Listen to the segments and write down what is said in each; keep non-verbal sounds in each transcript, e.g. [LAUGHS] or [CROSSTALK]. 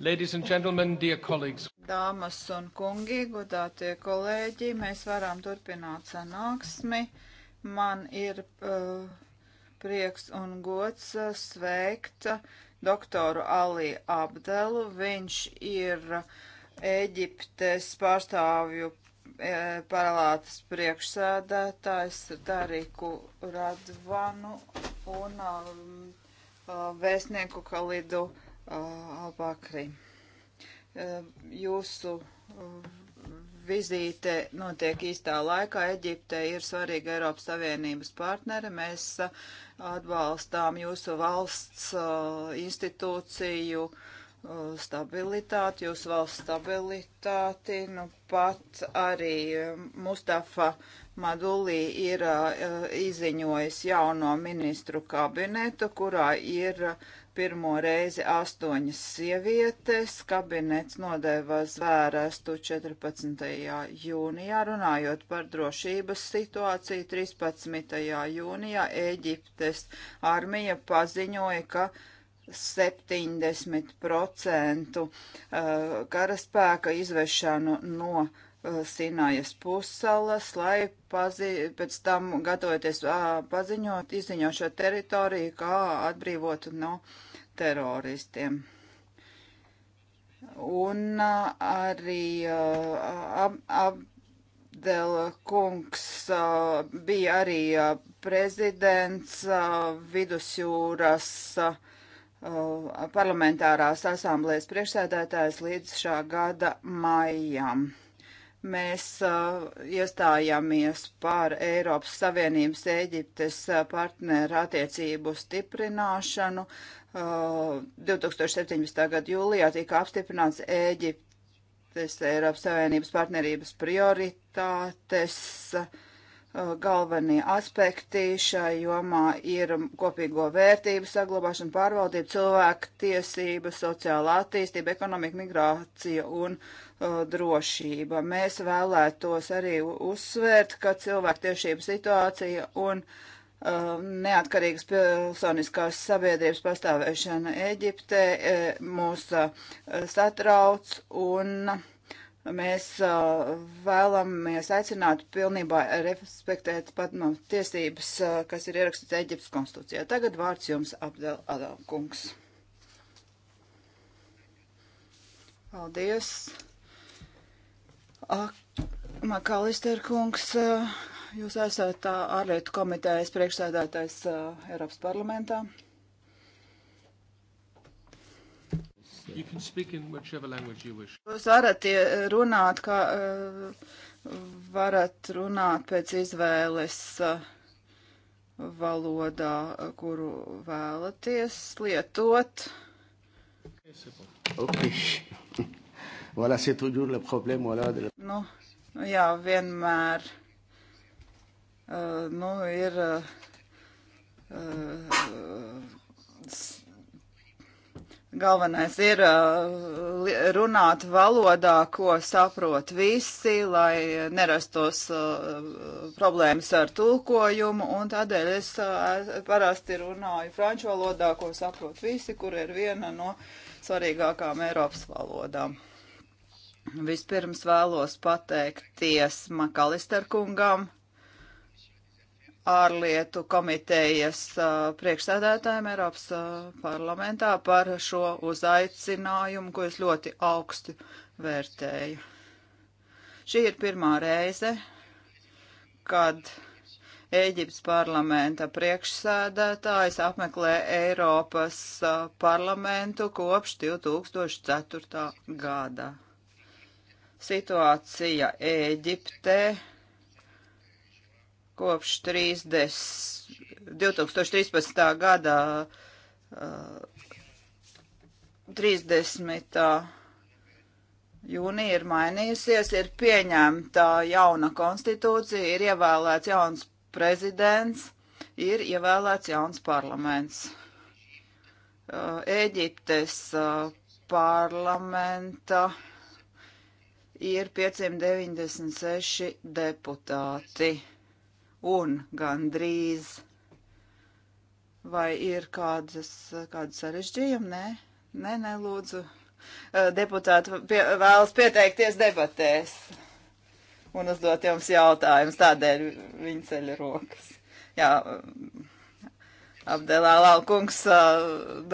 Ladies and gentlemen, dear colleagues. Dāmas un kungi, godātie kolēģi, mēs varam turpināt sanāksmi. Man ir uh, prieks un gods uh, sveikt uh, doktoru Ali Abdelu. Viņš ir uh, Ēģiptes pārstāvju E, paralātas priekšsēdētājs Dariku Radvanu un um, uh, vēstnieku Kalidu uh, Albakri. E, jūsu uh, vizīte notiek īstā laikā. Eģipte ir svarīga Eiropas Savienības partnere. Mēs atbalstām jūsu valsts institūciju uh, stabilitāti, jūsu valsts stabilitāti. Nu, pat arī e, Mustafa Madulī ir uh, izziņojis jauno ministru kabinetu, kurā ir e, pirmo reizi astoņas sievietes. Kabinets nodeva zvērstu 14. jūnijā, runājot par drošības situāciju. 13. jūnijā Eģiptes armija paziņoja, ka 70% uh, karaspēka izvešanu no uh, Sinājas pussalas, lai pazi, pēc tam gatavoties uh, paziņot, izziņot šo teritoriju, kā atbrīvot no teroristiem. Un arī ab, ab, Abdela kungs uh, bija arī uh, prezidents uh, vidusjūras uh, Uh, parlamentārās asamblējas priekšsēdētājs līdz šā gada maijam. Mēs uh, iestājāmies par Eiropas Savienības Eģiptes uh, partneru attiecību stiprināšanu. Uh, 2017. gada jūlijā tika apstiprināts Eģiptes Eiropas Savienības partnerības prioritātes. Uh, Eh, galvenie aspekti šai jomā ir kopīgo vērtību saglabāšana, pārvaldība, cilvēku tiesība, sociālā attīstība, ekonomika, migrācija un uh, drošība. Mēs vēlētos arī uzsvērt, ka cilvēku tiešība situācija un uh, neatkarīgas pilsoniskās sabiedrības pastāvēšana Eģiptē uh, mūs satrauc un Mēs uh, vēlamies aicināt pilnībā respektēt pat no tiesības, uh, kas ir ierakstīts Eģiptes konstitūcijā. Tagad vārds jums, Abdel Adel kungs. Paldies. Ak, Makalister kungs, uh, jūs esat uh, ārlietu komitejas priekšsēdētājs uh, Eiropas parlamentā. Jūs varat eh, runāt, kā eh, varat runāt pēc izvēles eh, valodā, kuru vēlaties lietot. Okay. [LAUGHS] Voilà, c'est toujours le problème. Voilà, de... Nu, jā, vienmēr uh, nu, ir uh, uh, Galvenais ir uh, runāt valodā, ko saprot visi, lai nerastos uh, problēmas ar tulkojumu, un tādēļ uh, es parasti runāju franču valodā, ko saprot visi, kur ir viena no svarīgākām Eiropas valodām. Vispirms vēlos pateikties Makalister kungam ārlietu komitejas priekšsēdētājiem Eiropas parlamentā par šo uzaicinājumu, ko es ļoti augstu vērtēju. Šī ir pirmā reize, kad Ēģiptes parlamenta priekšsēdētājs apmeklē Eiropas parlamentu kopš 2004. gada. Situācija Ēģiptē Kopš 30, 2013. gadā uh, 30. jūnija ir mainījusies, ir pieņemta jauna konstitūcija, ir ievēlēts jauns prezidents, ir ievēlēts jauns parlaments. Uh, Ēģiptes uh, parlamenta ir 596 deputāti un gandrīz. Vai ir kādas, kādas sarežģījumi? Nē, nē, nē, lūdzu. Deputāti pie, vēlas pieteikties debatēs un uzdot jums jautājumus, tādēļ viņi ceļ rokas. Jā, Abdelā Laukungs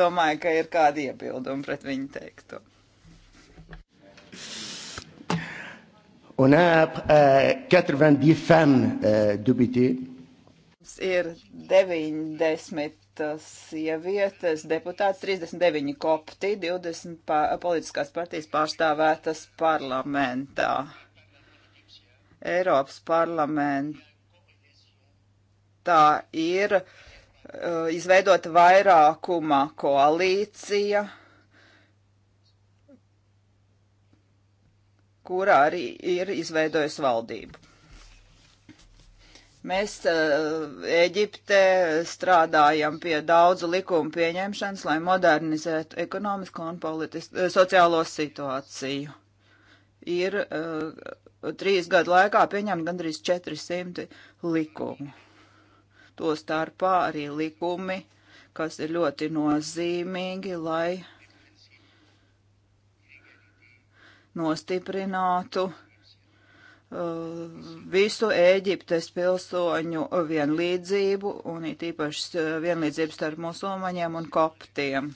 domāja, ka ir kādi iebildumi pret viņu teikto. On a euh, 90 femmes euh, députées. Mums ir 90 uh, sievietes deputāti, 39 kopti, 20 pa politiskās partijas pārstāvētas parlamentā. Eiropas parlamentā ir uh, izveidota vairākuma koalīcija. Uh, kurā arī ir izveidojusi valdību. Mēs eh, Eģipte strādājam pie daudzu likumu pieņemšanas, lai modernizētu ekonomisko un eh, sociālo situāciju. Ir uh, trīs gadu laikā pieņemt gandrīz 400 likumu. To starpā arī likumi, kas ir ļoti nozīmīgi, lai nostiprinātu uh, visu Ēģiptes pilsoņu vienlīdzību un it īpaši uh, vienlīdzību starp musulmaņiem un koptiem.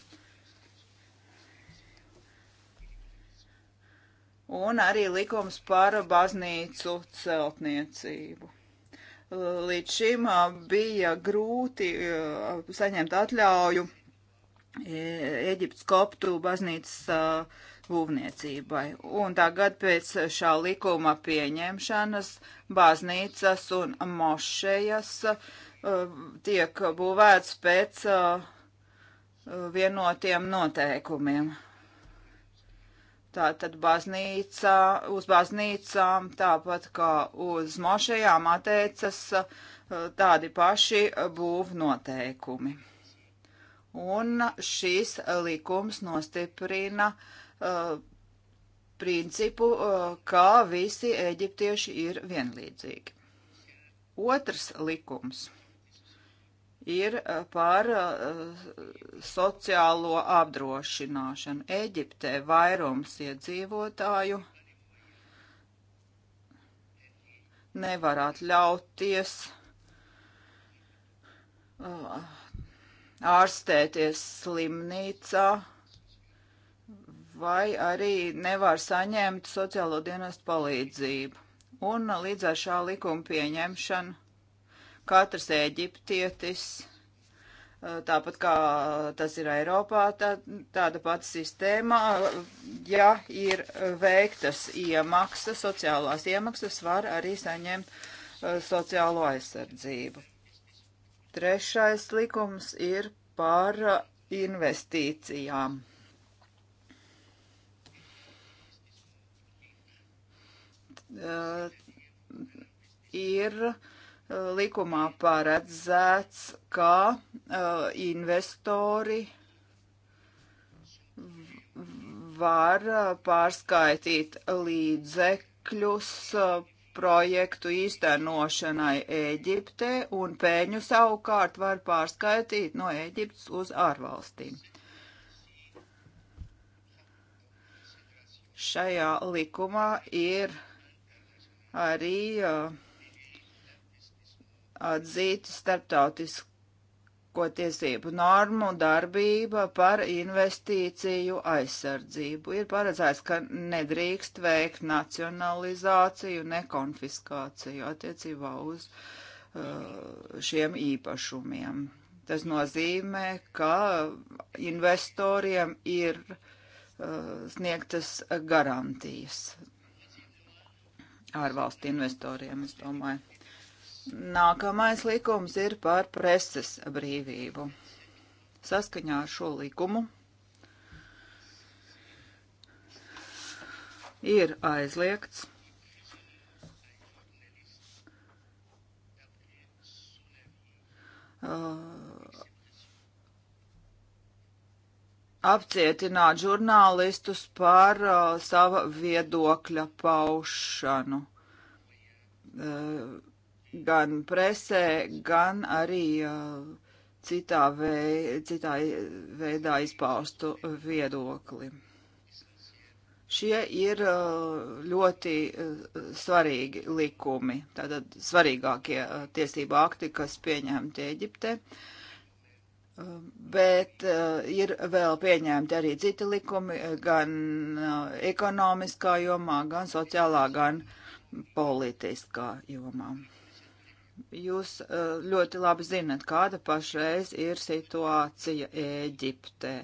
Un arī likums par baznīcu celtniecību. Uh, līdz šim bija grūti saņemt atļauju Ēģiptes koptu baznīcas būvniecībai. Un tagad pēc šā likuma pieņemšanas baznīcas un mošejas uh, tiek būvēts pēc uh, vienotiem noteikumiem. Tātad baznīca, uz baznīcām, tāpat kā uz mošajām attiecas uh, tādi paši būv noteikumi. Un šis likums nostiprina uh, Uh, principu, uh, kā visi eģiptieši ir vienlīdzīgi. Otrs likums ir uh, par sociālo apdrošināšanu. Eģiptē vairums iedzīvotāju nevar atļauties ārstēties slimnīcā vai arī nevar saņemt sociālo dienestu palīdzību. Un līdz ar šā likuma pieņemšanu katrs eģiptietis, tāpat kā tas ir Eiropā, tā, tāda pati sistēma, ja ir veiktas iemaksas, sociālās iemaksas, var arī saņemt sociālo aizsardzību. Trešais likums ir par investīcijām. Eh, ir eh, likumā paredzēts, ka eh, investori var pārskaitīt līdzekļus projektu īstenošanai Ēģiptē un pēļņu savukārt var pārskaitīt no Ēģiptes uz ārvalstīm. Šajā likumā ir arī uh, atzīta starptautisko tiesību normu darbība par investīciju aizsardzību. Ir paredzēts, ka nedrīkst veikt nacionalizāciju, nekonfiskāciju attiecībā uz uh, šiem īpašumiem. Tas nozīmē, ka investoriem ir uh, sniegtas garantijas ārvalstu investoriem, es domāju. Nākamais likums ir par preses brīvību. Saskaņā ar šo likumu ir aizliegts uh, apcietināt žurnālistus par uh, sava viedokļa paušanu. Uh, gan presē, gan arī uh, citā, vei, citā veidā izpaustu viedokli. Šie ir uh, ļoti uh, svarīgi likumi, tātad svarīgākie uh, tiesību akti, kas pieņemti Eģipte. Uh, Bet eh, ir vēl pieņemti arī citi likumi, eh, gan eh, ekonomiskā jomā, gan sociālā, gan politiskā jomā. Jūs ļoti labi zinat, kāda pašreiz ir situācija Ēģiptē.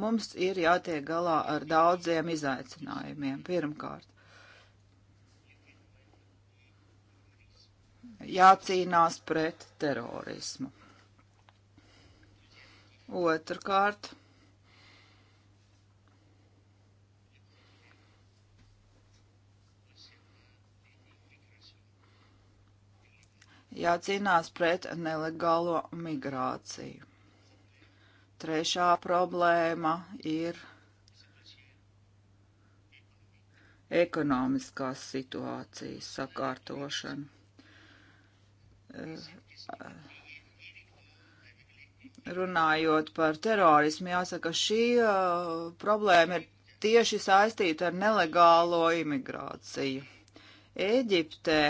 Mums ir jātiek galā ar daudziem izaicinājumiem. Pirmkārt, jācīnās pret terorismu. Otrkārt. jācīnās pret nelegālo migrāciju. Trešā problēma ir ekonomiskās situācijas sakārtošana. Uh, uh, runājot par terorismu, jāsaka, šī uh, problēma ir tieši saistīta ar nelegālo imigrāciju. Eģiptē,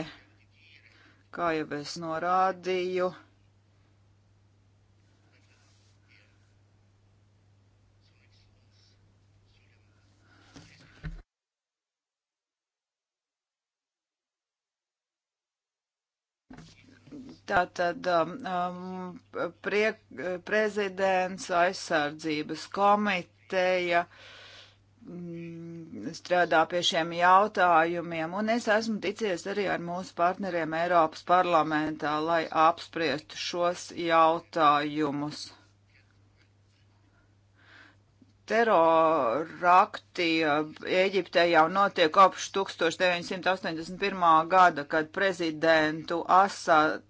kā jau es norādīju, uh, Tātad um, um, prie, prezidents, aizsardzības komiteja um, strādā pie šiem jautājumiem, un es esmu ticies arī ar mūsu partneriem Eiropas parlamentā, lai apspriestu šos jautājumus terorakti uh, Ēģiptē jau notiek kopš 1981. gada, kad prezidentu Asad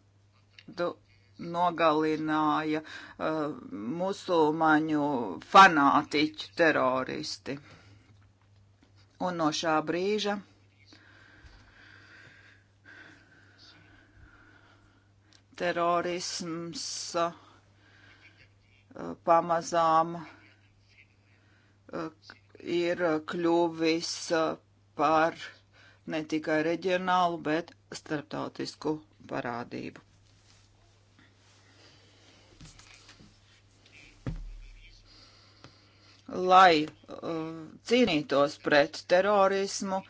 nogalināja uh, musulmaņu fanātiķu teroristi. Un no šā brīža terorisms uh, pamazām uh, ir kļuvis uh, par ne tikai reģionālu, bet starptautisku parādību. lai uh, cīnītos pret terorismu,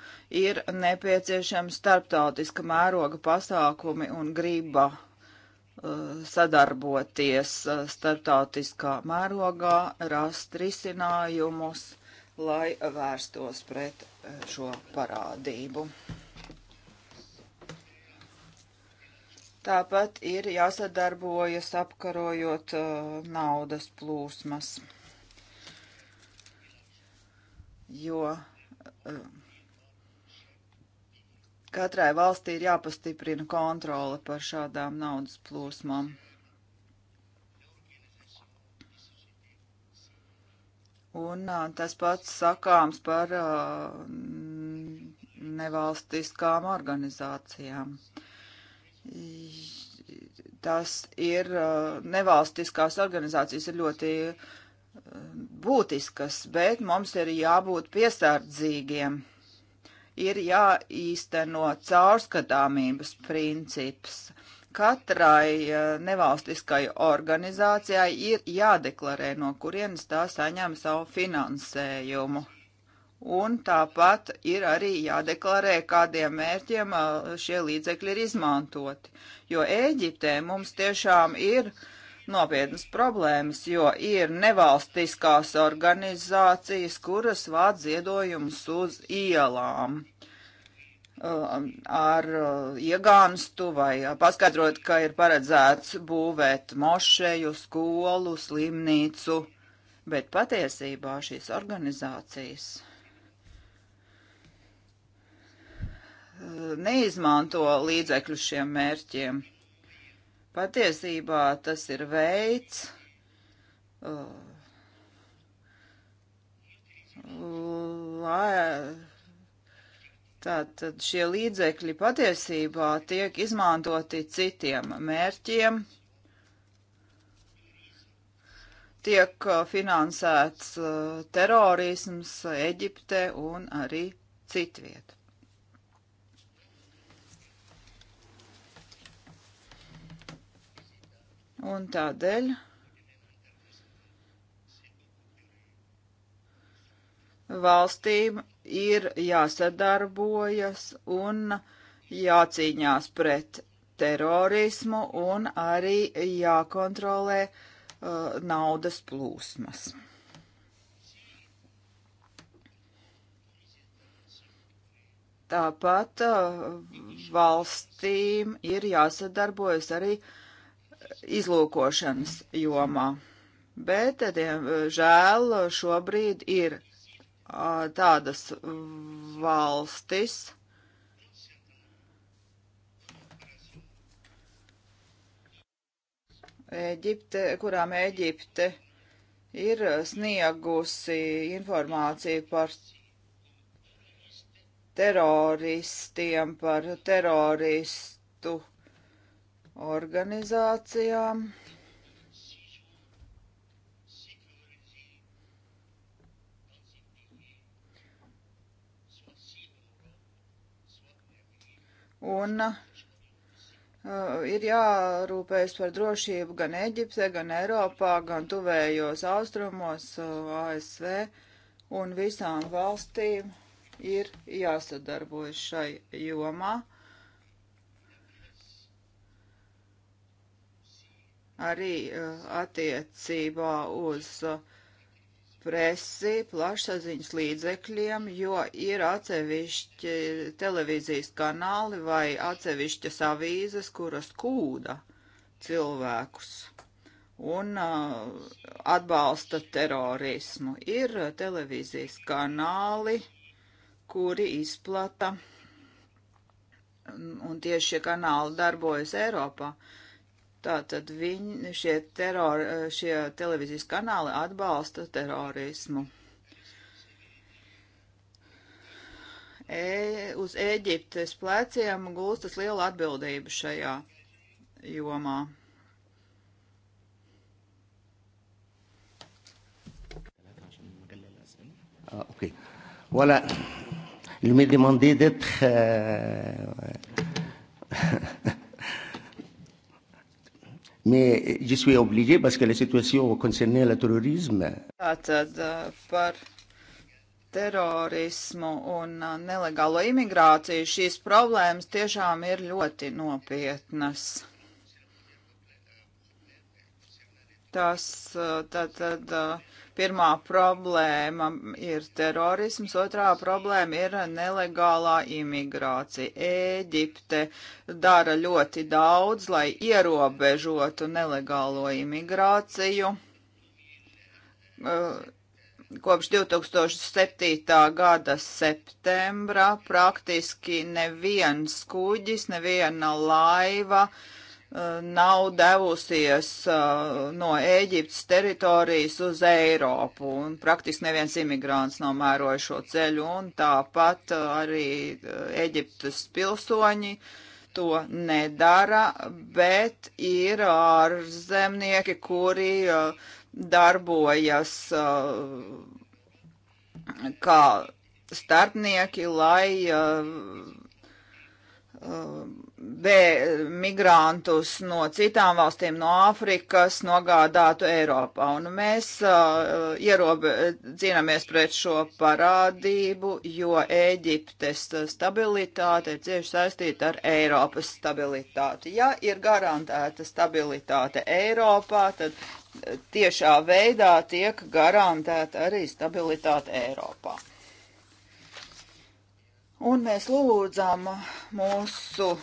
ir nepieciešama starptautiska mēroga pasākumi un griba uh, sadarboties uh, starptautiskā mērogā, rast risinājumus, lai vērstos pret uh, šo parādību. Tāpat ir jāsadarbojas apkarojot uh, naudas plūsmas jo eh, katrai valstī ir jāpastiprina kontrole par šādām naudas plūsmām. Un eh, tas pats sakāms par eh, nevalstiskām organizācijām. Tas ir nevalstiskās organizācijas ir ļoti uh, būtiskas, bet mums ir jābūt piesardzīgiem. Ir jāīsteno caurskatāmības princips. Katrai e, nevalstiskai organizācijai ir jādeklarē, no kurienes tā saņem savu finansējumu. Un tāpat ir arī jādeklarē, kādiem mērķiem e, šie līdzekļi ir izmantoti. Jo Ēģiptē mums tiešām ir uh, nopietnas problēmas, jo ir nevalstiskās organizācijas, kuras vāc ziedojumus uz ielām um, ar uh, iegānstu vai uh, paskaidrot, ka ir paredzēts būvēt mošeju, skolu, slimnīcu, bet patiesībā šīs organizācijas uh, neizmanto līdzekļu šiem mērķiem. Patiesībā tas ir veids, uh, lai tātad šie līdzekļi patiesībā tiek izmantoti citiem mērķiem, tiek uh, finansēts uh, terorisms Eģipte un arī citvieta. Un tādēļ valstīm ir jāsadarbojas un jācīņās pret terorismu un arī jākontrolē uh, naudas plūsmas. Tāpat uh, valstīm ir jāsadarbojas arī uh, izlūkošanas jomā. Bet, diemžēl, eh, eh, šobrīd ir eh, tādas valstis, Eģipte, kurām Eģipte ir sniegusi informāciju par teroristiem, par teroristu organizācijām. Un uh, ir jārūpējas par drošību gan Eģiptē, gan Eiropā, gan tuvējos austrumos, uh, ASV un visām valstīm ir jāsadarbojas šai jomā. arī eh, attiecībā uz eh, presi, plašsaziņas līdzekļiem, jo ir atsevišķi televīzijas kanāli vai atsevišķas avīzes, kuras kūda cilvēkus un uh, atbalsta terorismu. Ir televīzijas kanāli, kuri izplata, un tieši šie kanāli darbojas Eiropā. Uh, Tātad viņi, šie, teror, šie televīzijas kanāli atbalsta terorismu. E, uz Ēģiptes pleciem gulstas liela atbildība šajā jomā. اوكي ولا الميدي مانديدت Mais je suis obligé parce que la situation concernait le terrorisme. Tātad eh, par terorismu un eh, nelegālo imigrāciju šīs problēmas tiešām ir ļoti nopietnas. Tas tātad. Eh, tā, tā, Pirmā problēma ir terorisms, otrā problēma ir nelegālā imigrācija. Ēģipte dara ļoti daudz, lai ierobežotu nelegālo imigrāciju. Uh, kopš 2007. gada septembra praktiski neviens kuģis, neviena laiva uh, nav devusies uh, no Ēģiptes teritorijas uz Eiropu, un praktiski neviens imigrants nav mērojis šo ceļu, un tāpat uh, arī uh, Ēģiptes pilsoņi to nedara, bet ir ārzemnieki, kuri darbojas kā starpnieki, lai Eh, migrantus no citām valstīm, no Āfrikas, nogādātu Eiropā. Un mēs uh, ierobe, cīnāmies pret šo parādību, jo Ēģiptes stabilitāte ir cieši saistīta ar Eiropas stabilitāti. Ja ir garantēta stabilitāte Eiropā, tad eh, tiešā veidā tiek garantēta arī stabilitāte Eiropā. Un mēs lūdzām mūsu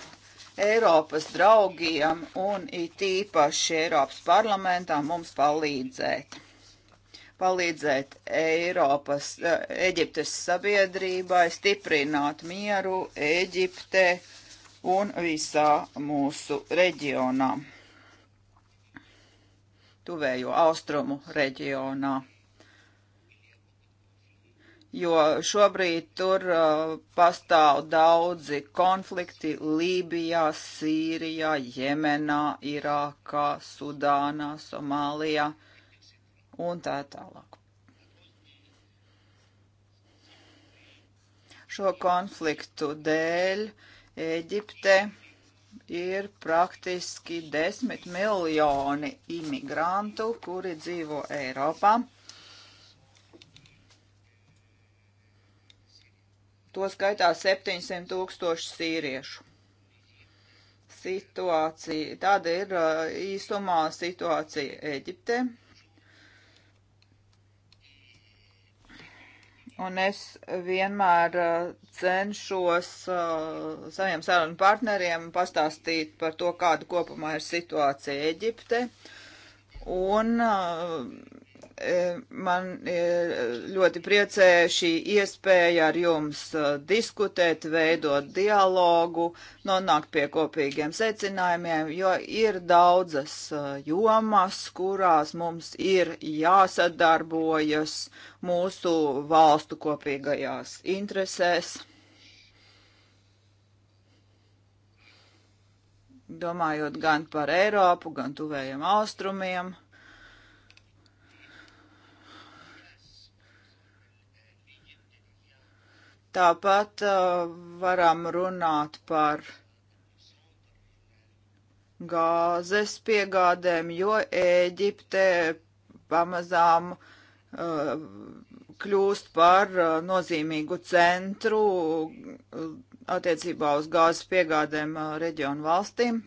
Eiropas draugiem un it īpaši Eiropas parlamentā mums palīdzēt. Palīdzēt Eiropas, eh, Eģiptes sabiedrībai stiprināt mieru Eģipte un visā mūsu reģionā tuvējo austrumu reģionā jo šobrīd tur uh, pastāv daudzi konflikti Lībijā, Sīrijā, Jemenā, Irākā, Sudānā, Somālijā un tā tālāk. Šo konfliktu dēļ Eģipte ir praktiski desmit miljoni imigrantu, kuri dzīvo Eiropā. to skaitā 700 tūkstoši sīriešu. Situācija, tāda ir uh, īsumā situācija Eģipte. Un es vienmēr uh, cenšos uh, saviem sarunu partneriem pastāstīt par to, kāda kopumā ir situācija Eģipte. Un uh, E, man e, ļoti priecē šī iespēja ar jums e, diskutēt, veidot dialogu, nonākt pie kopīgiem secinājumiem, jo ir daudzas jomas, kurās mums ir jāsadarbojas mūsu valstu kopīgajās interesēs. Domājot gan par Eiropu, gan tuvējiem austrumiem Tāpat uh, varam runāt par gāzes piegādēm, jo Ēģipte pamazām uh, kļūst par uh, nozīmīgu centru uh, attiecībā uz gāzes piegādēm uh, reģionu valstīm.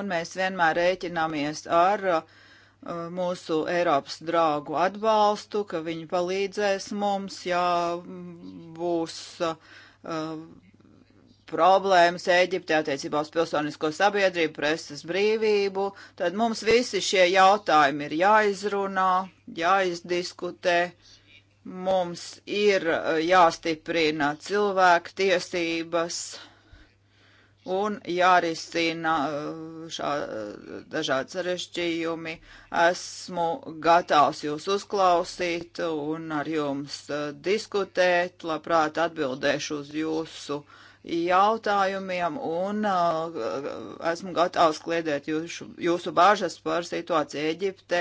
Un mēs vienmēr rēķināmies ar uh, Uh, mūsu Eiropas draugu atbalstu, ka viņi palīdzēs mums, ja būs uh, problēmas Eģiptē attiecībā uz pilsonisko sabiedrību, preses brīvību, tad mums visi šie jautājumi ir jāizrunā, jāizdiskutē. Mums ir uh, jāstiprina cilvēku tiesības, un jārisina uh, šā uh, dažādi sarežģījumi. Esmu gatavs jūs uzklausīt un ar jums uh, diskutēt, labprāt atbildēšu uz jūsu jautājumiem un esmu gatavs kliedēt jūsu, jūsu bāžas par situāciju Eģiptē.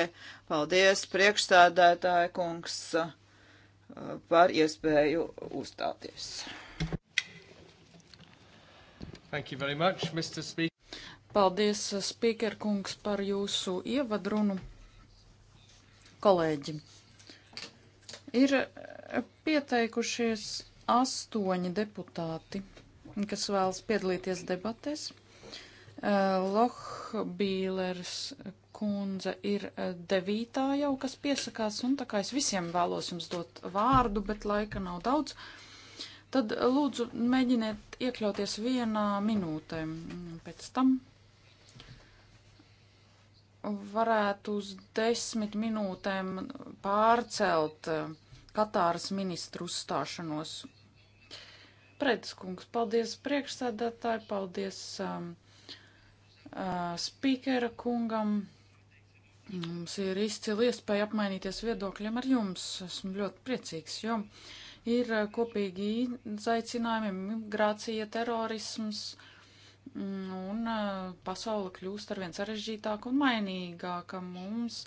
Paldies, priekšstādētāja kungs, par iespēju uzstāties. Thank you very much, Mr. Speaker. Paldies, uh, Speaker kungs, par jūsu ievadrunu. Kolēģi, ir uh, pieteikušies astoņi deputāti, kas vēlas piedalīties debatēs. Uh, Lohbīlers kundze ir devītā jau, kas piesakās, un tā kā es visiem vēlos jums dot vārdu, bet laika nav daudz. Uh, tad eh, lūdzu mēģiniet iekļauties vienā minūtē. Mm, pēc tam varētu uz desmit minūtēm pārcelt eh, Katāras ministru uzstāšanos. Prediskungs, paldies priekšsēdētāji, paldies um, uh, spīkera kungam. Mums ir izcili iespēja apmainīties viedokļiem ar jums. Esmu ļoti priecīgs, jo uh, ir eh, kopīgi izaicinājumi - migrācija, terorisms, mm, un eh, pasaule kļūst arvien sarežģītāka un mainīgāka. Mums,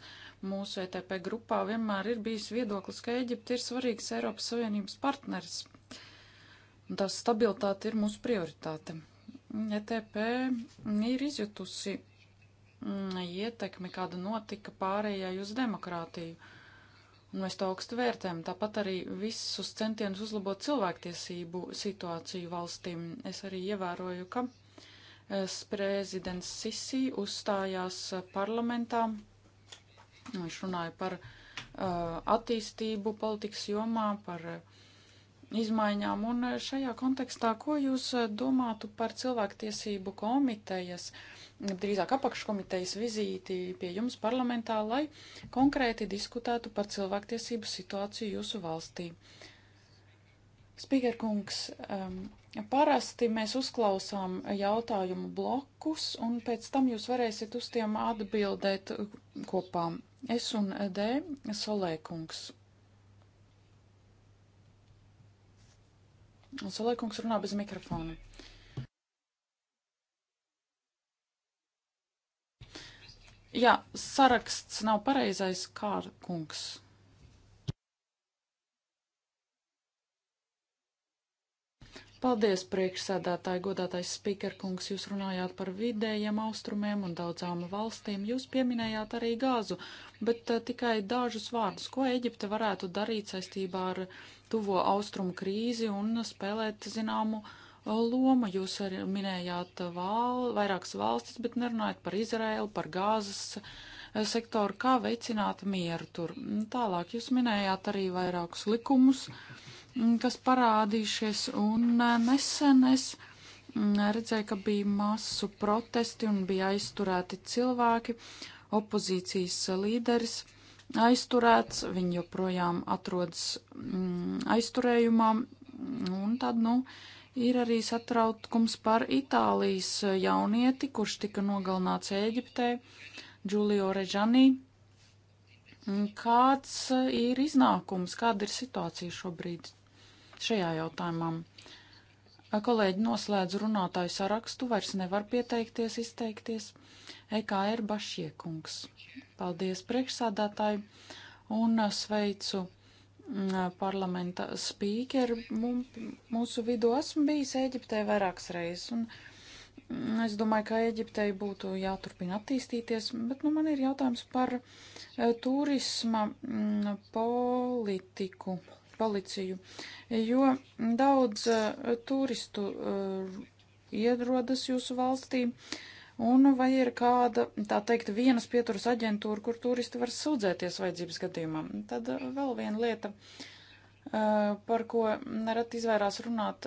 mūsu ETP grupā, vienmēr ir bijis viedoklis, ka Eģipte ir svarīgs Eiropas Savienības partners, un tās stabilitāte ir mūsu prioritāte. ETP ir izjutusi mm, ietekmi, kāda notika pārējai uz demokrātiju Mēs to augstu vērtējam, tāpat arī visus centienus uzlabot cilvēktiesību situāciju valstīm. Es arī ievēroju, ka prezidents Sisi uzstājās e, parlamentā. Viņš runāja par uh, attīstību politikas jomā, par uh, izmaiņām. Un eh, šajā kontekstā, ko jūs eh, domātu par cilvēktiesību komitejas, drīzāk apakškomitejas vizīti pie jums parlamentā, lai konkrēti diskutētu par cilvēktiesību situāciju jūsu valstī? Spīgerkungs, um, ehm, parasti mēs uzklausām jautājumu blokus, un pēc tam jūs varēsiet uz tiem atbildēt kopā. S un D, Solēkungs, Solaikungs runā bez mikrofona. Jā, saraksts nav pareizais, Kārkungs. Paldies, priekšsēdētāji, godātais spīkerkungs, jūs runājāt par vidējiem austrumiem un daudzām valstīm, jūs pieminējāt arī gāzu, bet uh, tikai dažus vārdus, ko Eģipte varētu darīt saistībā ar tuvo austrumu krīzi un spēlēt zināmu eh, loma. Jūs arī minējāt val, vairākas valstis, bet nerunājat par Izraēlu, par gāzes eh, sektoru, kā veicināt mieru tur. Tālāk jūs minējāt arī vairākus likumus, Mm, kas parādījušies, un e, nesen es mm, redzēju, ka bija masu protesti un bija aizturēti cilvēki, opozīcijas līderis aizturēts, viņi joprojām atrodas mm, aizturējumā, un tad, nu, ir arī satrautkums par Itālijas jaunieti, kurš tika nogalināts Ēģiptē, Giulio Reģanī. Kāds e, ir iznākums, kāda ir situācija šobrīd? šajā jautājumā. Kolēģi noslēdz runātāju sarakstu, vairs nevar pieteikties, izteikties. EKR Bašiekungs. Paldies priekšsādātāju un sveicu mm, parlamenta spīkeru. Mūsu vidū esmu bijis Eģiptē vairākas reizes, un mm, es domāju, ka Eģiptei būtu jāturpina attīstīties, bet nu, man ir jautājums par eh, turisma mm, politiku policiju, jo daudz eh, turistu eh, ierodas jūsu valstī. Un vai ir kāda, tā teikt, vienas pieturas aģentūra, kur turisti var sūdzēties vajadzības gadījumā? Tad eh, vēl viena lieta, par ko nerad izvairās runāt,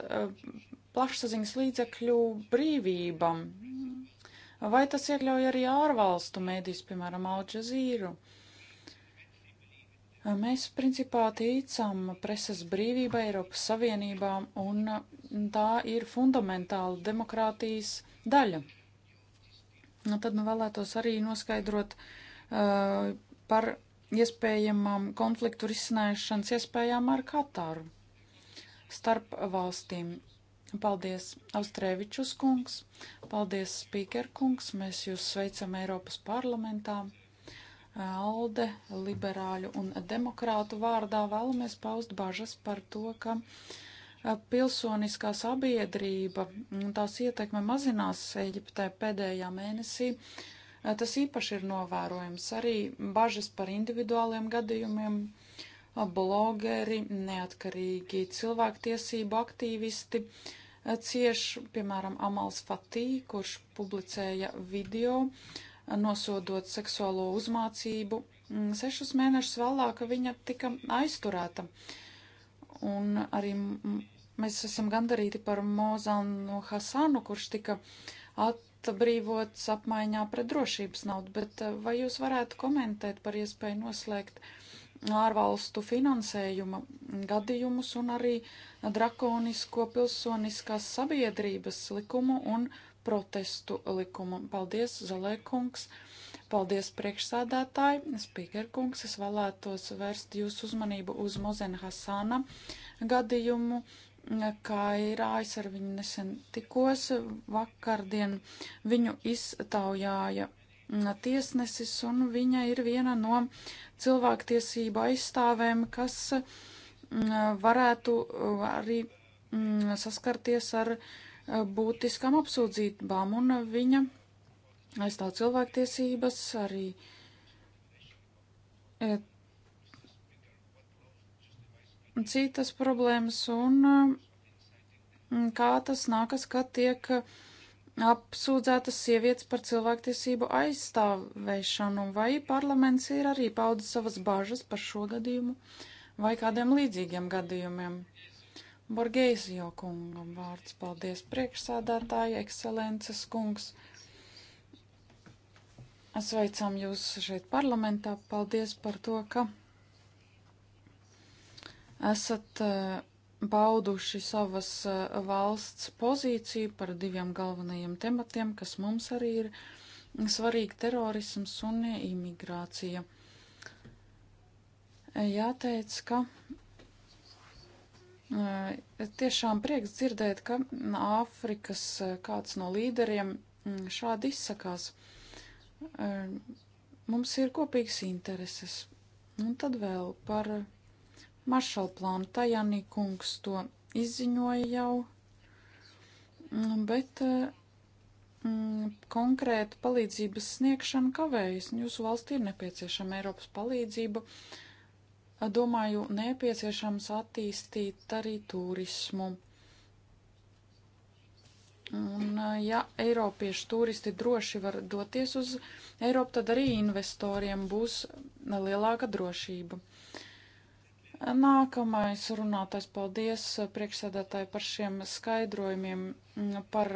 plašsaziņas līdzekļu brīvībam. Vai tas iekļauj arī ārvalstu mēdīs, piemēram, Alžazīru? Uh, Mēs principā ticam preses brīvībai Eiropas Savienībām, un tā ir fundamentāla demokrātijas daļa. Un nu, tad nu vēlētos arī noskaidrot uh, par iespējamām konfliktu risināšanas iespējām ar Katāru starp valstīm. Paldies, Austrēvičus kungs, paldies, Spīker kungs, mēs jūs sveicam Eiropas parlamentā. ALDE, liberāļu un demokrātu vārdā vēlamies paust bažas par to, ka pilsoniskā sabiedrība un tās ietekme mazinās Eģiptē pēdējā mēnesī. Tas īpaši ir novērojams arī bažas par individuāliem gadījumiem, blogeri, neatkarīgi cilvēktiesību aktīvisti, cieš, piemēram, Amals Fatī, kurš publicēja video, uh, nosodot seksuālo uzmācību. Mm, sešus mēnešus vēlāk viņa tika aizturēta. Un arī mēs esam gandarīti par Mozanu Hasanu, kurš tika atbrīvots apmaiņā pret drošības naudu. Bet eh, vai jūs varētu komentēt par iespēju noslēgt ārvalstu finansējuma gadījumus un arī drakonisko pilsoniskās sabiedrības likumu un likumu? protestu likumam. Paldies, Zalēkungs! Paldies, priekšsādātāji! Spīkerkungs, es vēlētos vērst jūsu uzmanību uz Mozena Hasāna gadījumu, kā ir ājs ar viņu nesen tikos. Vakardien viņu iztaujāja tiesnesis, un viņa ir viena no cilvēktiesība aizstāvēm, kas mm, varētu mm, arī mm, saskarties ar uh, būtiskām apsūdzībām, un viņa aizstāv cilvēktiesības arī e, citas problēmas, un e, kā tas nākas, ka tiek apsūdzētas sievietes par cilvēktiesību aizstāvēšanu, vai parlaments ir arī paudis savas bažas par šo gadījumu vai kādiem līdzīgiem gadījumiem. Borgēzijo kungam vārds. Paldies priekšsādātāji, ekscelences kungs. Sveicam jūs šeit parlamentā. Paldies par to, ka esat bauduši eh, savas eh, valsts pozīciju par diviem galvenajiem tematiem, kas mums arī ir svarīgi - terorisms un imigrācija. Jāteic, ka Eh, tiešām prieks dzirdēt, ka Āfrikas eh, kāds no līderiem mm, šādi izsakās. Eh, mums ir kopīgas intereses. Un tad vēl par maršalu plānu. Tajānī kungs to izziņoja jau, mm, bet mm, konkrēta palīdzības sniegšana kavējas. Jūsu valstī ir nepieciešama Eiropas palīdzība. Uh, domāju, nepieciešams attīstīt arī turismu. Un, ja Eiropiešu turisti droši var doties uz Eiropu, tad arī investoriem būs lielāka drošība. Nākamais runātais paldies priekšsēdētāji par šiem skaidrojumiem par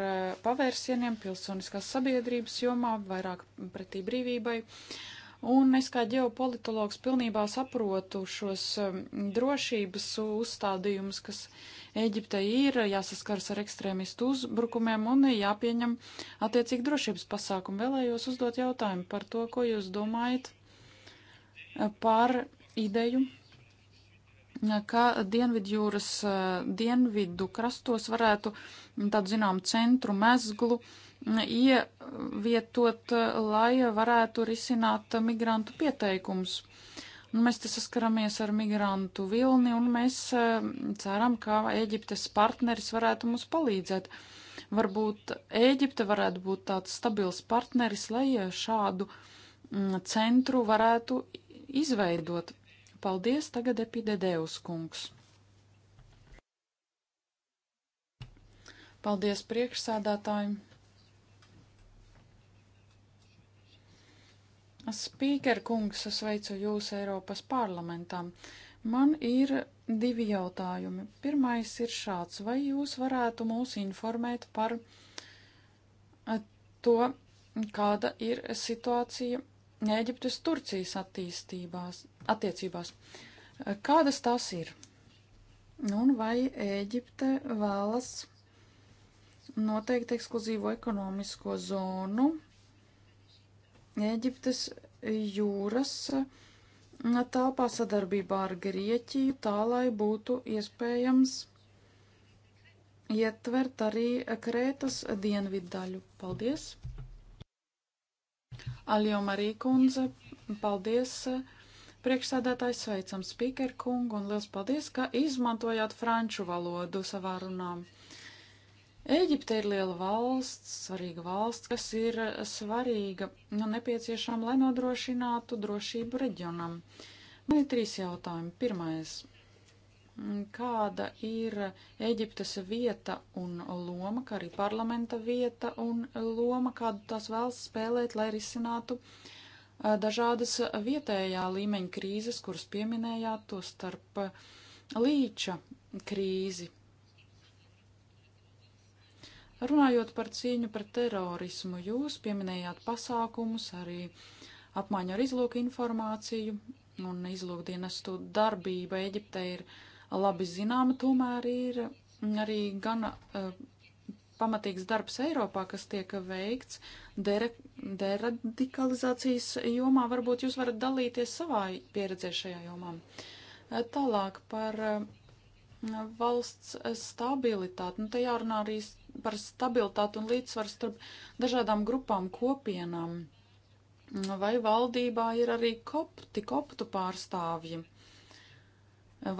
pavērsieniem pilsoniskās sabiedrības jomā, vairāk pretī brīvībai. Uh, Un es kā ģeopolitologs pilnībā saprotu šos um, drošības uzstādījumus, kas Eģipte ir, jāsaskars ar ekstrēmistu uzbrukumiem un jāpieņem attiecīgi drošības pasākumi. Vēlējos uzdot jautājumu par to, ko jūs domājat uh, par ideju, uh, ka Dienvidjūras uh, dienvidu krastos varētu mm, tādu, zinām, centru mezglu uh, ievietot, lai varētu risināt migrantu pieteikumus. Nu, mēs te saskaramies ar migrantu vilni, un mēs eh, ceram, ka Eģiptes partneris varētu mums palīdzēt. Varbūt Eģipte varētu būt tāds stabils partneris, lai eh, šādu mm, centru varētu izveidot. Paldies, tagad epidēdeus kungs. Paldies priekšsēdātājiem! Spīker kungs, es veicu jūs Eiropas parlamentā. Man ir divi jautājumi. Pirmais ir šāds. Vai jūs varētu mūs informēt par to, kāda ir situācija Ēģiptes Turcijas attīstībās, attiecībās? Kādas tās ir? Un vai Ēģipte vēlas noteikt ekskluzīvo ekonomisko zonu Ēģiptes jūras telpā sadarbībā ar Grieķiju, tā lai būtu iespējams ietvert arī Krētas dienvidu daļu. Paldies! Aljo Marī kundze, paldies! Priekšsēdētājs sveicam spīkerkungu un liels paldies, ka izmantojāt franču valodu savā runām. Ēģipte ir liela valsts, svarīga valsts, kas ir svarīga un nu, nepieciešama, lai nodrošinātu drošību reģionam. Man ir trīs jautājumi. Pirmais. Kāda ir Ēģiptes vieta un loma, kā arī parlamenta vieta un loma, kādu tās vēlas spēlēt, lai risinātu dažādas vietējā līmeņa krīzes, kuras pieminējāt, to starp līča krīzi, Runājot par cīņu pret terorismu, jūs pieminējāt pasākumus, arī apmaiņu ar izlūku informāciju un izlūkdienestu darbība Eģipte ir labi zināma, tomēr ir arī gana uh, eh, pamatīgs darbs Eiropā, kas tiek veikts dere, deradikalizācijas jomā. Varbūt jūs varat dalīties savā pieredzē šajā jomā. Eh, tālāk par eh, valsts stabilitāti. Nu, te jārunā arī par stabilitāti un līdzsvaru starp dažādām grupām, kopienām. Vai valdībā ir arī kopti, koptu pārstāvji?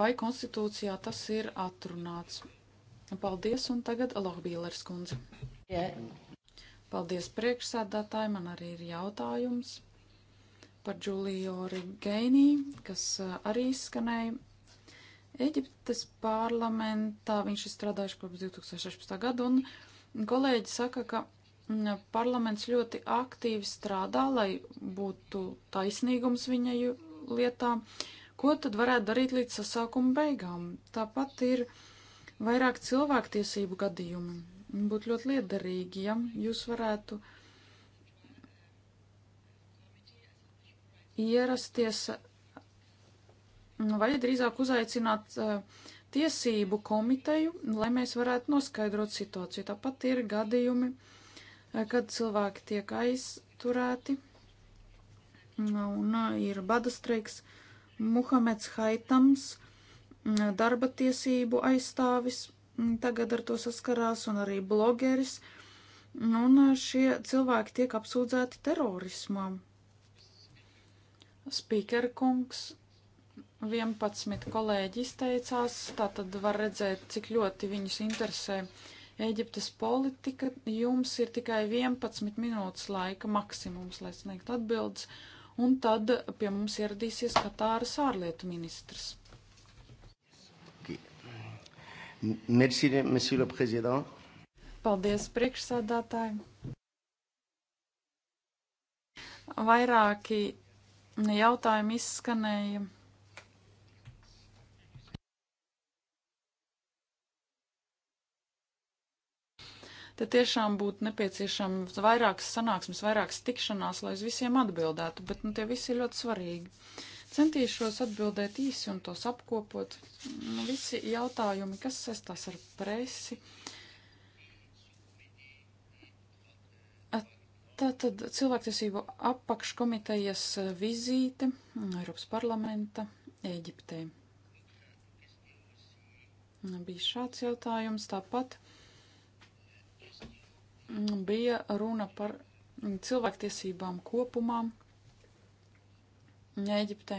Vai konstitūcijā tas ir atrunāts? Paldies, un tagad Lohbīlers kundze. Yeah. Paldies priekšsēdētāji, man arī ir jautājums par Džuliju Rigēnī, kas uh, arī skanēja Eģiptes parlamentā viņš ir strādājis kopš 2016. gada, un kolēģi saka, ka mm, parlaments ļoti aktīvi strādā, lai būtu taisnīgums viņa lietā. Ko tad varētu darīt līdz sasākuma beigām? Tāpat ir vairāk cilvēktiesību gadījumi. Būtu ļoti liederīgi, ja jūs varētu ierasties Nu, vai drīzāk uzaicināt eh, tiesību komiteju, lai mēs varētu noskaidrot situāciju. Tāpat ir gadījumi, eh, kad cilvēki tiek aizturēti nu, un eh, ir bada streiks. Muhameds Haitams, mm, darba tiesību aizstāvis, mm, tagad ar to saskarās un arī blogeris. Nu, un šie cilvēki tiek apsūdzēti terorismā. Spīkerkungs 11 kolēģi izteicās, tātad var redzēt, cik ļoti viņus interesē Eģiptes politika. Jums ir tikai 11 minūtes laika maksimums, lai sniegtu atbildes, un tad pie mums ieradīsies Katāras ārlietu ministrs. Merci, monsieur le président. Paldies, priekšsādātāji. Vairāki jautājumi izskanēja Te tiešām būtu nepieciešams vairākas sanāksmes, vairākas tikšanās, lai uz visiem atbildētu, bet nu, tie visi ir ļoti svarīgi. Centīšos atbildēt īsi un tos apkopot. Nu, visi jautājumi, kas saistās ar presi. Tātad cilvēktiesību apakškomitejas vizīte Eiropas parlamenta Ēģiptē. Bija šāds jautājums tāpat. Uh, bija runa par cilvēktiesībām kopumā Ēģiptē.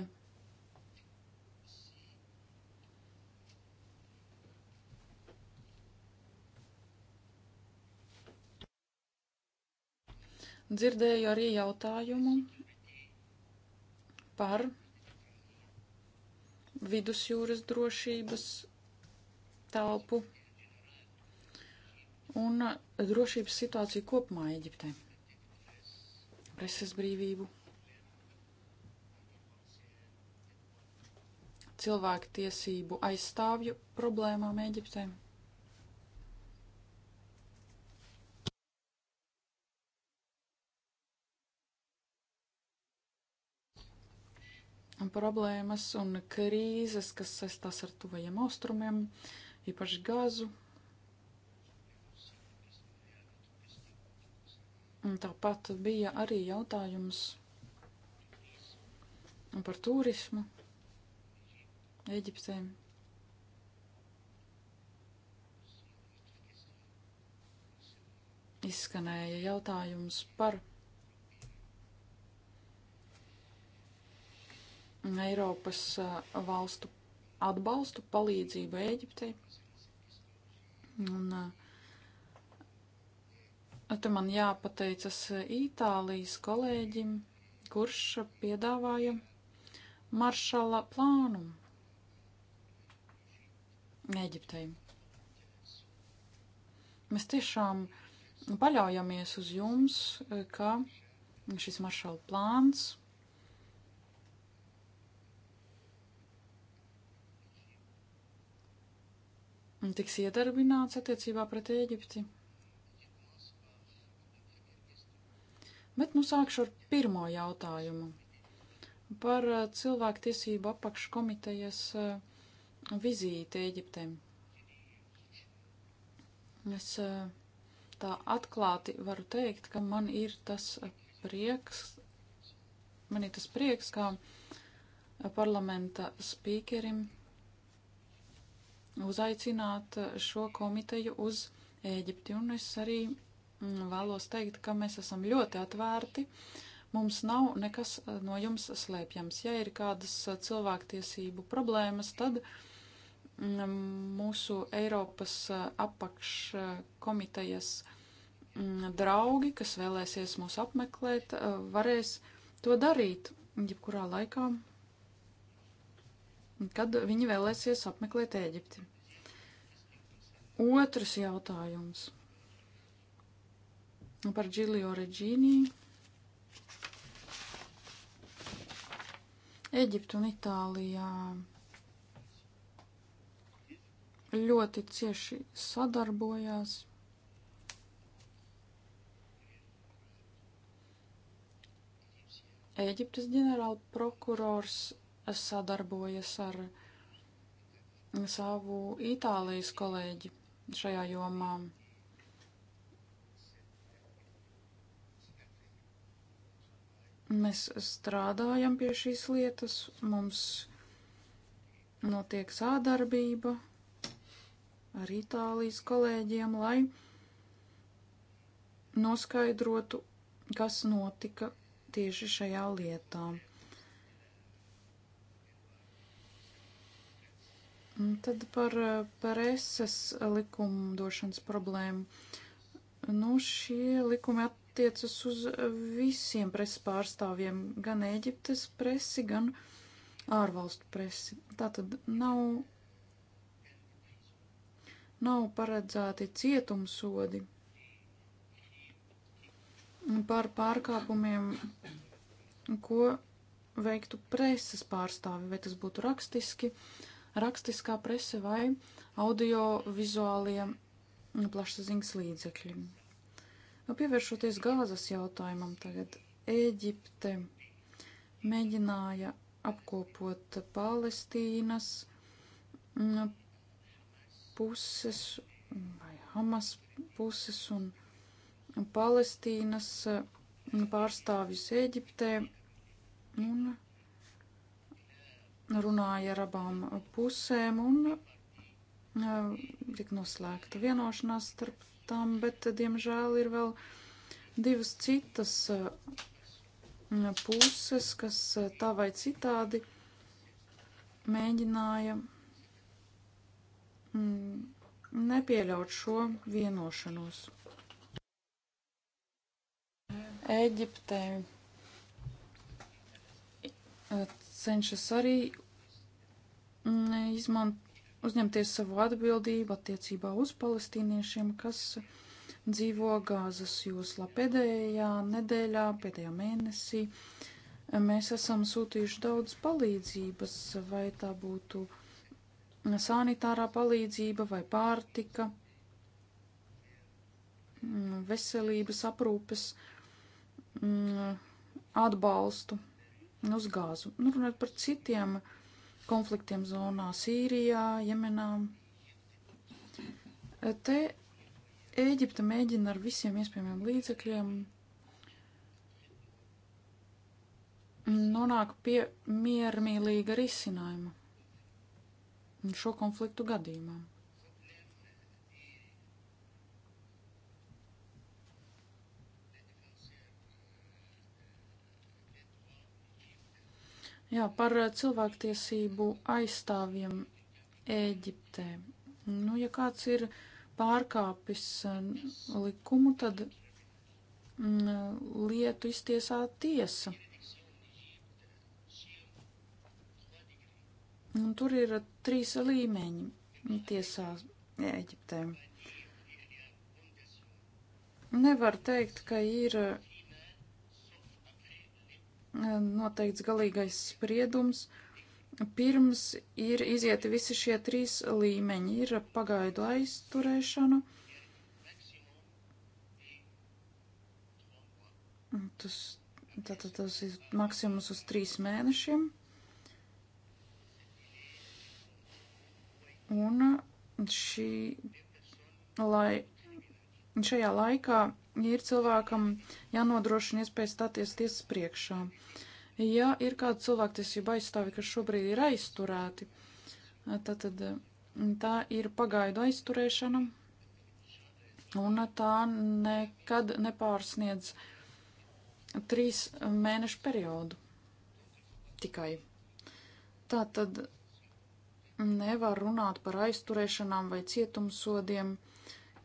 Dzirdēju arī jautājumu par vidusjūras drošības telpu un drošības situāciju kopumā Eģiptē. Preses brīvību. Cilvēku tiesību aizstāvju problēmām Eģiptē. problēmas un krīzes, kas saistās ar tuvajiem austrumiem, īpaši gāzu Un tāpat bija arī jautājums par turismu Eģiptē. Izskanēja jautājums par Eiropas valstu atbalstu, palīdzību Eģiptei. Un uh, Te man jāpateicas eh, Itālijas kolēģim, kurš piedāvāja maršala plānu Eģiptei. Mēs tiešām paļaujamies uz jums, eh, ka šis maršala plāns tiks iedarbināts attiecībā pret Eģipti. Bet nu sākšu ar pirmo jautājumu par uh, cilvēktiesību apakškomitejas uh, vizīti Eģiptē. Es uh, tā atklāti varu teikt, ka man ir tas prieks, man ir tas prieks, kā parlamenta spīkerim uzaicināt šo komiteju uz Eģipti, un es arī Mm, vēlos teikt, ka mēs esam ļoti atvērti. Mums nav nekas eh, no jums slēpjams. Ja ir kādas eh, cilvēktiesību problēmas, tad mm, mūsu Eiropas eh, apakškomitejas mm, draugi, kas vēlēsies mūs apmeklēt, varēs to darīt jebkurā laikā, kad viņi vēlēsies apmeklēt Ēģipti. Otrs jautājums par Giulio Regini. Eģiptu un Itālijā ļoti cieši sadarbojās. Eģiptes ģenerāla prokurors sadarbojas ar savu Itālijas kolēģi šajā jomā. Mēs strādājam pie šīs lietas, mums notiek sādarbība ar Itālijas kolēģiem, lai noskaidrotu, kas notika tieši šajā lietā. Un tad par eh, preses likumdošanas problēmu. Nu, šie likumi at attiecas uz visiem preses pārstāvjiem, gan Eģiptes presi, gan ārvalstu presi. Tā tad nav, nav paredzēti cietumsodi par pārkāpumiem, ko veiktu preses pārstāvi, vai tas būtu rakstiski, rakstiskā prese vai audiovizuālie plašsaziņas līdzekļi. Nu, pievēršoties gāzes jautājumam tagad, Ēģipte mēģināja apkopot Palestīnas mm, puses mm, vai Hamas puses un Palestīnas mm, pārstāvjus Ēģiptē un runāja ar abām pusēm un tik noslēgta vienošanās starp lietām, bet, eh, diemžēl, ir vēl divas citas eh, puses, kas eh, tā vai citādi mēģināja mm, nepieļaut šo vienošanos. Eģiptē cenšas arī mm, izmantot uzņemties savu atbildību attiecībā uz palestīniešiem, kas dzīvo Gāzes joslā. Pēdējā nedēļā, pēdējā mēnesī mēs esam sūtījuši daudz palīdzības, vai tā būtu sanitārā palīdzība vai pārtika, mm, veselības aprūpes mm, atbalstu uz gāzu. Nu, runāt par citiem uh, konfliktiem zonā Sīrijā, Jemenā. Te Ēģipte mēģina ar visiem iespējamiem līdzekļiem nonāk pie miermīlīga risinājuma šo konfliktu gadījumam. Jā, par eh, cilvēktiesību aizstāvjiem Ēģiptē. Nu, ja kāds ir pārkāpis eh, likumu, tad mm, lietu iztiesā tiesa. Un tur ir trīs līmeņi tiesā Ēģiptē. Nevar teikt, ka ir noteikts galīgais spriedums. Pirms ir izieti visi šie trīs līmeņi. Ir pagaidu aizturēšana. Tas, tātad tas ir maksimums uz trīs mēnešiem. Un šī, lai, šajā laikā ir cilvēkam jānodrošina iespēja stāties tiesas priekšā. Ja ir kāda cilvēktiesība aizstāvi, kas šobrīd ir aizturēti, tad, tad mm, tā ir pagaidu aizturēšana, un tā nekad nepārsniedz trīs mēnešu periodu tikai. Tā tad nevar runāt par aizturēšanām vai cietumsodiem,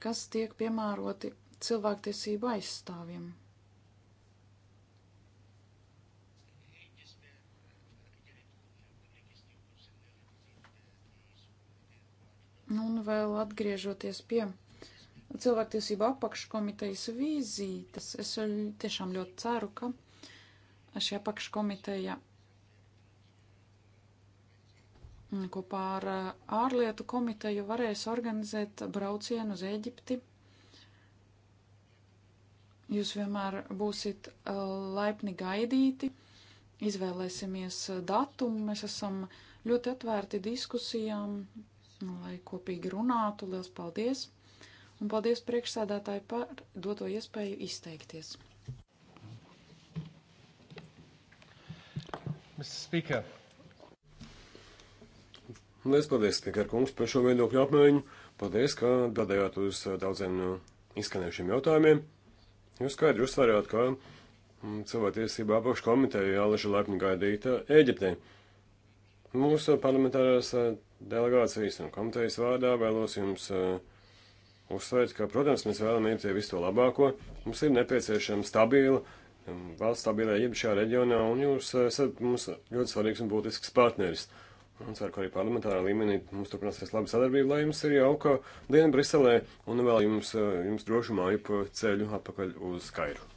kas tiek piemēroti cilvēktiesību aizstāvjiem. Nu, un vēl atgriežoties pie cilvēktiesību apakškomitejas vizītes, es tiešām ļoti ceru, ka šī apakškomiteja kopā ar ārlietu komiteju varēs organizēt braucienu uz Eģipti Jūs vienmēr būsiet uh, laipni gaidīti, izvēlēsimies uh, datumu, mēs esam ļoti atvērti diskusijām, lai kopīgi runātu. Lielas paldies! Un paldies priekšsēdētāji par doto iespēju izteikties. Lielas paldies, Spīkar kungs, par šo viedokļu apmaiņu. Paldies, ka atbildējāt uz uh, daudziem izskanējušiem jautājumiem. Jūs skaidri uzsverjāt, ka mm, cilvēktiesība apakškomiteja jāleži laipni gaidīta Ēģiptē. Mūsu parlamentārās eh, delegācijas un komitejas vārdā vēlos jums eh, uzsvērt, ka, protams, mēs vēlamies ja visu to labāko. Mums ir nepieciešama stabila mm, valsts stabilē Ēģipte šajā reģionā, un jūs eh, esat mums ļoti svarīgs un būtisks partneris. Uh, Un ceru, ka arī parlamentārā līmenī mums turpināsies laba sadarbība, lai jums ir jauka diena Briselē un vēl jums, eh, jums drošu māju pa ceļu atpakaļ uz Kairu.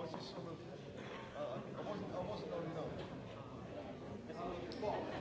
was just sort of, uh, I, wasn't, I wasn't on enough.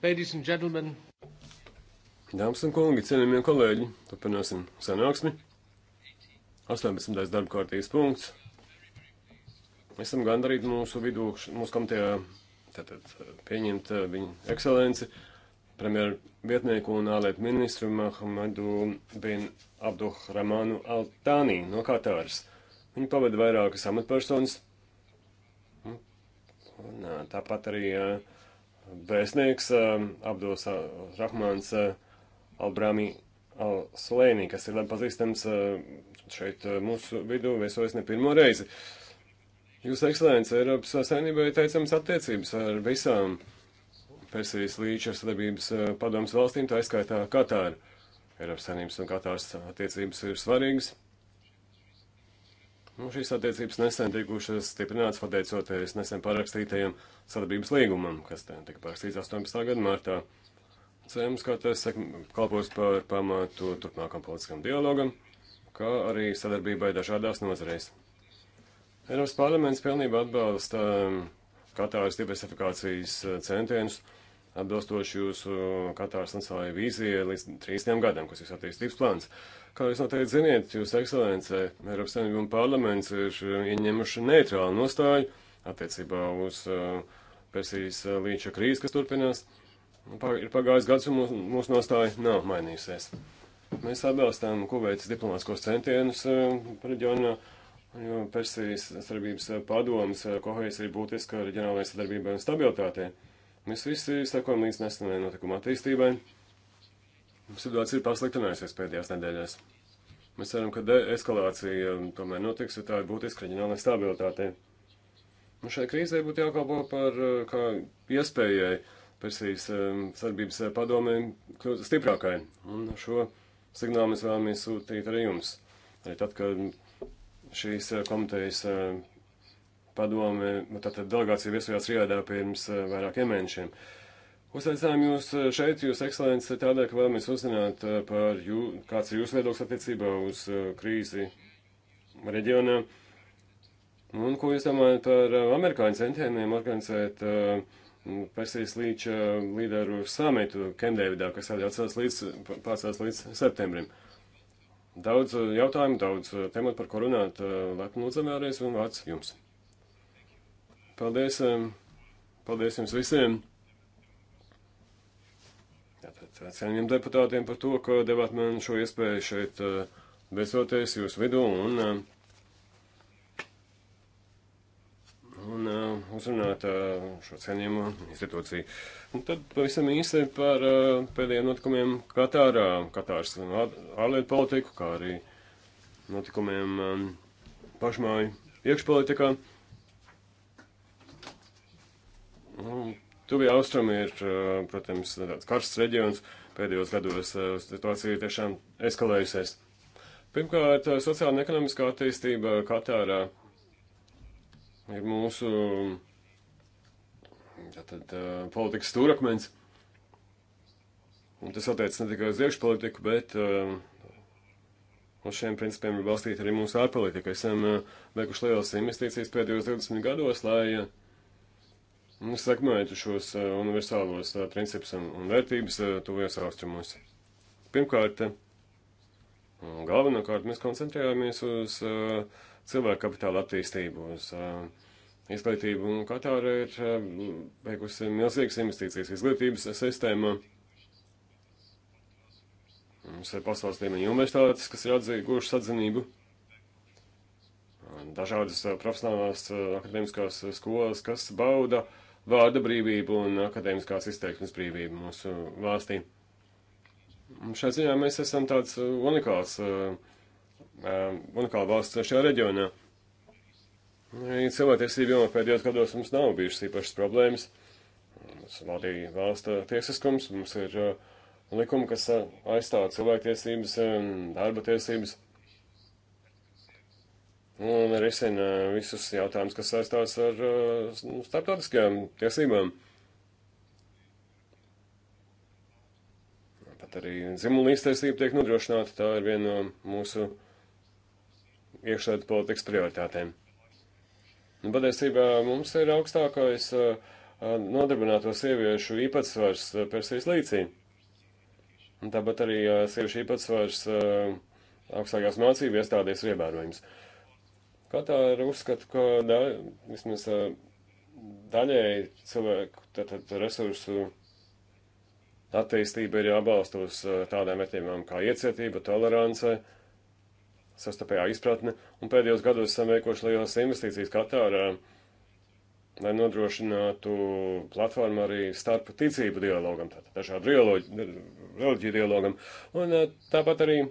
Ladies and gentlemen. Dāmas un kungi, cienījamie kolēģi, turpināsim sanāksmi. 18. darba kārtības punkts. Esam gandarīti mūsu vidū, mūsu komitejā, tātad pieņemt eh, viņu ekscelenci, premjeru vietnieku un ārlietu ministru Mahamadu bin Abduh Ramanu Altānī no Katāras. Viņu pavada vairākas amatpersonas. Un, tāpat arī uh, vēstnieks um, Abdus uh, Rahmans uh, Albrāmi Al-Slēnī, kas ir labi pazīstams uh, šeit mūsu vidū, viesojas ne pirmo reizi. Jūs, ekscelences, Eiropas saimnībai teicams attiecības ar visām Persijas līča sadarbības padomas valstīm, tā izskaitā Katāru. Eiropas saimnības un Katāras attiecības ir svarīgas. Nu, šīs attiecības nesen tikušas stiprināts pateicoties nesen parakstītajam sadarbības līgumam, kas tika parakstīts 18. gada martā. Cerams, ka tas kalpos par pamatu turpmākam politiskam dialogam, kā arī sadarbībai dažādās nozareis. Eiropas parlaments pilnībā atbalsta um, Katāras diversifikācijas uh, centienus, atbilstoši jūsu Katāras nacionālajai vīzijai līdz 30 gadam, kas ir attīstības plāns. Uh, Kā jūs noteikti ziniet, jūs ekscelencē Eiropas Savienība un parlaments ir eh, ieņemuši neitrālu nostāju attiecībā uz uh, Persijas eh, līča krīzi, kas turpinās. Ir pagājis gads, un mūsu mūs nostāja nav mainījusies. Mēs atbalstām Kuveitas diplomātiskos centienus uh, reģionā, jo Persijas sadarbības padomas uh, kohējas ir būtiska reģionālajai sadarbībai un stabilitātei. Mēs visi sakojam līdz nesenai notikuma attīstībai. Situācija ir pasliktinājusies pēdējās nedēļās. Mēs ceram, ka eskalācija um, tomēr notiks, jo tā ir būtiska reģionālai stabilitātei. Un šai krīzē būtu jākalpo par uh, kā iespējai Persijas um, sarbības uh, padomē kļūt stiprākai. Un šo signālu mēs vēlamies sūtīt arī jums. Arī tad, kad šīs uh, komitejas padome, nu, tātad delegācija viesojās Riedā pirms vairākiem mēnešiem. Uh, Uzsveicām jūs eh, šeit, jūs ekscelences, tādēļ, ka vēlamies uzzināt eh, par jū, kāds ir jūsu viedoklis attiecībā uz eh, krīzi reģionā. Un ko jūs domājat par amerikāņu centieniem organizēt uh, Persijas līča līderu samitu Kemdēvidā, kas atcels līdz, pārcels līdz septembrim? Daudz jautājumu, daudz tematu, par ko runāt. Lepni lūdzam vēlreiz un vārds jums. Paldies, paldies jums visiem! Tātad cienījam deputātiem par to, ka devāt man šo iespēju šeit eh, viesoties jūsu vidū un, eh, un eh, uzrunāt šo cienījumu institūciju. Un tad pavisam īsi par pēdējiem notikumiem Katārā, Katāras ārlietu politiku, kā arī notikumiem pašmāju iekšpolitikā. Un, Tuvie austrumi ir, eh, protams, tāds karsts reģions. Pēdējos gados eh, situācija ir tiešām eskalējusies. Pirmkārt, eh, sociāla un ekonomiskā attīstība Katārā ir mūsu tātad, politikas stūrakmens. Un tas attiecas ne tikai uz iekšpolitiku, bet uh, uz šiem principiem ir balstīta arī mūsu ārpolitika. Esam veikuši uh, lielas investīcijas pēdējos 20 gados, lai uh, sekmētu šos eh, universālos eh, principus un, un vērtības eh, tuvajos austrumos. Pirmkārt, galvenokārt mēs koncentrējāmies uz cilvēku kapitāla attīstību, uz izglītību, un Katāra ir veikusi milzīgas investīcijas izglītības sistēmā. Mums ir pasaules līmeņa universitātes, kas ir atzīgušas atzinību dažādas profesionālās akadēmiskās skolas, kas bauda vārda brīvību un akadēmiskās izteiksmes brīvību mūsu valstī. Šajā ziņā mēs esam tāds uh, unikāls, uh, um, unikāla valsts šajā reģionā. Cilvēktiesību jomā pēdējos gados mums nav bijušas īpašas problēmas. Mums valdīja valsts tiesiskums, mums ir uh, likumi, kas aizstāv cilvēktiesības, um, darba tiesības. Nu, un risina visus jautājumus, kas saistās ar nu, starptautiskajām tiesībām. Pat arī dzimuma līdztiesība tiek nodrošināta, tā ir viena no mūsu iekšlietu politikas prioritātēm. Un nu, patiesībā mums ir augstākais nodarbināto sieviešu īpatsvars Persijas līcī. Un tāpat arī sieviešu īpatsvars augstākās mācību iestādēs ir ievērojams. Uh, Katāra uzskata, ka da, vismaz daļēji cilvēku tātad resursu attīstība ir jābalsta uz tādām vērtībām kā iecietība, tolerance, sastapējā izpratne, un pēdējos gados esam veikoši lielas investīcijas Katārā, lai nodrošinātu platformu arī starp ticību dialogam, tātad dažādu reliģiju dialogam, un tāpat arī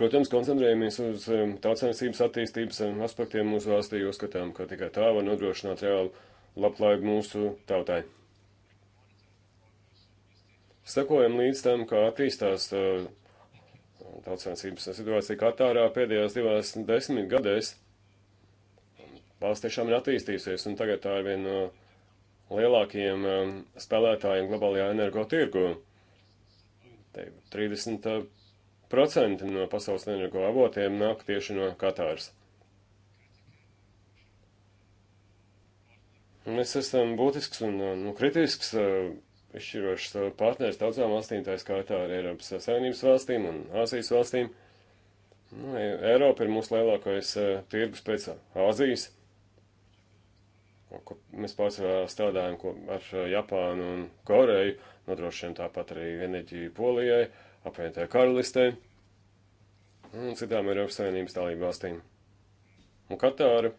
Protams, koncentrējamies uz um, tautsājumsības attīstības um, aspektiem mūsu valstī, jo skatām, ka tikai tā var nodrošināt reālu labklājību mūsu tautai. Sekojam līdz tam, kā attīstās uh, tautsājumsības situācija Katārā pēdējās divās desmit gadēs. Valsts tiešām ir attīstījusies, un tagad tā ir viena no lielākajiem um, spēlētājiem globālajā energotirgu. 30 procenti no pasaules energo avotiem nāk tieši no Katāras. Mēs esam būtisks un nu, kritisks, izšķirošs partners daudzām valstīm, tā skaitā ar Eiropas Savienības valstīm un Āzijas valstīm. Nu, Eiropa ir mūsu lielākais tirgus pēc Āzijas. Mēs pārsvarā strādājam ar Japānu un Koreju, nodrošinām nu, tāpat arī enerģiju Polijai. Uh, apvienotajā karalistē un citām Eiropas Savienības dalību valstīm. Un Katāra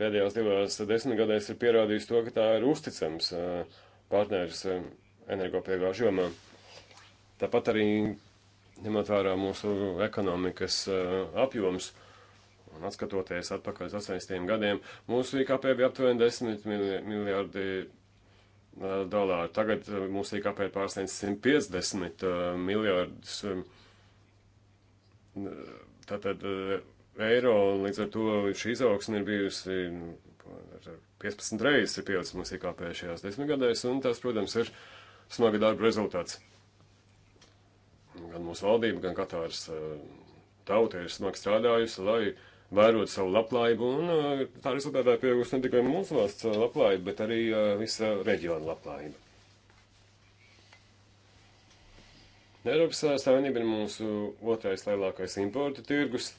pēdējās divās desmitgadēs ir pierādījusi to, ka tā ir uzticams partneris energopiegāžu jomā. Tāpat arī ņemot vērā mūsu ekonomikas apjoms un atskatoties atpakaļ uz 80 gadiem, mūsu IKP bija aptuveni 10 miljardi Eh, dolāru. Tagad eh, mūsu IKP pārsniedz 150 eh, miljārdus tātad eiro, un līdz ar to šī izaugsme ir bijusi nu, 15 reizes ir pieaudzis mūsu IKP šajās desmitgadēs, un tas, protams, ir smaga darba rezultāts. Gan mūsu valdība, gan Katāras tauta ir smagi strādājusi, lai uh, vērot savu labklājību, un eh, tā rezultātā pieaugus ne tikai mūsu valsts eh, labklājība, bet arī eh, visa reģiona labklājība. Eiropas Savienība ir mūsu otrais lielākais importa tirgus.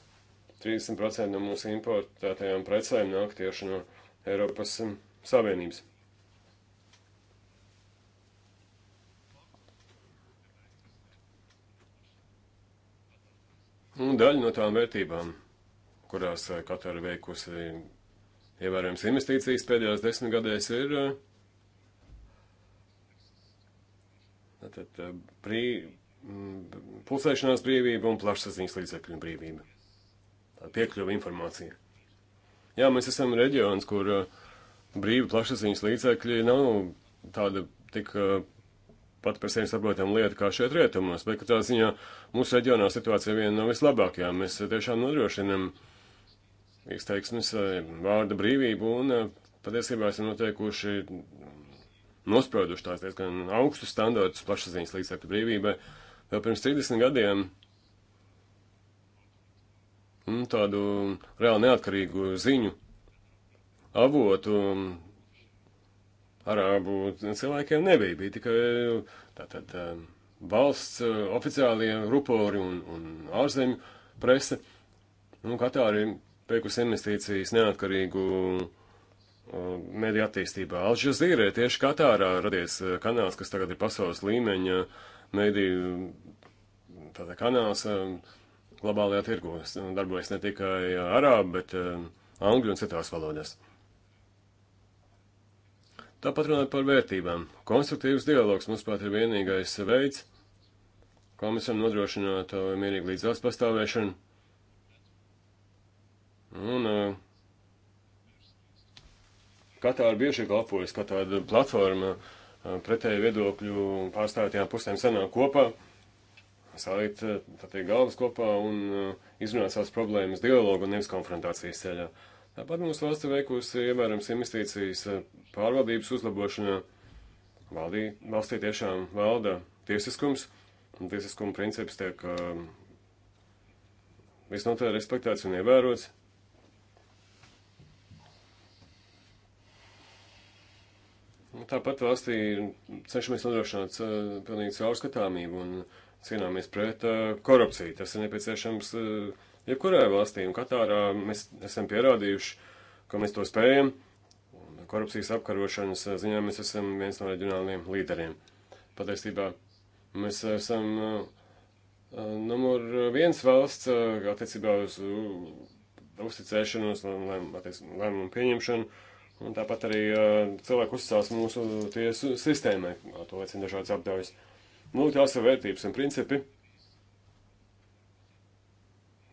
30% no mūsu importētajām precēm nāk tieši no Eiropas Savienības. Un daļa no tām vērtībām kurās eh, Katara veikusi ievērojams investīcijas pēdējās desmitgadēs, ir eh, tātad, eh, brī, pulsēšanās brīvība un plašsaziņas līdzekļu brīvība. Tā piekļuva informācija. Jā, mēs esam reģions, kur brīva plašsaziņas līdzekļi nav tāda tik pat par sevi saprotama lieta, kā šeit rietumos, bet katrā ziņā mūsu reģionā situācija viena no vislabākajām. Mēs tiešām nodrošinam uh, izteiksmes vai eh, vārda brīvību, un eh, patiesībā esam noteikuši mm, nospēduši tās diezgan augstus standartus plašsaziņas līdzekļu brīvībai. Vēl pirms 30 gadiem un mm, tādu reāli neatkarīgu ziņu avotu mm, arābu cilvēkiem nebija. Bija tikai tātad eh, valsts oficiālie rupori un, un ārzemju prese. Un nu, Katāri veikusi investīcijas neatkarīgu uh, mediju attīstībā. Alžazīra ir tieši Katārā radies uh, kanāls, kas tagad ir pasaules līmeņa mediju tātad kanāls uh, globālajā tirgu. Darbojas ne tikai arābu, bet angļu un citās valodās. Tāpat runāt par vērtībām. Konstruktīvs dialogs, manuprāt, ir vienīgais veids, kā mēs varam nodrošināt mierīgu līdzās pastāvēšanu Un uh, Katāra bieži ir kalpojusi, ka tāda platforma uh, eh, pretēji viedokļu pārstāvētajām pusēm sanāk kopā, salikt eh, tātad galvas kopā un uh, izrunāt savas problēmas dialogu un nevis konfrontācijas ceļā. Tāpat mums valsts veikusi ievērams investīcijas pārvaldības uzlabošanā. Valdī, valstī tiešām valda tiesiskums, un tiesiskuma princips tiek visnotaļ respektēts un ievērots. Tāpat valstī cenšamies nodrošināt uh, pilnīgu caurskatāmību un cīnāmies pret uh, korupciju. Tas ir nepieciešams uh, jebkurai valstī, un Katārā mēs esam pierādījuši, ka mēs to spējam. Un korupcijas apkarošanas ziņā mēs esam viens no reģionāliem līderiem. Patiesībā mēs esam uh, uh numur viens valsts uh, attiecībā uz uh, uzticēšanos, lēmumu pieņemšanu. Uh, Un tāpat arī cilvēku uzticās mūsu tiesu sistēmai, to liecina dažādas apdaujas. Nu, tās ir vērtības un principi,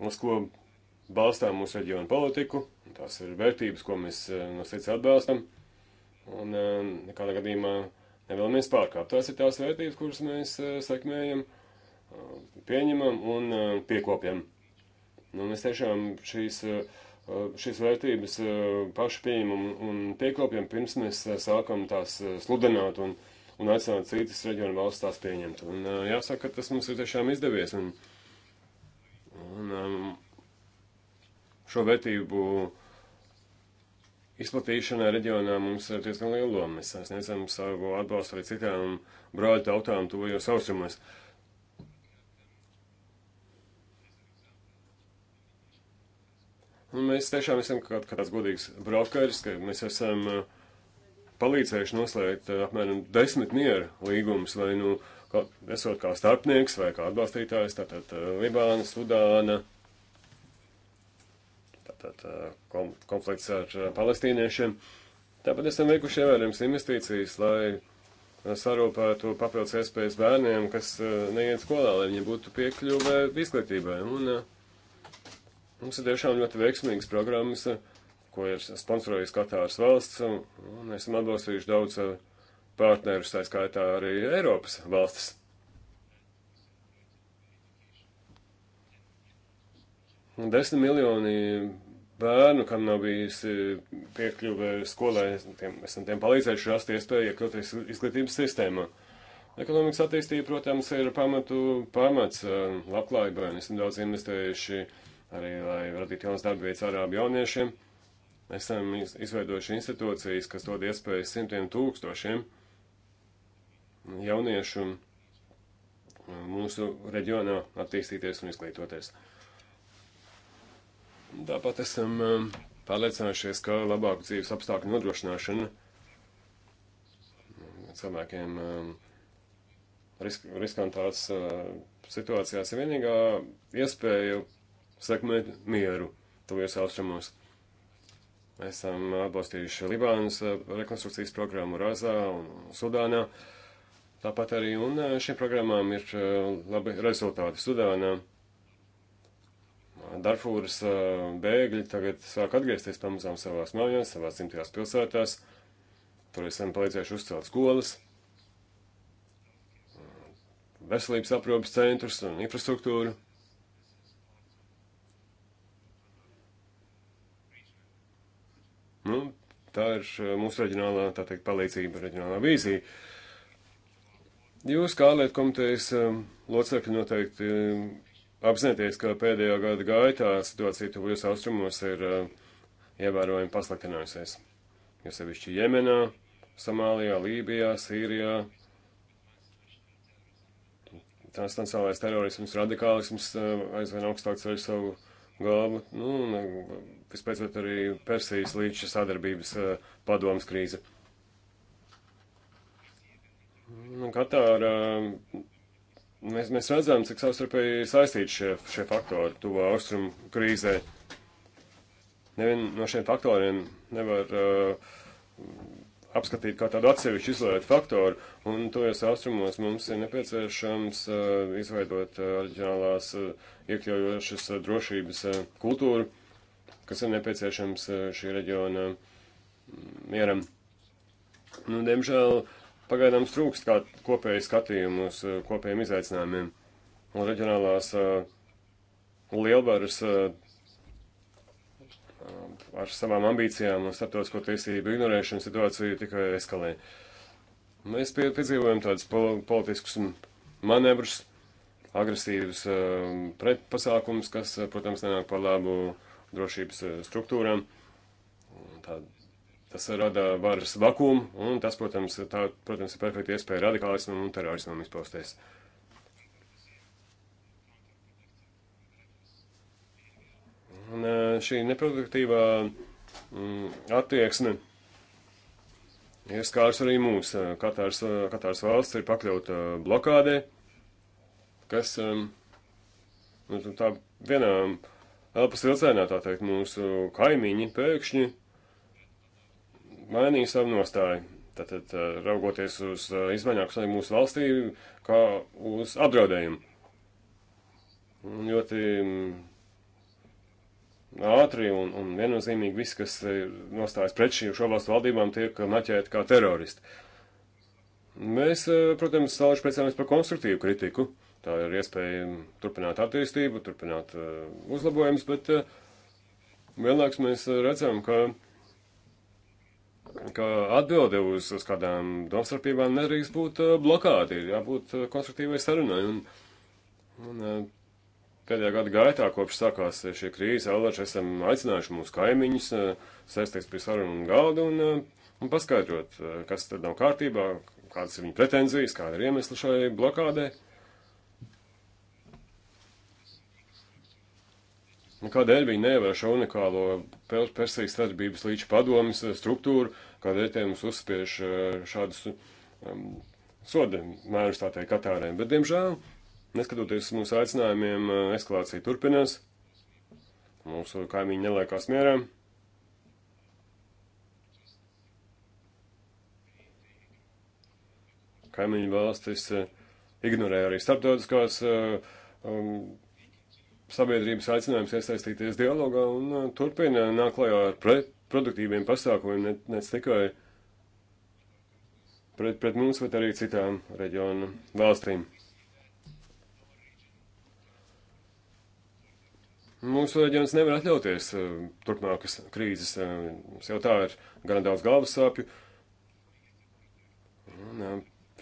uz ko balstām mūsu reģionu politiku, tās ir vērtības, ko mēs no sirds atbalstam, un nekādā gadījumā nevēlamies pārkāpt. Tās ir tās vērtības, kuras mēs sekmējam, pieņemam un piekopjam. Nu, mēs tiešām šīs Eh, šīs vērtības eh, paši pieņemam un piekopjam, pirms mēs eh, sākam tās sludināt un, un aicināt citas reģionu valsts tās pieņemt. Un jāsaka, ka tas mums ir tiešām izdevies. Un, un ehm, šo vērtību izplatīšanā reģionā mums ir diezgan liela loma. Mēs sniedzam savu atbalstu arī citām brāļu tautām tuvajos austrumos. Uh, Un mēs tiešām esam kā, kā tāds godīgs brokeris, ka mēs esam uh, palīdzējuši noslēgt uh, apmēram desmit miera līgumus, vai nu kā, esot kā starpnieks vai kā atbalstītājs, tātad uh, Libāna, Sudāna, tātad konflikts ar palestīniešiem. Tāpat esam veikuši ievērojams investīcijas, lai sarūpētu papildus iespējas bērniem, kas neiet skolā, lai viņi būtu piekļuvē izglītībai. Un, uh, Mums ir tiešām ļoti veiksmīgas programmas, eh, ko ir sponsorējis Katāras valsts, un esam atbalstījuši daudz eh, partnerus, tā skaitā arī Eiropas valstis. Un desmit miljoni bērnu, kam nav bijusi eh, piekļuve skolai, tiem, esam tiem palīdzējuši rast iespēju iekļūt izglītības sistēmā. Ekonomikas attīstība, protams, ir pamatu pamats labklājībai, un esam daudz investējuši uh, arī lai radītu jaunas darbvietas arābu jauniešiem. Esam izveidojuši institūcijas, kas dod iespējas simtiem tūkstošiem jauniešu um, mūsu reģionā attīstīties un izglītoties. Tāpat esam um, pārliecinājušies, ka labāku dzīves apstākļu nodrošināšana um, cilvēkiem risk, riskantās uh, situācijās ir vienīgā iespēja sekmēt mieru tuvies austrumos. Esam atbalstījuši Libānas eh, rekonstrukcijas programmu Razā un Sudānā. Tāpat arī un eh, šīm programmām ir eh, labi rezultāti Sudānā. Darfūras bēgļi tagad sāk atgriezties pamazām savās mājās, savās dzimtajās pilsētās. Tur esam palīdzējuši uzcelt skolas, veselības aprūpas centrus un infrastruktūru. Nu, tā ir eh, mūsu reģionālā, tā teikt, palīdzība, reģionālā vīzija. Jūs, kā lietu komitejas eh, locekļi, noteikti eh, apzināties, ka pēdējā gada gaitā situācija tuvajos austrumos ir ievērojami pasliktinājusies. Jo sevišķi Jemenā, Somālijā, Lībijā, Sīrijā. Transnacionālais terorisms, radikālisms aizvien augstāk ceļ savu galvu. Nu, vispēc arī Persijas līča sadarbības eh, padomas krīze. Nu, Katāra, mēs, mēs redzam, cik savstarpēji saistīti šie, šie faktori tuvā austrumu krīzē. Nevienu no šiem faktoriem nevar uh, apskatīt kā tādu atsevišķu izolētu faktoru, un tojas austrumos mums ir nepieciešams uh, izveidot uh, oriģinālās uh, iekļaujošas uh, drošības uh, kultūru, kas ir nepieciešams uh, šī reģiona mm, mieram. Nu, diemžēl pagaidām trūkst kā kopēju skatījumu uz uh, kopējiem izaicinājumiem, un reģionālās uh, lielvaras uh, ar savām ambīcijām un starptautisko tiesību ignorēšanu situācija tikai eskalē. Mēs piedzīvojam tādus politiskus manevrus, agresīvus um, pretpasākumus, kas, uh, protams, nenāk par labu drošības uh, struktūrām. Tā, tas rada varas vakumu, un tas, protams, tā, protams ir perfekta iespēja radikālismam un terorismam izpausties. Uh, Un šī neproduktīvā mm, attieksme ir skārs arī mūs. Katrs, katrs valsts ir pakļauta blokādē, kas nu, tā vienā elpas vilcienā, tā teikt, mūsu kaimiņi pēkšņi mainīja savu nostāju. Tātad, raugoties uz izmaiņām, kas notiek mūsu valstī, kā uz apdraudējumu. Un ļoti ātri un, un viennozīmīgi viss, kas nostājas pret šīm šo valstu valdībām, tiek naķēti kā teroristi. Mēs, eh, protams, salaši priecājamies par konstruktīvu kritiku. Tā ir iespēja turpināt attīstību, turpināt uh, uzlabojumus, bet uh, vienlaiks mēs redzam, ka, ka atbilde uz, uz kādām domstarpībām nedrīkst būt uh, blokāti, ir jābūt uh, konstruktīvai sarunai. Un, un, uh, Pēdējā gada gaitā, kopš sākās šī krīze, Alači esam aicinājuši mūsu kaimiņus eh, sēsties pie sarunu galda un, eh, un paskaidrot, eh, kas tad nav kārtībā, kādas ir viņa pretenzijas, kāda ir iemesla šai blokādē. Kādēļ viņi nevar šo unikālo Persijas sadarbības līča padomis struktūru, kādēļ tiem mums uzspiež šādus um, soda mērus, tā teikt, Katāriem. Bet, diemžēl, Neskatoties mūsu aicinājumiem, eh, eskalācija turpinās. Mūsu kaimiņi neliekās mierā. Kaimiņu valstis eh, ignorē arī starptautiskās eh, um, sabiedrības aicinājums iesaistīties dialogā un turpina nāk klajā ar pret, produktīviem pasākumiem, ne, ne tikai pret, pret mums, bet arī citām reģionu valstīm. Mūsu reģions nevar atļauties eh, turpmākas krīzes. Eh, mums jau tā ir gana daudz galvas sāpju. Un, eh,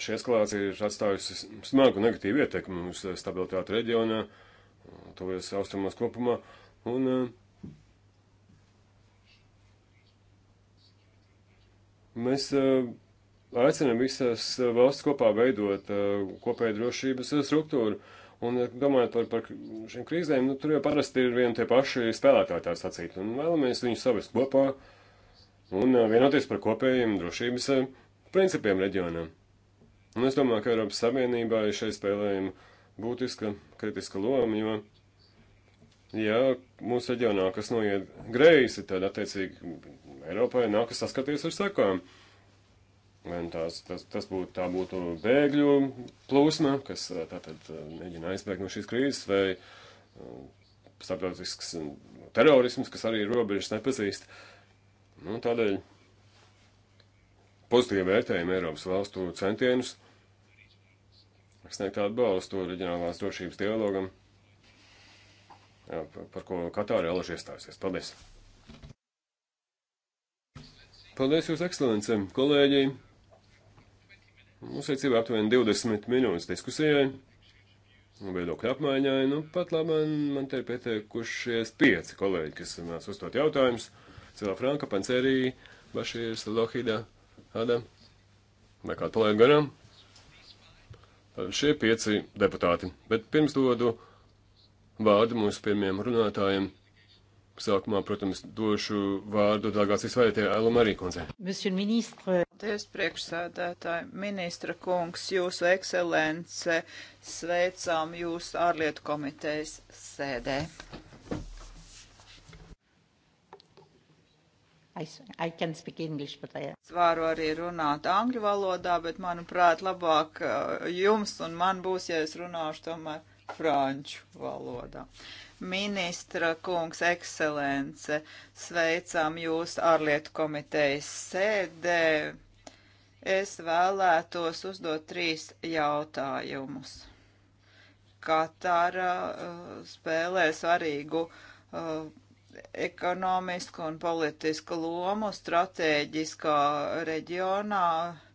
šī eskalācija ir atstājusi smagu negatīvu ietekmi uz stabilitāti reģionā, tuvies austrumos kopumā. Un, mēs aicinām visas valsts kopā veidot kopēju drošības struktūru. Un domājot par, par šīm krīzēm, nu, tur jau parasti ir vien tie paši spēlētāji tā sacīt. Un vēlamies viņus savest kopā un eh, vienoties par kopējiem drošības eh, principiem reģionam. Un es domāju, ka Eiropas Savienībai šeit spēlējam būtiska, kritiska loma, jo, ja mūsu reģionā kas noiet greisi, tad attiecīgi Eiropai nākas saskaties ar sakām. Uh, Un nu tās, tas, tas būtu, tā būtu bēgļu plūsma, kas tātad mēģina aizbēgt no šīs krīzes, vai starptautisks terorisms, kas arī robežas nepazīst. Nu, tādēļ pozitīvi vērtējam Eiropas valstu centienus sniegt atbalstu reģionālās drošības dialogam, jā, par ko Katāra alaži iestājusies. Paldies! Paldies jūs, ekscelencēm, kolēģiem! Mums vajadzība aptuveni 20 minūtes diskusijai un viedokļu apmaiņai. Nu, pat labi, man, man te ir pieteikušies pieci kolēģi, kas mēs uzdot jautājumus. Cilā Franka, Pancerī, Bašīrs, Lohida, Adam. Vai kādu palaidu garām? Tad šie pieci deputāti. Bet pirms dodu vārdu mūsu pirmiem runātājiem. Sākumā, protams, došu vārdu delegācijas vadītājai Elu Mariju kundzei. Monsieur ministre. Paldies, priekšsēdētāji. Ministra kungs, jūsu ekscelence, sveicām jūs ārlietu komitejas sēdē. I, I can speak English, but I... Es varu arī runāt angļu valodā, bet, manuprāt, labāk uh, jums un man būs, ja es runāšu tomēr franču valodā. Uh, Ministra kungs, ekscelence, sveicām jūs ārlietu komitejas sēdē. Es vēlētos uzdot trīs jautājumus. Katara uh, spēlē svarīgu uh, ekonomisku un politisku lomu stratēģiskā reģionā, uh,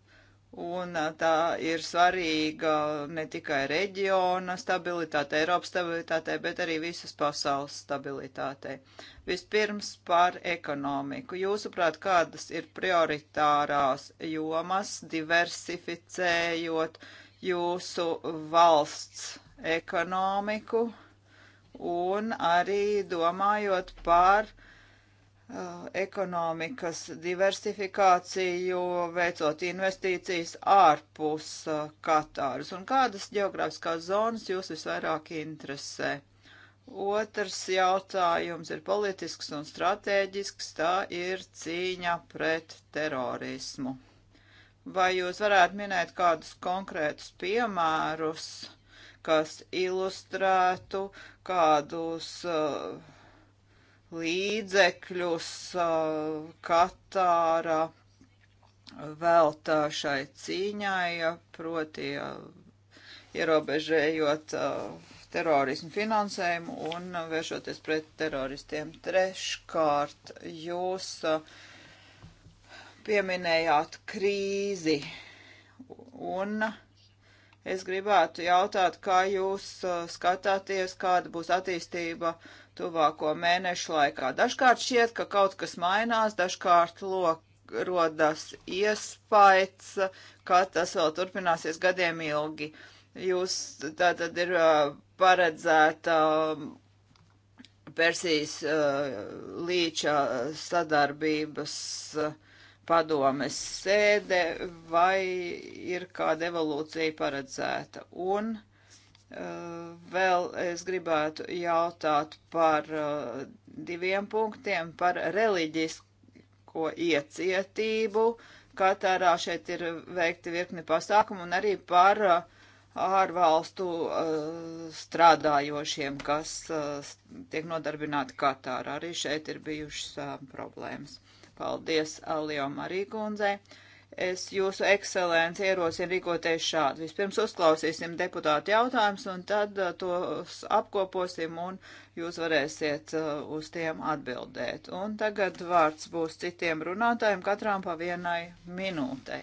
Un tā ir svarīga ne tikai reģiona stabilitāte, Eiropas stabilitāte, bet arī visas pasaules stabilitāte. Vispirms par ekonomiku. Jūsuprāt, kādas ir prioritārās jomas diversificējot jūsu valsts ekonomiku un arī domājot par uh, ekonomikas diversifikāciju, veicot investīcijas ārpus Katāras. Un kādas geogrāfiskās zonas jūs visvairāk interesē? Otrs jautājums ir politisks un strateģisks, tā ir cīņa pret terorismu. Vai jūs varētu minēt kādus konkrētus piemērus, kas ilustrētu kādus uh, līdzekļus uh, Katāra veltā šai cīņai, proti uh, ierobežējot uh, terorismu finansējumu un vēršoties pret teroristiem. Treškārt, jūs pieminējāt krīzi un es gribētu jautāt, kā jūs skatāties, kāda būs attīstība uh, tuvāko mēnešu laikā. Dažkārt šķiet, ka kaut kas mainās, dažkārt lok, rodas iespējas, ka tas vēl turpināsies gadiem ilgi. Jūs tā tad ir paredzēta Persijas līča sadarbības padomes sēde vai ir kāda evolūcija paredzēta. Un uh, Eh, vēl es gribētu jautāt par eh, diviem punktiem, par reliģisko iecietību. Katārā šeit ir veikti virkni pasākumu un arī par eh, ārvalstu strādājošiem, kas tiek nodarbināti Katārā. Arī šeit ir bijušas problēmas. Paldies Alio Marīkundzei. Es jūsu ekscelenci ierosinu rīkoties šādi. Vispirms uzklausīsim deputātu jautājumus, un tad uh, tos apkoposim, un jūs varēsiet uh, uz tiem atbildēt. Un tagad vārds būs citiem runātājiem, katrām pa vienai minūtei.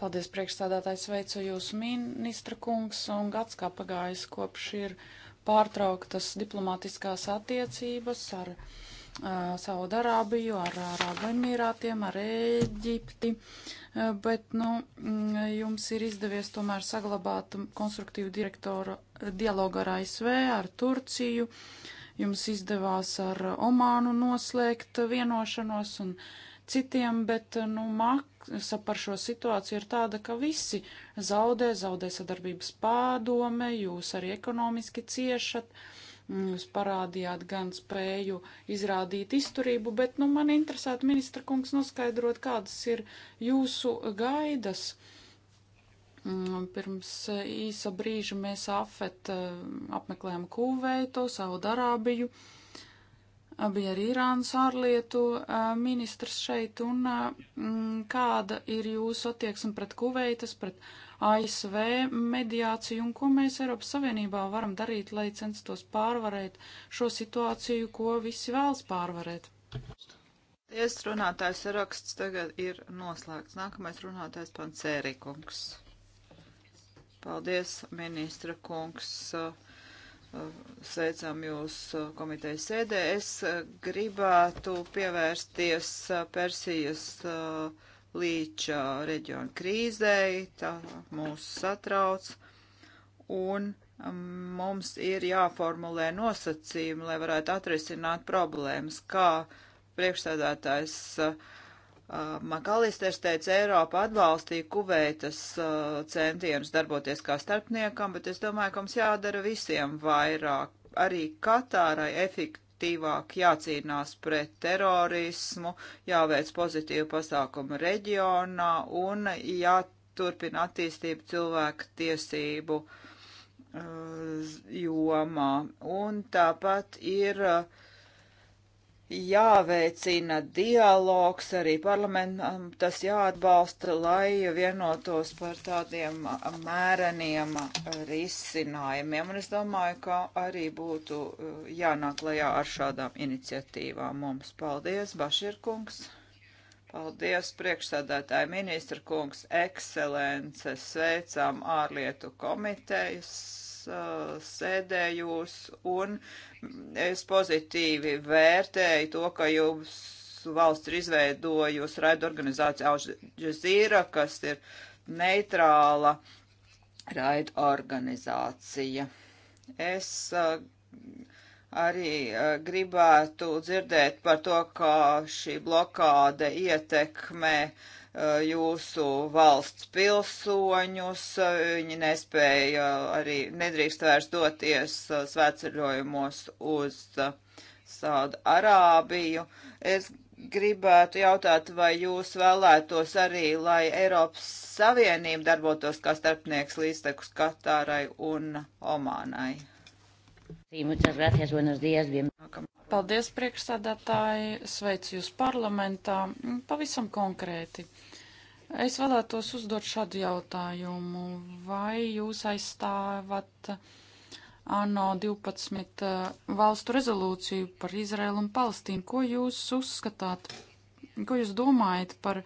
Paldies, priekšstādātājs, sveicu jūs, ministra kungs, un gads kā pagājis kopš ir pārtrauktas diplomatiskās attiecības ar. Uh, Saudarābiju, ar Arābu Emirātiem, ar Ēģipti, bet, nu, mm, jums ir izdevies tomēr saglabāt konstruktīvu direktoru dialogu ar ASV, ar Turciju, jums izdevās ar Omānu noslēgt vienošanos un citiem, bet, nu, maksa par šo situāciju ir tāda, ka visi zaudē, zaudē sadarbības pādome, jūs arī ekonomiski ciešat. Uh, Jūs parādījāt gan spēju izrādīt izturību, bet nu, man interesētu ministra kungs noskaidrot, kādas ir jūsu gaidas. Mm, pirms īsa brīža mēs afet eh, apmeklējām Kūveitu, Saudarābiju. Arābiju bija arī Irānas ārlietu ministrs šeit, un m, kāda ir jūsu attieksme pret Kuveitas, pret ASV mediāciju, un ko mēs Eiropas Savienībā varam darīt, lai censtos pārvarēt šo situāciju, ko visi vēlas pārvarēt? Tiesas runātājs raksts tagad ir noslēgts. Nākamais runātājs pants Ērikungs. Paldies, ministra kungs. Uh, sveicam jūs uh, komitejas sēdē. Es uh, gribētu pievērsties uh, Persijas līča reģiona krīzei, tā mūs satrauc, un um, mums ir jāformulē nosacījumi, lai varētu atrisināt problēmas, kā priekšstādātājs uh, Uh, Makalisters teica, Eiropa atbalstīja Kuveitas uh, centienus darboties kā starpniekam, bet es domāju, ka mums jādara visiem vairāk. Arī Katārai efektīvāk jācīnās pret terorismu, jāveic pozitīvu pasākumu reģionā un jāturpina attīstību cilvēku tiesību uh, jomā. Un tāpat ir uh, jāveicina dialogs arī parlamentam, tas jāatbalsta, lai vienotos par tādiem mēreniem risinājumiem. Un es domāju, ka arī būtu uh, jānāk lajā ar šādām iniciatīvām mums. Paldies, Baširkungs! Paldies, priekšsādātāji ministra kungs, ekscelences, sveicām ārlietu komitejas uh, sēdējos, un es pozitīvi vērtēju to, ka jums valsts ir izveidojusi raidorganizācija Alžēzīra, kas ir neitrāla raidorganizācija. Es uh, arī uh, gribētu dzirdēt par to, kā šī blokāde ietekmē uh, Eh, jūsu valsts pilsoņus, eh, viņi nespēja arī nedrīkst vairs doties eh, svētceļojumos uz Saudu Arābiju. Es gribētu jautāt, vai jūs vēlētos arī, lai Eiropas Savienība darbotos kā starpnieks līdztekus Katārai un Omānai? Paldies, priekšsādātāji, sveicu jūs parlamentā. Pavisam konkrēti. Es vēlētos uzdot šādu jautājumu. Vai jūs aizstāvat ANO 12 eh, valstu rezolūciju par Izraēlu un Palestīnu? Ko jūs uzskatāt, ko jūs domājat par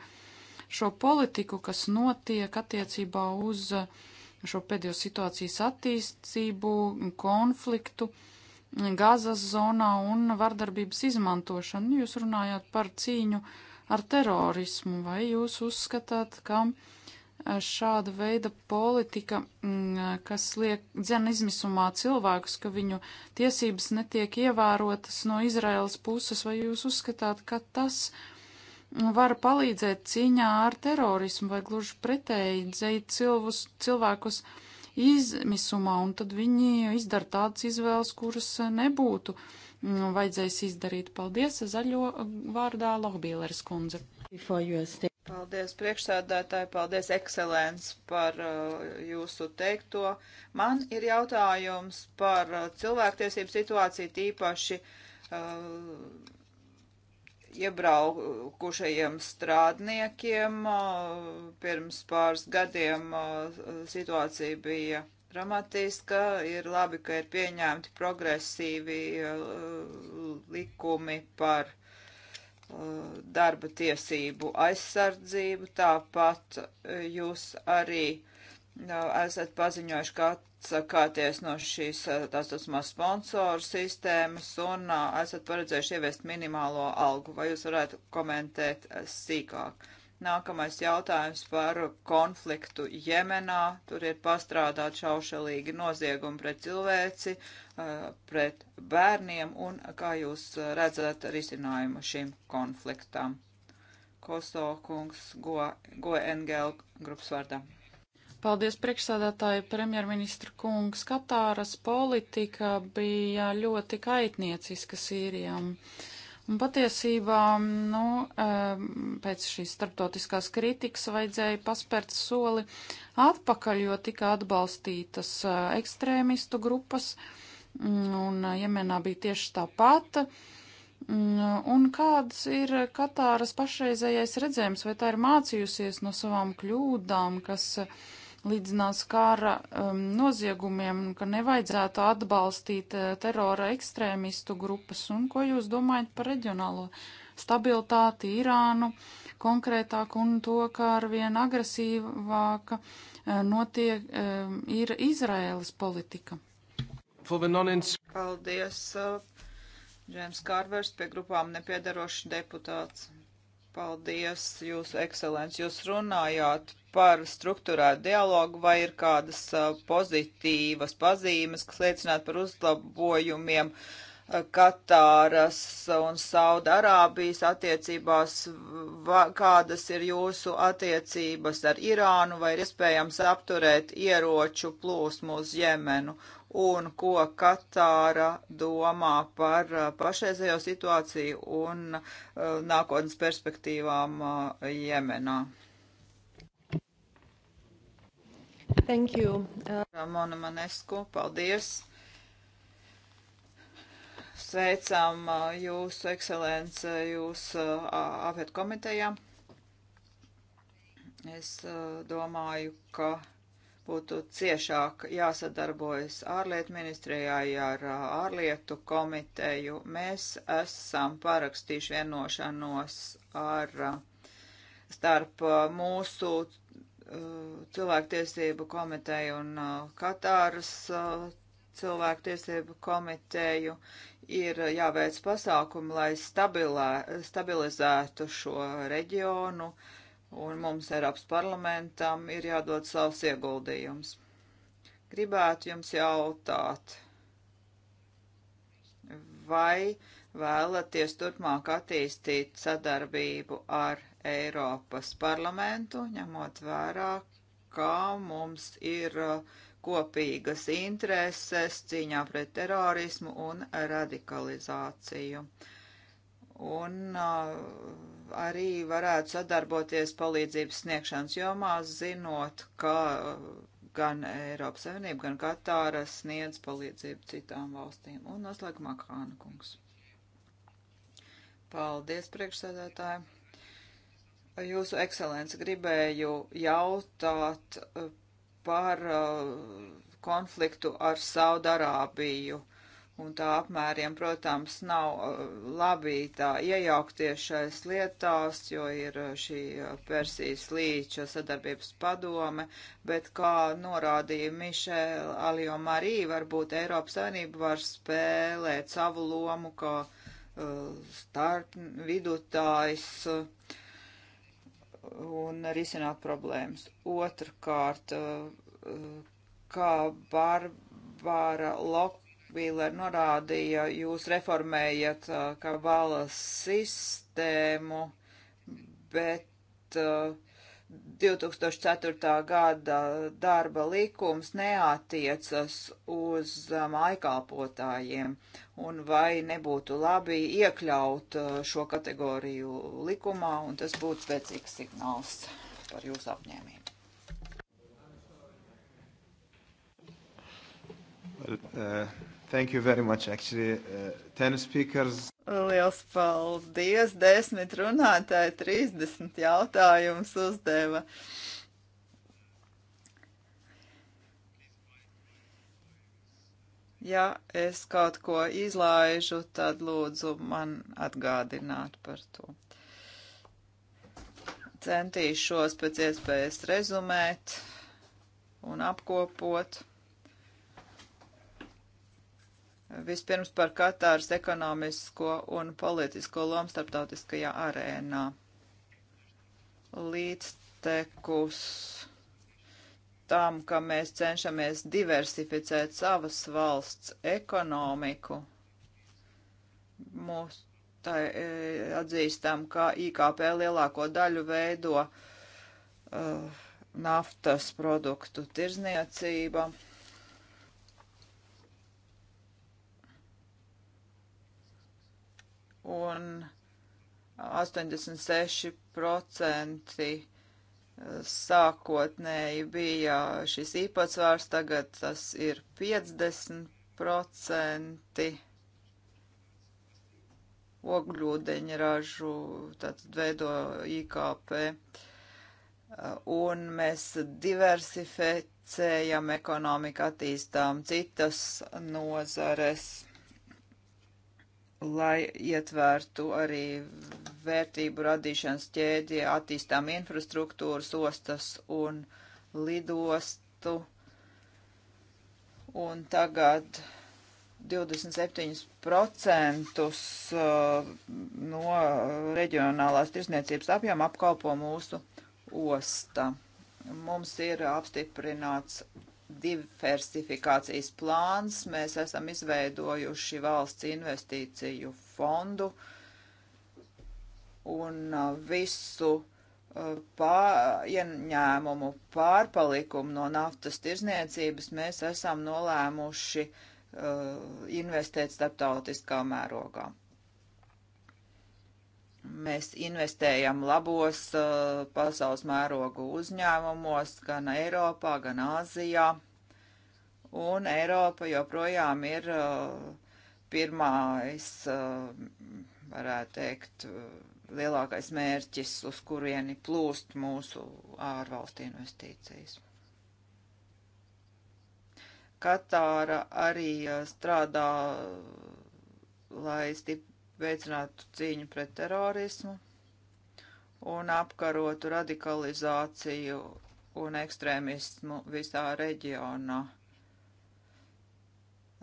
šo politiku, kas notiek attiecībā uz uh, šo pēdējo situācijas attīstību, konfliktu Gazas zonā un vardarbības izmantošanu. Nu, jūs runājāt par cīņu ar terorismu, vai jūs uzskatāt, ka e, šāda veida politika, e, kas liek dzēna izmisumā cilvēkus, ka viņu tiesības netiek ievērotas no Izraēlas puses, vai jūs uzskatāt, ka tas var palīdzēt cīņā ar terorismu vai gluži pretēji dzīt cilvēkus, cilvēkus izmisumā, un tad viņi izdara tādas izvēles, kuras nebūtu mm, vajadzējis izdarīt. Paldies, zaļo vārdā Lohbīleres kundze. Paldies, priekšsēdētāji, paldies, ekscelents, par uh, jūsu teikto. Man ir jautājums par uh, cilvēktiesību situāciju tīpaši. Uh, iebraukušajiem strādniekiem. Pirms pāris gadiem situācija bija dramatiska. Ir labi, ka ir pieņemti progresīvi likumi par darba tiesību aizsardzību. Tāpat jūs arī esat paziņojuši, ka atsakāties no šīs tās uzmās sponsoru sistēmas un esat paredzējuši ieviest minimālo algu. Vai jūs varētu komentēt sīkāk? Nākamais jautājums par konfliktu Jemenā. Tur ir pastrādāt šaušalīgi noziegumi pret cilvēci, pret bērniem un kā jūs redzat risinājumu šim konfliktam. Koso kungs, Goengel go grupas vārdā. Paldies priekšsādātāji premjerministra kungs. Katāras politika bija ļoti kaitnieciska Sīrijam. Un patiesībā, nu, pēc šīs starptautiskās kritikas vajadzēja paspērt soli atpakaļ, jo tika atbalstītas eh, ekstrēmistu grupas, mm, un Jemenā bija tieši tāpat. Mm, un kāds ir Katāras pašreizējais redzējums, vai tā ir mācījusies no savām kļūdām, kas līdzinās kara um, noziegumiem, ka nevajadzētu atbalstīt uh, terora ekstrēmistu grupas, un ko jūs domājat par reģionālo stabilitāti Irānu konkrētāk un to, kā arvien agresīvāka uh, notiek, uh, ir Izraēlas politika? Paldies, uh, Džēms Kārvers, pie grupām nepiedarošs deputāts. Paldies, Jūsu ekscelenci. Jūs runājāt par struktūrētu dialogu, vai ir kādas uh, pozitīvas pazīmes, kas liecinātu par uzlabojumiem uh, Katāras un Saudarābijas attiecībās, va, kādas ir jūsu attiecības ar Irānu, vai ir iespējams apturēt ieroču plūsmu uz Jemenu, un ko Katāra domā par uh, pašreizējo situāciju un uh, nākotnes perspektīvām uh, Jemenā. Thank you. Uh... Ramona Manesku, paldies. Sveicam jūsu ekscelence, jūs AFET komitejā. Es domāju, ka būtu ciešāk jāsadarbojas ārlietu ministrijai ar ārlietu komiteju. Mēs esam parakstījuši vienošanos ar starp mūsu cilvēktiesību komiteju un Katāras cilvēku tiesību komiteju ir jāveic pasākumi, lai stabilē, stabilizētu šo reģionu, un mums Eiropas parlamentam ir jādod savs ieguldījums. Gribētu jums jautāt, vai vēlaties turpmāk attīstīt sadarbību ar Eiropas parlamentu, ņemot vērā, kā mums ir uh, kopīgas intereses cīņā pret terorismu un radikalizāciju. Un uh, arī varētu sadarboties palīdzības sniegšanas jomā, zinot, ka uh, gan Eiropas Savienība, gan Katāra sniedz palīdzību citām valstīm. Un noslēgumā Kāna kungs. Paldies, priekšsēdētāji! Jūsu ekscelence gribēju jautāt uh, par uh, konfliktu ar Saudarābiju un tā apmēriem, protams, nav uh, labi tā iejaukties šais lietās, jo ir uh, šī Persijas līča sadarbības padome, bet, kā norādīja Mišēla Alio Marī, varbūt Eiropas Savienība var spēlēt savu lomu, kā uh, starp vidutājs. Uh, un risināt problēmas. Otrkārt, eh, kā Barbara Lokvīler norādīja, jūs reformējat eh, kā valas sistēmu, bet uh, 2004. gada darba likums neatiecas uz mājkalpotājiem, um, un vai nebūtu labi iekļaut uh, šo kategoriju likumā, un tas būtu spēcīgs signāls par jūsu apņēmību. Well, uh... Thank you very much, actually. Uh, ten speakers. Liels paldies! Desmit runātāji, 30 jautājumus uzdeva. Ja es kaut ko izlaižu, tad lūdzu man atgādināt par to. Centīšos pēc iespējas rezumēt un apkopot. Vispirms par Katāras ekonomisko un politisko lomu starptautiskajā arēnā. Līdztekus tam, ka mēs cenšamies diversificēt savas valsts ekonomiku, mūs tā, e, atzīstam, ka IKP lielāko daļu veido uh, naftas produktu tirzniecība. un 86% eh, sākotnēji bija šis īpatsvārs, tagad tas ir 50% ogļūdeņražu, tātad veido IKP. Eh, un mēs diversificējam ekonomiku, attīstām citas nozares lai ietvērtu arī vērtību radīšanas ķēdi, attīstām infrastruktūras, ostas un lidostu. Un tagad 27% uh, no reģionālās tirsniecības apjoma apkalpo mūsu osta. Mums ir apstiprināts diversifikācijas plāns. Mēs esam izveidojuši valsts investīciju fondu un uh, visu uh, Pā, ieņēmumu pārpalikumu no naftas tirzniecības mēs esam nolēmuši uh, investēt starptautiskā mērogā. Mēs investējam labos uh, pasaules mērogu uzņēmumos gan Eiropā, gan Āzijā, un Eiropa joprojām ir uh, pirmais, uh, varētu teikt, uh, lielākais mērķis, uz kurieni plūst mūsu ārvalstu investīcijas. Katāra arī uh, strādā, lai stip, veicinātu cīņu pret terorismu un apkarotu radikalizāciju un ekstrēmismu visā reģionā.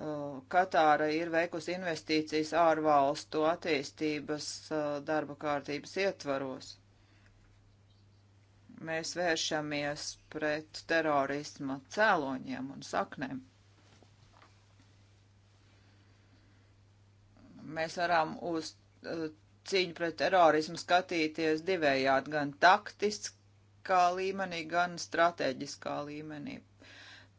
Uh, Katāra ir veikusi investīcijas ārvalstu attīstības uh, darba kārtības ietvaros. Mēs vēršamies pret terorisma cēloņiem un saknēm. mēs varam uz eh, cīņu pret terorismu skatīties divējādi, gan taktiskā līmenī, gan strateģiskā līmenī.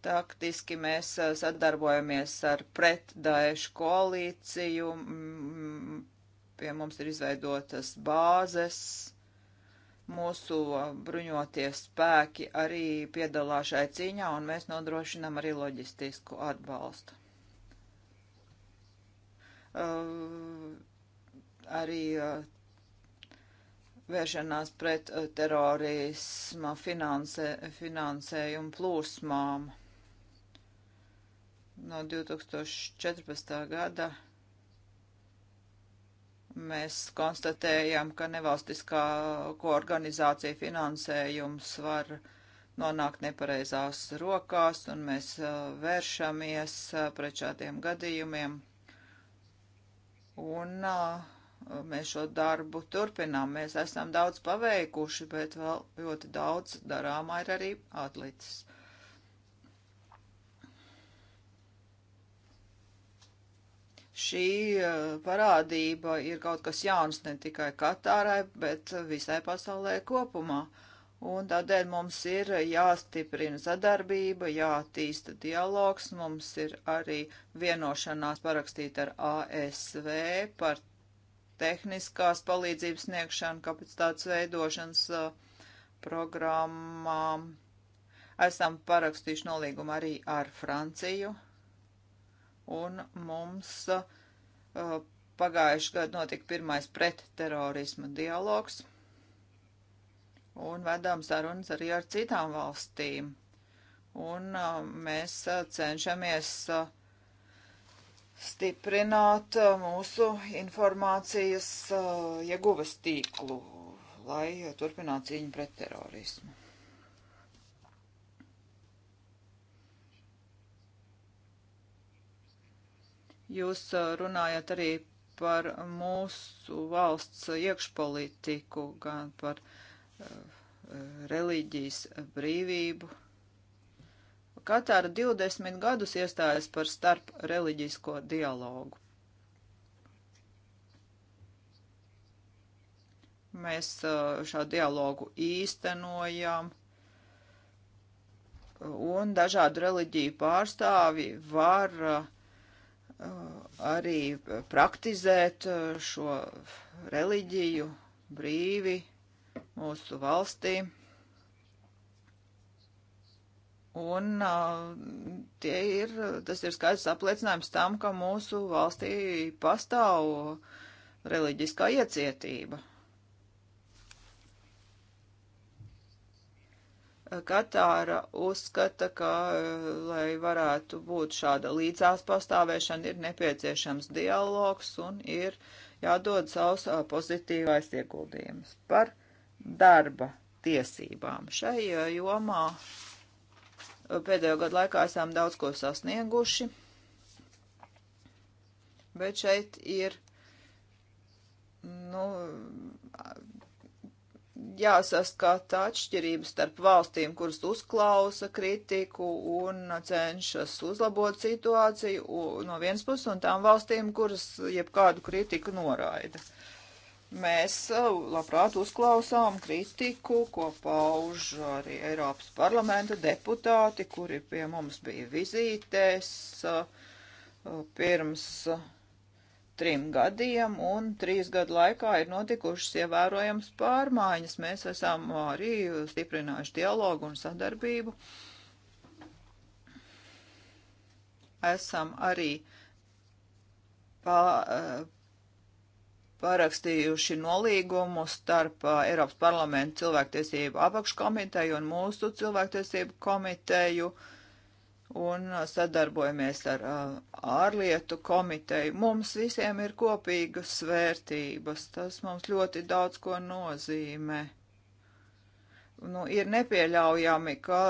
Taktiski mēs eh, sadarbojamies ar pretdaešu koalīciju, mm, pie mums ir izveidotas bāzes, mūsu eh, bruņotie spēki arī piedalās šai cīņā, un mēs nodrošinām arī loģistisku atbalstu. Uh, arī uh, vēršanās pret uh, terorisma finansē, finansējumu plūsmām. No 2014. gada mēs konstatējam, ka nevalstiskā ko organizācija finansējums var nonākt nepareizās rokās, un mēs vēršamies pret šādiem gadījumiem. Un uh, mēs šo darbu turpinām. Mēs esam daudz paveikuši, bet vēl ļoti daudz darāmā ir arī atlicis. Šī parādība ir kaut kas jauns ne tikai Katārai, bet visai pasaulē kopumā. Uh, Un tādēļ mums ir jāstiprina sadarbība, jātīsta dialogs, mums ir arī vienošanās parakstīt ar ASV par tehniskās palīdzības sniegšanu, kapacitātes veidošanas uh, programmām. Esam parakstījuši nolīgumu arī ar Franciju, un mums uh, pagājuši gadu notika pirmais pretterorisma dialogs un vedām sarunas arī ar citām valstīm. Un mēs cenšamies stiprināt mūsu informācijas ieguves tīklu, lai turpinātu cīņu pret terorismu. Jūs runājat arī par mūsu valsts iekšpolitiku, gan par uh, Eh, reliģijas brīvību. Katāra 20 gadus iestājas par starp reliģisko dialogu. Mēs eh, šo dialogu īstenojam, un dažādu reliģiju pārstāvi var eh, arī praktizēt šo reliģiju brīvi mūsu valstī. Un tie ir, tas ir skaidrs apliecinājums tam, ka mūsu valstī pastāv reliģiskā iecietība. Katāra uzskata, ka, lai varētu būt šāda līdzās pastāvēšana, ir nepieciešams dialogs un ir jādod savs pozitīvais ieguldījums par darba tiesībām. Šai uh, jomā uh, pēdējo gadu laikā esam daudz ko sasnieguši, bet šeit ir, nu, jāsaskata atšķirības starp valstīm, kuras uzklausa kritiku un cenšas uzlabot situāciju no vienas puses, un tām valstīm, kuras jebkādu kritiku noraida. Mēs eh, labprāt uzklausām kritiku, ko pauž arī Eiropas parlamenta deputāti, kuri pie mums bija vizītēs eh, pirms trim gadiem, un trīs gadu laikā ir notikušas ievērojams pārmaiņas. Mēs esam arī stiprinājuši dialogu un sadarbību. Esam arī pa, eh, parakstījuši nolīgumu starp Eiropas parlamentu cilvēktiesību apakškomiteju un mūsu cilvēktiesību komiteju un sadarbojamies ar ārlietu komiteju. Mums visiem ir kopīgas svērtības, tas mums ļoti daudz ko nozīmē. Nu, ir nepieļaujami, ka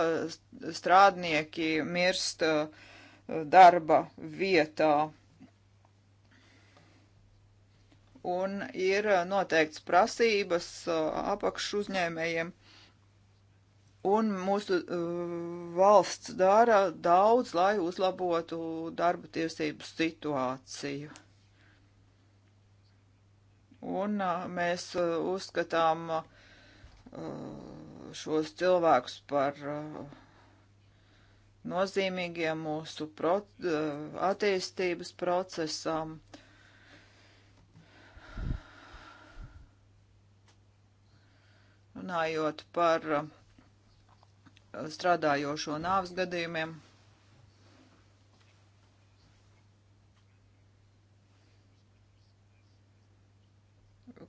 strādnieki mirst darba vietā un ir eh, noteikts prasības eh, apakšu uzņēmējiem. Un mūsu uh, valsts dara daudz, lai uzlabotu darba tiesību situāciju. Un uh, mēs uh, uzskatām šos cilvēkus par nozīmīgiem mūsu pro attīstības procesam. Uh, runājot par uh, strādājošo nāvas gadījumiem.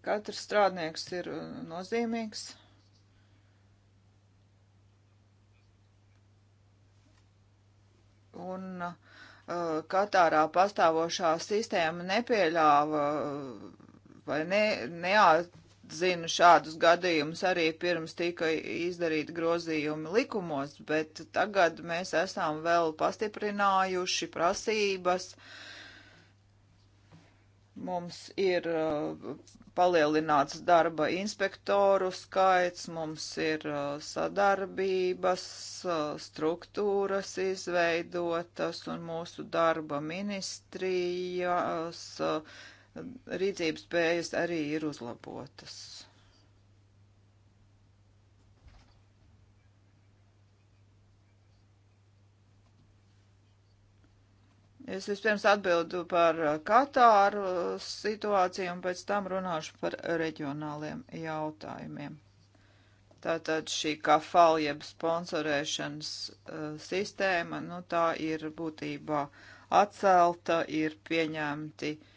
Katrs strādnieks ir uh, nozīmīgs. Un uh, Katārā pastāvošā sistēma nepieļāva uh, vai ne, neat, zinu šādus gadījumus arī pirms tika izdarīti grozījumi likumos, bet tagad mēs esam vēl pastiprinājuši prasības. Mums ir uh, palielināts darba inspektoru skaits, mums ir uh, sadarbības uh, struktūras izveidotas un mūsu darba ministrijas rīcības spējas arī ir uzlabotas. Es vispirms atbildu par Katāru situāciju un pēc tam runāšu par reģionāliem jautājumiem. Tātad šī kafal jeb sponsorēšanas uh, sistēma, nu tā ir būtībā atcelta, ir pieņemti uh,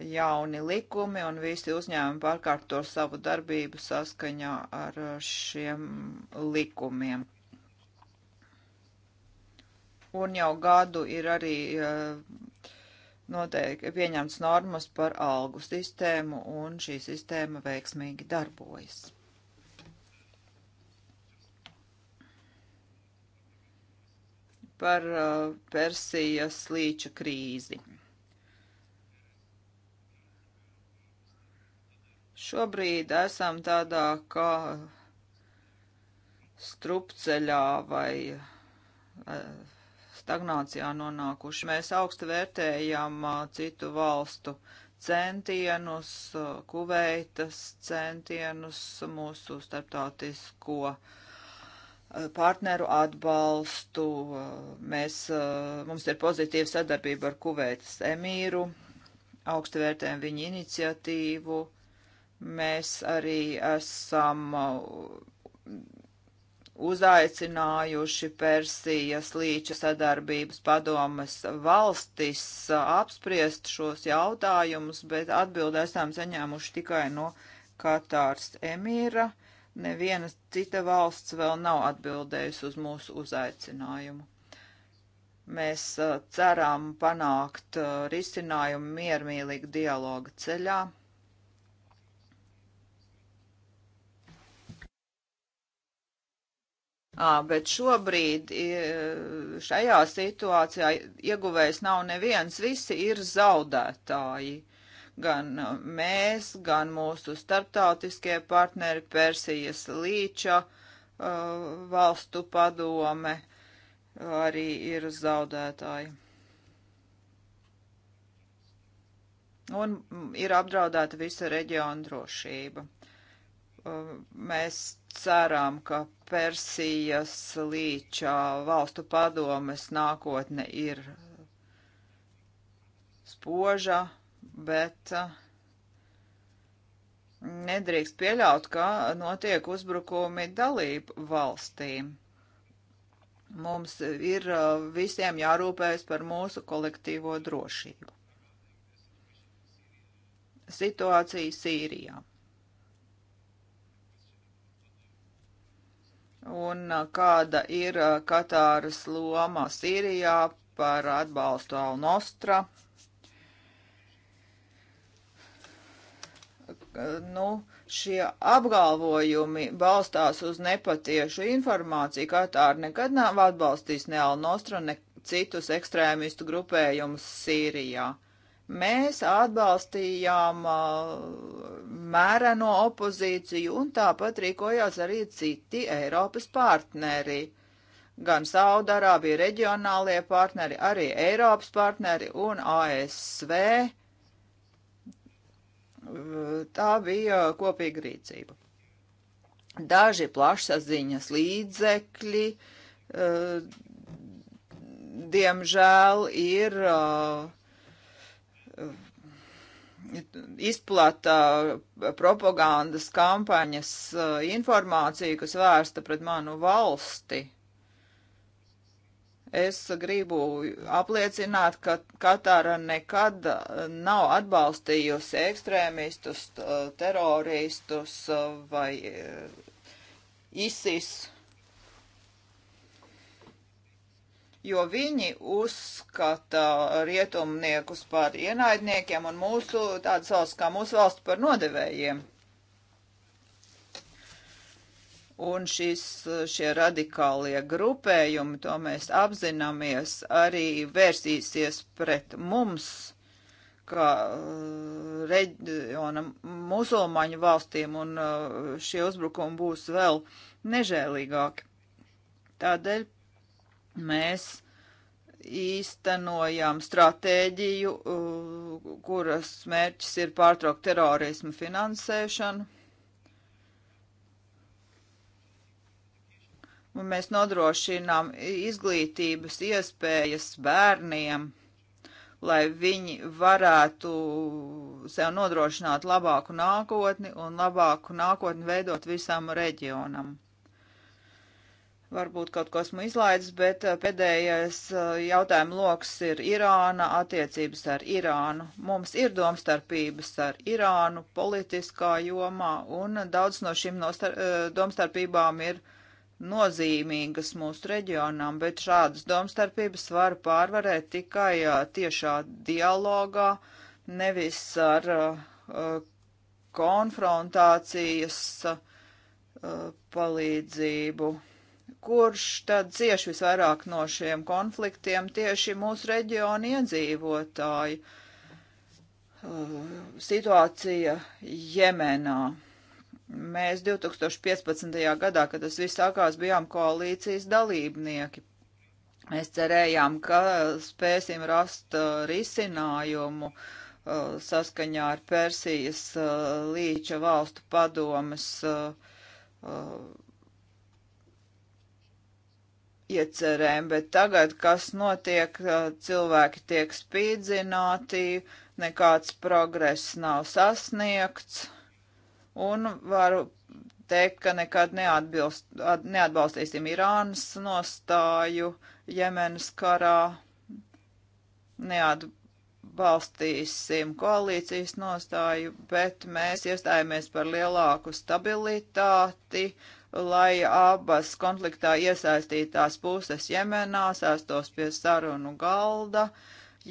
jauni likumi un visi uzņēmumi pārkārto savu darbību saskaņā ar šiem likumiem. Un jau gadu ir arī eh, noteikti pieņemts normas par algu sistēmu, un šī sistēma veiksmīgi darbojas. Par eh, Persijas līča krīzi. Šobrīd esam tādā kā strupceļā vai eh, stagnācijā nonākuši. Mēs augstu vērtējam eh, citu valstu centienus, eh, Kuveitas centienus, mūsu starptautisko partneru atbalstu. Mēs, mums ir pozitīva sadarbība ar Kuveitas emīru, augstu vērtējam viņa iniciatīvu Mēs arī esam uh, uzaicinājuši Persijas līča sadarbības padomas valstis uh, apspriest šos jautājumus, bet atbildi esam saņēmuši tikai no Katārs emīra. Neviena cita valsts vēl nav atbildējusi uz mūsu uzaicinājumu. Mēs uh, ceram panākt risinājumu miermīlīgu dialogu ceļā À, bet šobrīd šajā situācijā ieguvējs nav neviens, visi ir zaudētāji. Gan mēs, gan mūsu starptautiskie partneri, Persijas līča uh, valstu padome arī ir zaudētāji. Un ir apdraudēta visa reģiona drošība. Uh, mēs ceram, ka Persijas līča valstu padomes nākotne ir spoža, bet uh, nedrīkst pieļaut, ka notiek uzbrukumi dalību valstīm. Mums ir uh, visiem jārūpējas par mūsu kolektīvo drošību. Situācija Sīrijā. un kāda ir Katāras loma Sīrijā par atbalstu Alnostra. Nu, šie apgalvojumi balstās uz nepatiešu informāciju. Katāra nekad nav atbalstījis ne Alnostra, ne citus ekstrēmistu grupējumus Sīrijā. Uh, Mēs atbalstījām uh, mēreno opozīciju un tāpat rīkojās arī citi Eiropas partneri. Gan Saudarābija reģionālie partneri, arī Eiropas partneri un ASV. Tā bija kopīga rīcība. Daži plašsaziņas līdzekļi, uh, diemžēl, ir uh, izplata propagandas kampaņas informāciju, kas vērsta pret manu valsti. Es gribu apliecināt, ka Katāra nekad nav atbalstījusi ekstrēmistus, teroristus vai ISIS. jo viņi uzskata rietumniekus par ienaidniekiem un mūsu, tādas valsts kā mūsu valsts par nodevējiem. Un šis, šie radikālie grupējumi, to mēs apzināmies, arī vērsīsies pret mums kā uh, reģiona musulmaņu valstīm, un uh, šie uzbrukumi būs vēl nežēlīgāki. Tādēļ mēs īstenojām stratēģiju, uh, kuras mērķis ir pārtraukt terorismu finansēšanu. Un mēs nodrošinām izglītības iespējas bērniem, lai viņi varētu sev nodrošināt labāku nākotni un labāku nākotni veidot visam reģionam. Varbūt kaut ko esmu izlaidis, bet uh, pēdējais uh, jautājuma lokus ir Irāna, attiecības ar Irānu. Mums ir domstarpības ar Irānu politiskā jomā, un daudz no šīm uh, domstarpībām ir nozīmīgas mūsu reģionām, bet šādas domstarpības var pārvarēt tikai tiešā dialogā, nevis ar uh, konfrontācijas uh, palīdzību kurš tad cieš visvairāk no šiem konfliktiem tieši mūsu reģiona iedzīvotāji. Uh, situācija Jemenā. Mēs 2015. gadā, kad tas viss sākās, bijām koalīcijas dalībnieki. Mēs cerējām, ka spēsim rast uh, risinājumu uh, saskaņā ar Persijas līča valstu padomas iecerēm, bet tagad, kas notiek, cilvēki tiek spīdzināti, nekāds progress nav sasniegts, un varu teikt, ka nekad neatbilst, neatbalstīsim Irānas nostāju Jemenas karā, neatbalstīsim koalīcijas nostāju, bet mēs iestājāmies par lielāku stabilitāti, uh, lai abas konfliktā iesaistītās puses Jemenā sēstos pie sarunu galda.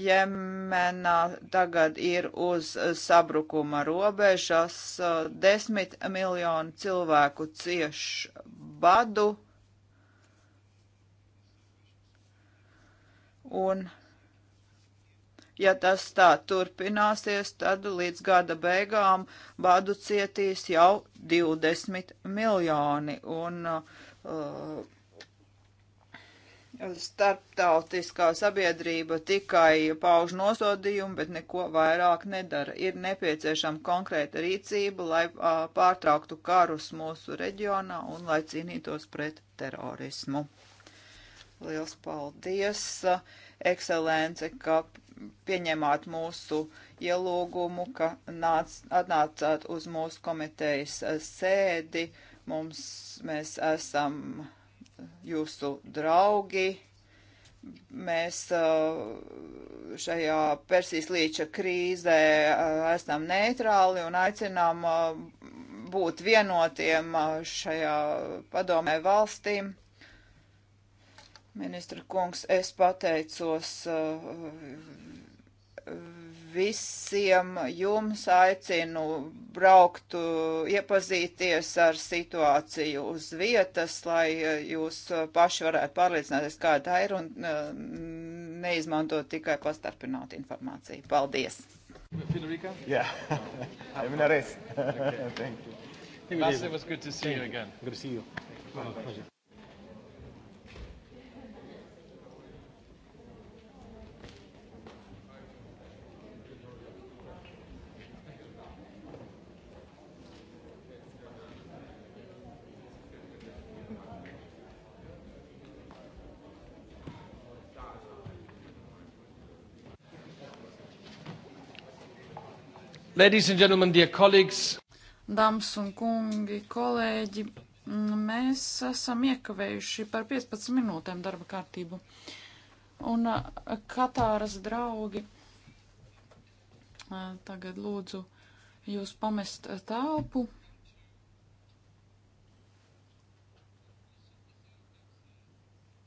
Jemenā tagad ir uz sabrukuma robežas eh, desmit miljonu cilvēku cieš badu un Ja tas tā turpināsies, tad līdz gada beigām badu cietīs jau 20 miljoni. Un, uh, Starptautiskā sabiedrība tikai pauž nosodījumu, bet neko vairāk nedara. Ir nepieciešama konkrēta rīcība, lai uh, pārtrauktu karus mūsu reģionā un lai cīnītos pret terorismu. Liels paldies, ekscelence, ka pieņemāt mūsu ielūgumu, ka nāc, atnācāt uz mūsu komitejas eh, sēdi. Mums, mēs esam jūsu draugi. Mēs eh, šajā Persijas līča krīzē eh, esam neitrāli un aicinām būt vienotiem šajā padomē valstīm. Ministra kungs, es pateicos uh, visiem jums, aicinu braukt, uh, iepazīties ar situāciju uz vietas, lai uh, jūs paši varētu pārliecināties, kā tā ir, un neizmantot tikai pastarpināt informāciju. Paldies! Federica? Yeah, I'm [LAUGHS] in a race. [LAUGHS] okay. Thank you. Lasse, it was good to see you again. Good to see you. Well, pleasure. Ladies and gentlemen, dear colleagues. Dāmas un kungi, kolēģi, mēs esam iekavējuši par 15 minūtēm darba kārtību. Un Katāras draugi, tagad lūdzu jūs pamest telpu.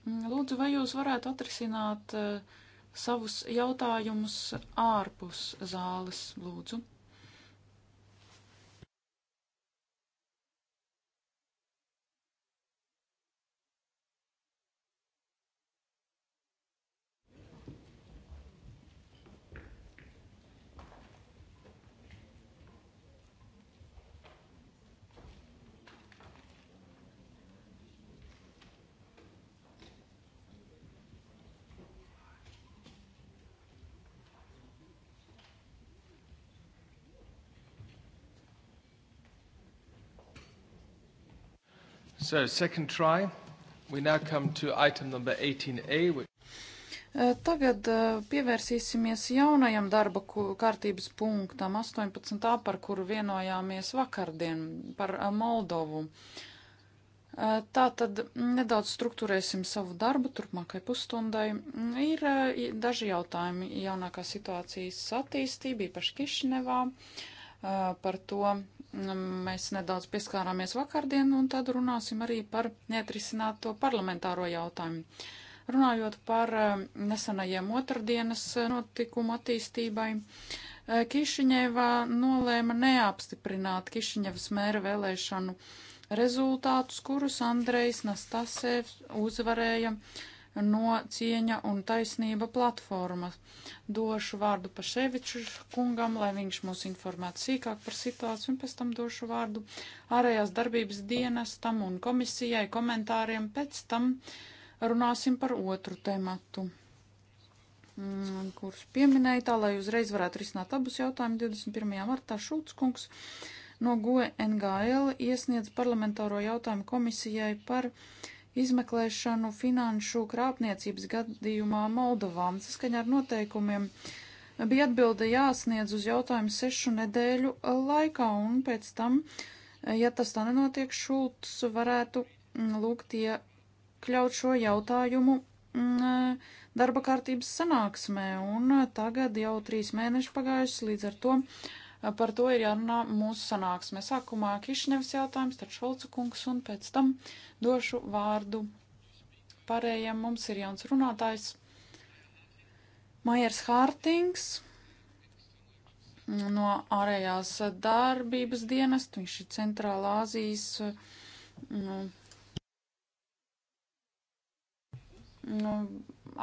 Lūdzu, vai jūs varētu atrisināt uh, savus jautājumus ārpus zāles, lūdzu? So, second try. We now come to item number 18A. Which... Uh, tagad uh, pievērsīsimies jaunajam darba kārtības punktam 18a, par kuru vienojāmies vakardien par uh, Moldovu. Tā tad mm, nedaudz struktūrēsim savu darbu turpmākai pusstundai. Mm, ir daži jautājumi jaunākā situācijas attīstība, īpaši Kišinevā. Uh, Eh, par to mm, mēs nedaudz pieskārāmies vakardien, un tad runāsim arī par neatrisināto parlamentāro jautājumu. Runājot par eh, nesenajiem otrdienas eh, notikumu attīstībai, Kišiņevā nolēma neapstiprināt Kišiņevas mēra vēlēšanu rezultātus, kurus Andrejs Nastasevs uzvarēja uh, no cieņa un taisnība platformas. Došu vārdu Paševiču kungam, lai viņš mūs informētu sīkāk par situāciju, un pēc tam došu vārdu ārējās darbības dienestam un komisijai komentāriem, pēc tam runāsim par otru tematu mm, kurus pieminēja, tā lai uzreiz varētu risināt abus jautājumus. 21. martā Šulc kungs no GOE NGL iesniedz parlamentāro jautājumu komisijai par uh, izmeklēšanu finanšu krāpniecības gadījumā Moldovām. Saskaņā ar noteikumiem bija atbilde jāsniedz uz jautājumu sešu nedēļu laikā, un pēc tam, ja tas tā nenotiek, Šults varētu mm, lūgt iekļaut šo jautājumu mm, darba kārtības sanāksmē, un tagad jau trīs mēneši pagājuši, līdz ar to Par to ir jārunā mūsu sanāksmē. Sākumā Kišnevs jautājums, tad Šolca kungs, un pēc tam došu vārdu pārējiem. Mums ir jauns runātājs Majers Hārtings no ārējās darbības dienas, viņš ir centrālā Azijas. Nu, nu,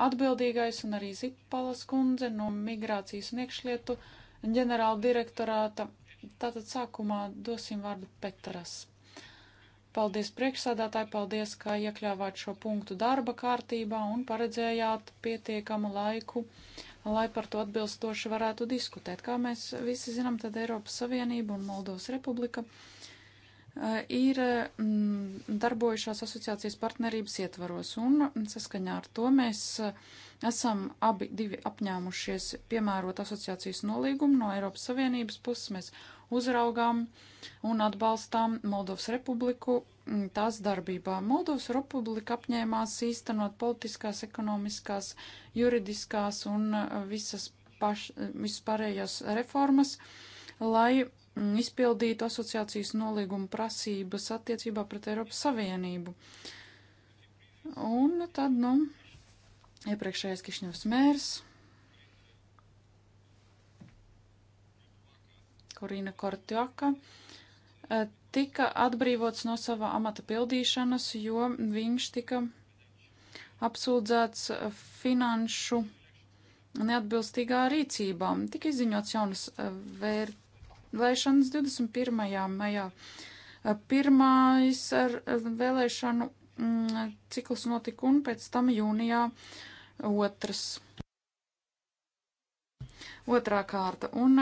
atbildīgais un arī Zipalas kundze no migrācijas un iekšlietu uh, ģenerāla direktorāta. Tātad sākumā dosim vārdu Petaras. Paldies priekšsādātāji, paldies, ka iekļāvāt šo punktu darba kārtībā un paredzējāt pietiekamu laiku, lai par to atbilstoši varētu diskutēt. Kā mēs visi zinām, tad Eiropas Savienība un Moldovas Republika Eh, ir mm, darbojušās asociācijas partnerības ietvaros, un saskaņā ar to mēs eh, esam abi divi apņēmušies piemērot asociācijas nolīgumu no Eiropas Savienības puses. Mēs uzraugām un atbalstām Moldovas republiku mm, tās darbībā. Moldovas republika apņēmās īstenot politiskās, ekonomiskās, juridiskās un eh, visas paš, vispārējās reformas, lai Mm, izpildītu asociācijas nolīguma prasības attiecībā pret Eiropas Savienību. Un tad, nu, iepriekšējais Kišņevs mērs, Korīna Kortjaka, e, tika atbrīvots no sava amata pildīšanas, jo viņš tika apsūdzēts finanšu neatbilstīgā rīcībā. Tika izziņots jaunas e, vērt vēlēšanas 21. maijā. Pirmais ar vēlēšanu mm, cikls notika un pēc tam jūnijā otrs. Otrā kārta. Un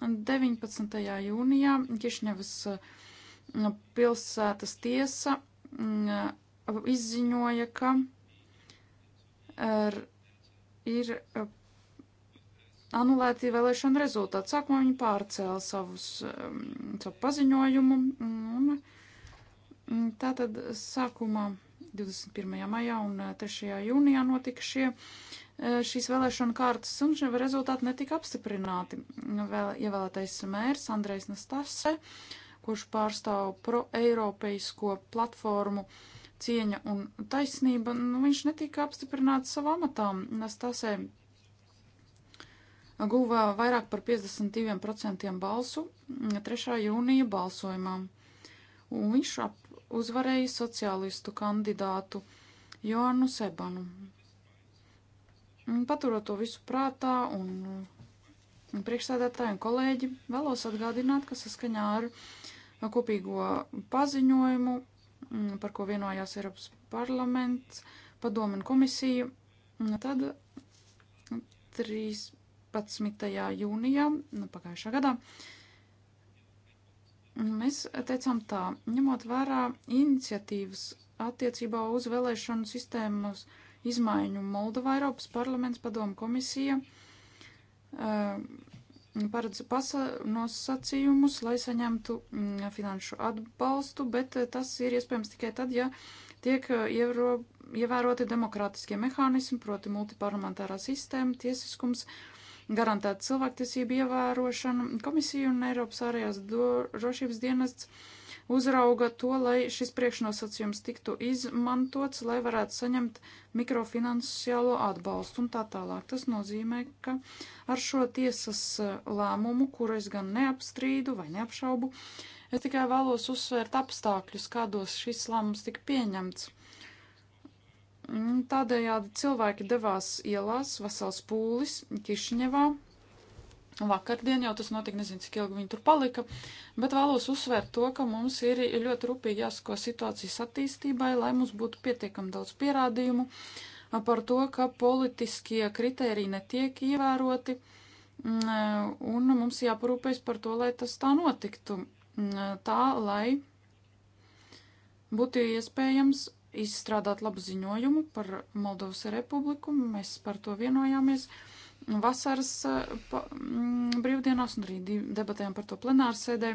19. jūnijā Kišņevas pilsētas tiesa mm, izziņoja, ka ir anulēt ievēlēšanu rezultātu. Sākumā viņi pārcēla savus, um, savu paziņojumu. Un mm, tātad sākumā 21. maijā un 3. Uh, jūnijā notika šie, uh, šīs vēlēšana kārtas, un šie rezultāti netika apstiprināti. Vēl ievēlētais mērs Andrejs Nastase, kurš pārstāv pro-eiropeisko platformu cieņa un taisnība, nu, viņš netika apstiprināts savā amatām. Nastasē guva vairāk par 52% balsu 3. Mm, jūnija balsojumā. Un viņš uzvarēja sociālistu kandidātu Joannu Sebanu. Paturot to visu prātā un, un priekšsēdētāji un kolēģi, vēlos atgādināt, ka saskaņā ar kopīgo paziņojumu, mm, par ko vienojās Eiropas parlaments, padomu un komisija, tad trīs 14. jūnijā nu, pagājušā gadā. Mēs teicām tā, ņemot vērā iniciatīvas attiecībā uz vēlēšanu sistēmas izmaiņu Moldova Eiropas parlaments padomu komisija eh, paredz nosacījumus, lai saņemtu mm, finanšu atbalstu, bet tas ir iespējams tikai tad, ja tiek eh, ievēroti demokrātiskie mehānismi, proti multiparlamentārā sistēma, tiesiskums garantēt cilvēktiesību ievērošanu. Komisija un Eiropas ārējās drošības dienests uzrauga to, lai šis priekšnosacījums tiktu izmantots, lai varētu saņemt mikrofinanciālo atbalstu un tā tālāk. Tas nozīmē, ka ar šo tiesas eh, lēmumu, kuru es gan neapstrīdu vai neapšaubu, es tikai vēlos uzsvērt apstākļus, kādos šis lēmums tika pieņemts. Mm, tādējādi cilvēki devās ielās, vesels pūlis, Kišņevā. Vakardien jau tas notika, nezinu, cik ilgi viņi tur palika, bet vēlos uzsvērt to, ka mums ir ļoti rūpīgi jāsako situācijas attīstībai, lai mums būtu pietiekami daudz pierādījumu par to, ka politiskie kritēriji netiek ievēroti, mm, un mums jāparūpēs par to, lai tas tā notiktu. Mm, tā, lai būtu iespējams izstrādāt labu ziņojumu par Moldovas republiku. Mēs par to vienojāmies vasaras eh, pa, m, mm, brīvdienās un arī debatējām par to plenārsēdē.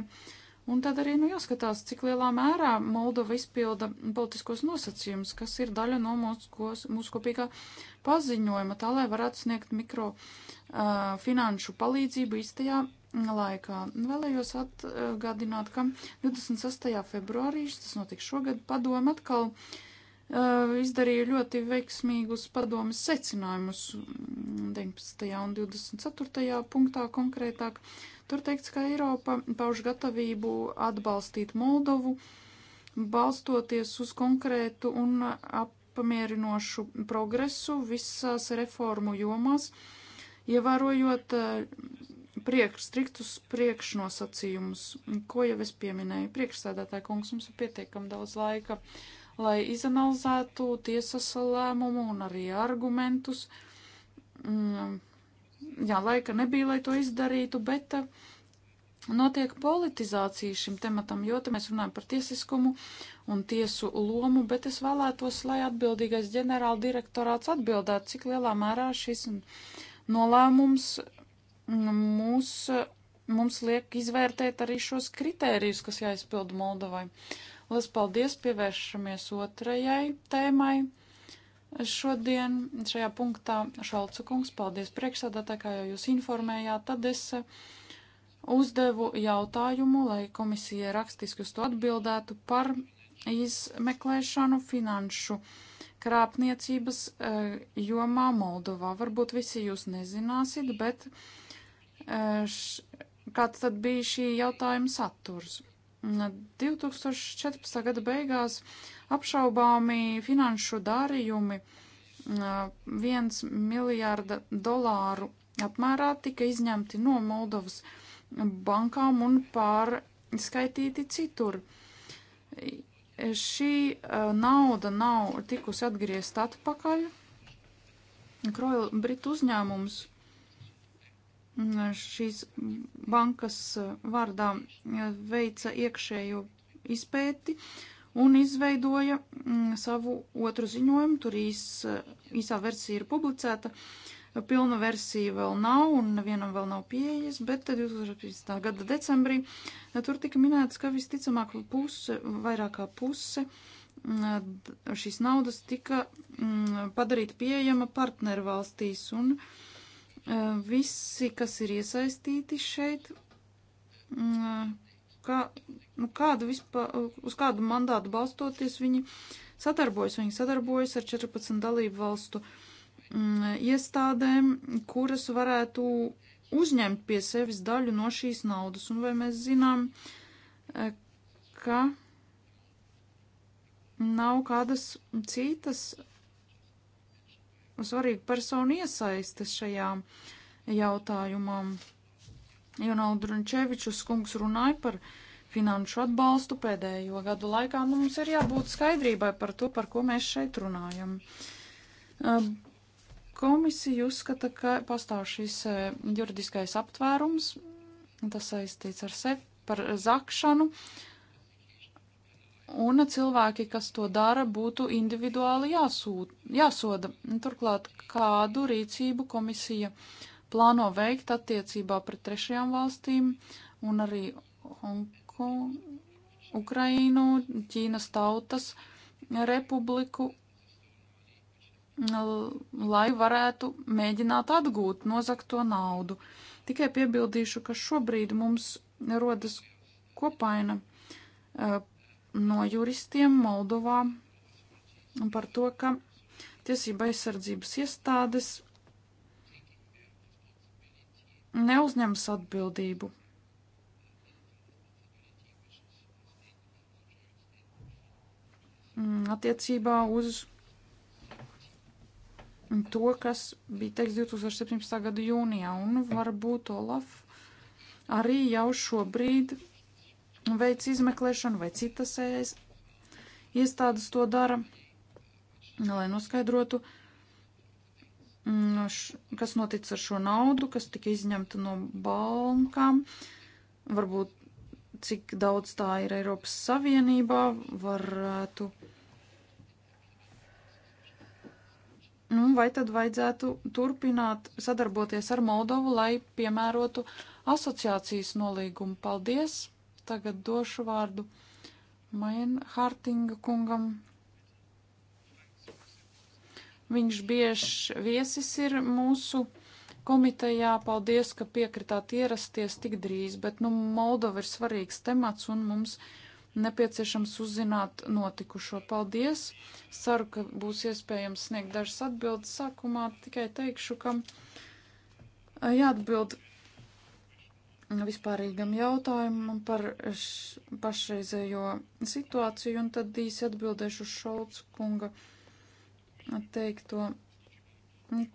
Un tad arī nu, jāskatās, cik lielā mērā Moldova izpilda politiskos nosacījumus, kas ir daļa no mūsu, kos, mūsu kopīgā paziņojuma, tā lai varētu sniegt mikro uh, finanšu palīdzību īstajā laikā. Vēlējos atgādināt, ka 26. februārī, tas notiks šogad, padoma atkal uh, Eh, izdarīja ļoti veiksmīgus padomas secinājumus 19. Mm, un 24. punktā konkrētāk. Tur teikts, ka Eiropa pauž gatavību atbalstīt Moldovu, balstoties uz konkrētu un apmierinošu progresu visās reformu jomās, ievērojot eh, priekš, striktus priekšnosacījumus, ko jau es pieminēju. Priekšstādātāja kungs, mums ir pietiekami daudz laika. Uh, lai izanalizētu tiesas lēmumu un arī argumentus. Mm, jā, laika nebija, lai to izdarītu, bet eh, notiek politizācija šim tematam, jo te mēs runājam par tiesiskumu un tiesu lomu, bet es vēlētos, lai atbildīgais ģenerāla direktorāts atbildētu, cik lielā mērā šis nolēmums mm, mūs, mums liek izvērtēt arī šos kritērijus, kas jāizpilda Moldovai. Uh, Lielas paldies, pievēršamies otrajai tēmai. Šodien šajā punktā Šalcu kungs, paldies priekšsādātā, kā jau jūs informējāt, tad es eh, uzdevu jautājumu, lai komisija rakstiski uz to atbildētu par izmeklēšanu finanšu krāpniecības eh, jomā Moldovā. Varbūt visi jūs nezināsit, bet eh, š, kāds tad bija šī jautājuma saturs? 2014. gada beigās apšaubāmi finanšu darījumi 1 miljārda dolāru apmērā tika izņemti no Moldovas bankām un pārskaitīti citur. Šī nauda nav tikusi atgriezt atpakaļ. Kroil Britu uzņēmums šīs bankas vārdā veica iekšējo izpēti un izveidoja mm, savu otru ziņojumu. Tur īs, īsā versija ir publicēta, pilna versija vēl nav un nevienam vēl nav pieejas, bet 2015. gada decembrī eh, tur tika minēts, ka visticamāk puse, vairākā puse mm, šīs naudas tika mm, padarīta pieejama partnervalstīs un valstīs visi, kas ir iesaistīti šeit, kā, nu, kādu vispār, uz kādu mandātu balstoties viņi sadarbojas. Viņi sadarbojas ar 14 dalību valstu mm, iestādēm, kuras varētu uzņemt pie sevis daļu no šīs naudas. Un vai mēs zinām, ka nav kādas citas svarīga persona iesaistas šajā jautājumā. Jo Naudrunčevičus kungs runāja par finanšu atbalstu pēdējo gadu laikā, nu mums ir jābūt skaidrībai par to, par ko mēs šeit runājam. Komisija uzskata, ka pastāv šis juridiskais aptvērums, tas saistīts ar sevi par zakšanu. Uh, un cilvēki, kas to dara, būtu individuāli jāsūt, jāsoda. Turklāt, kādu rīcību komisija plāno veikt attiecībā pret trešajām valstīm un arī Hongkong, Ukrainu, Ķīnas tautas republiku, lai varētu mēģināt atgūt nozakto naudu. Tikai piebildīšu, ka šobrīd mums rodas kopaina eh, no juristiem Moldovā par to, ka tiesība aizsardzības iestādes neuzņemas atbildību. Mm, attiecībā uz to, kas bija teiks 2017. gada jūnijā, un varbūt Olaf arī jau šobrīd Nu, veic izmeklēšanu, vai citas ēs iestādes to dara, nu, lai noskaidrotu, nu, kas notic ar šo naudu, kas tika izņemta no bankām, varbūt cik daudz tā ir Eiropas Savienībā, varētu. Nu, vai tad vajadzētu turpināt sadarboties ar Moldovu, lai piemērotu asociācijas nolīgumu? Paldies! Tagad došu vārdu Mainhārtinga kungam. Viņš bieži viesis ir mūsu komitejā. Paldies, ka piekritāt ierasties tik drīz, bet nu, Moldova ir svarīgs temats un mums nepieciešams uzzināt notikušo. Paldies! Ceru, ka būs iespējams sniegt dažas atbildes. Sākumā tikai teikšu, ka jāatbild. Ja vispārīgam jautājumam par pašreizējo situāciju, un tad īsi atbildēšu uz Šolts kunga teikto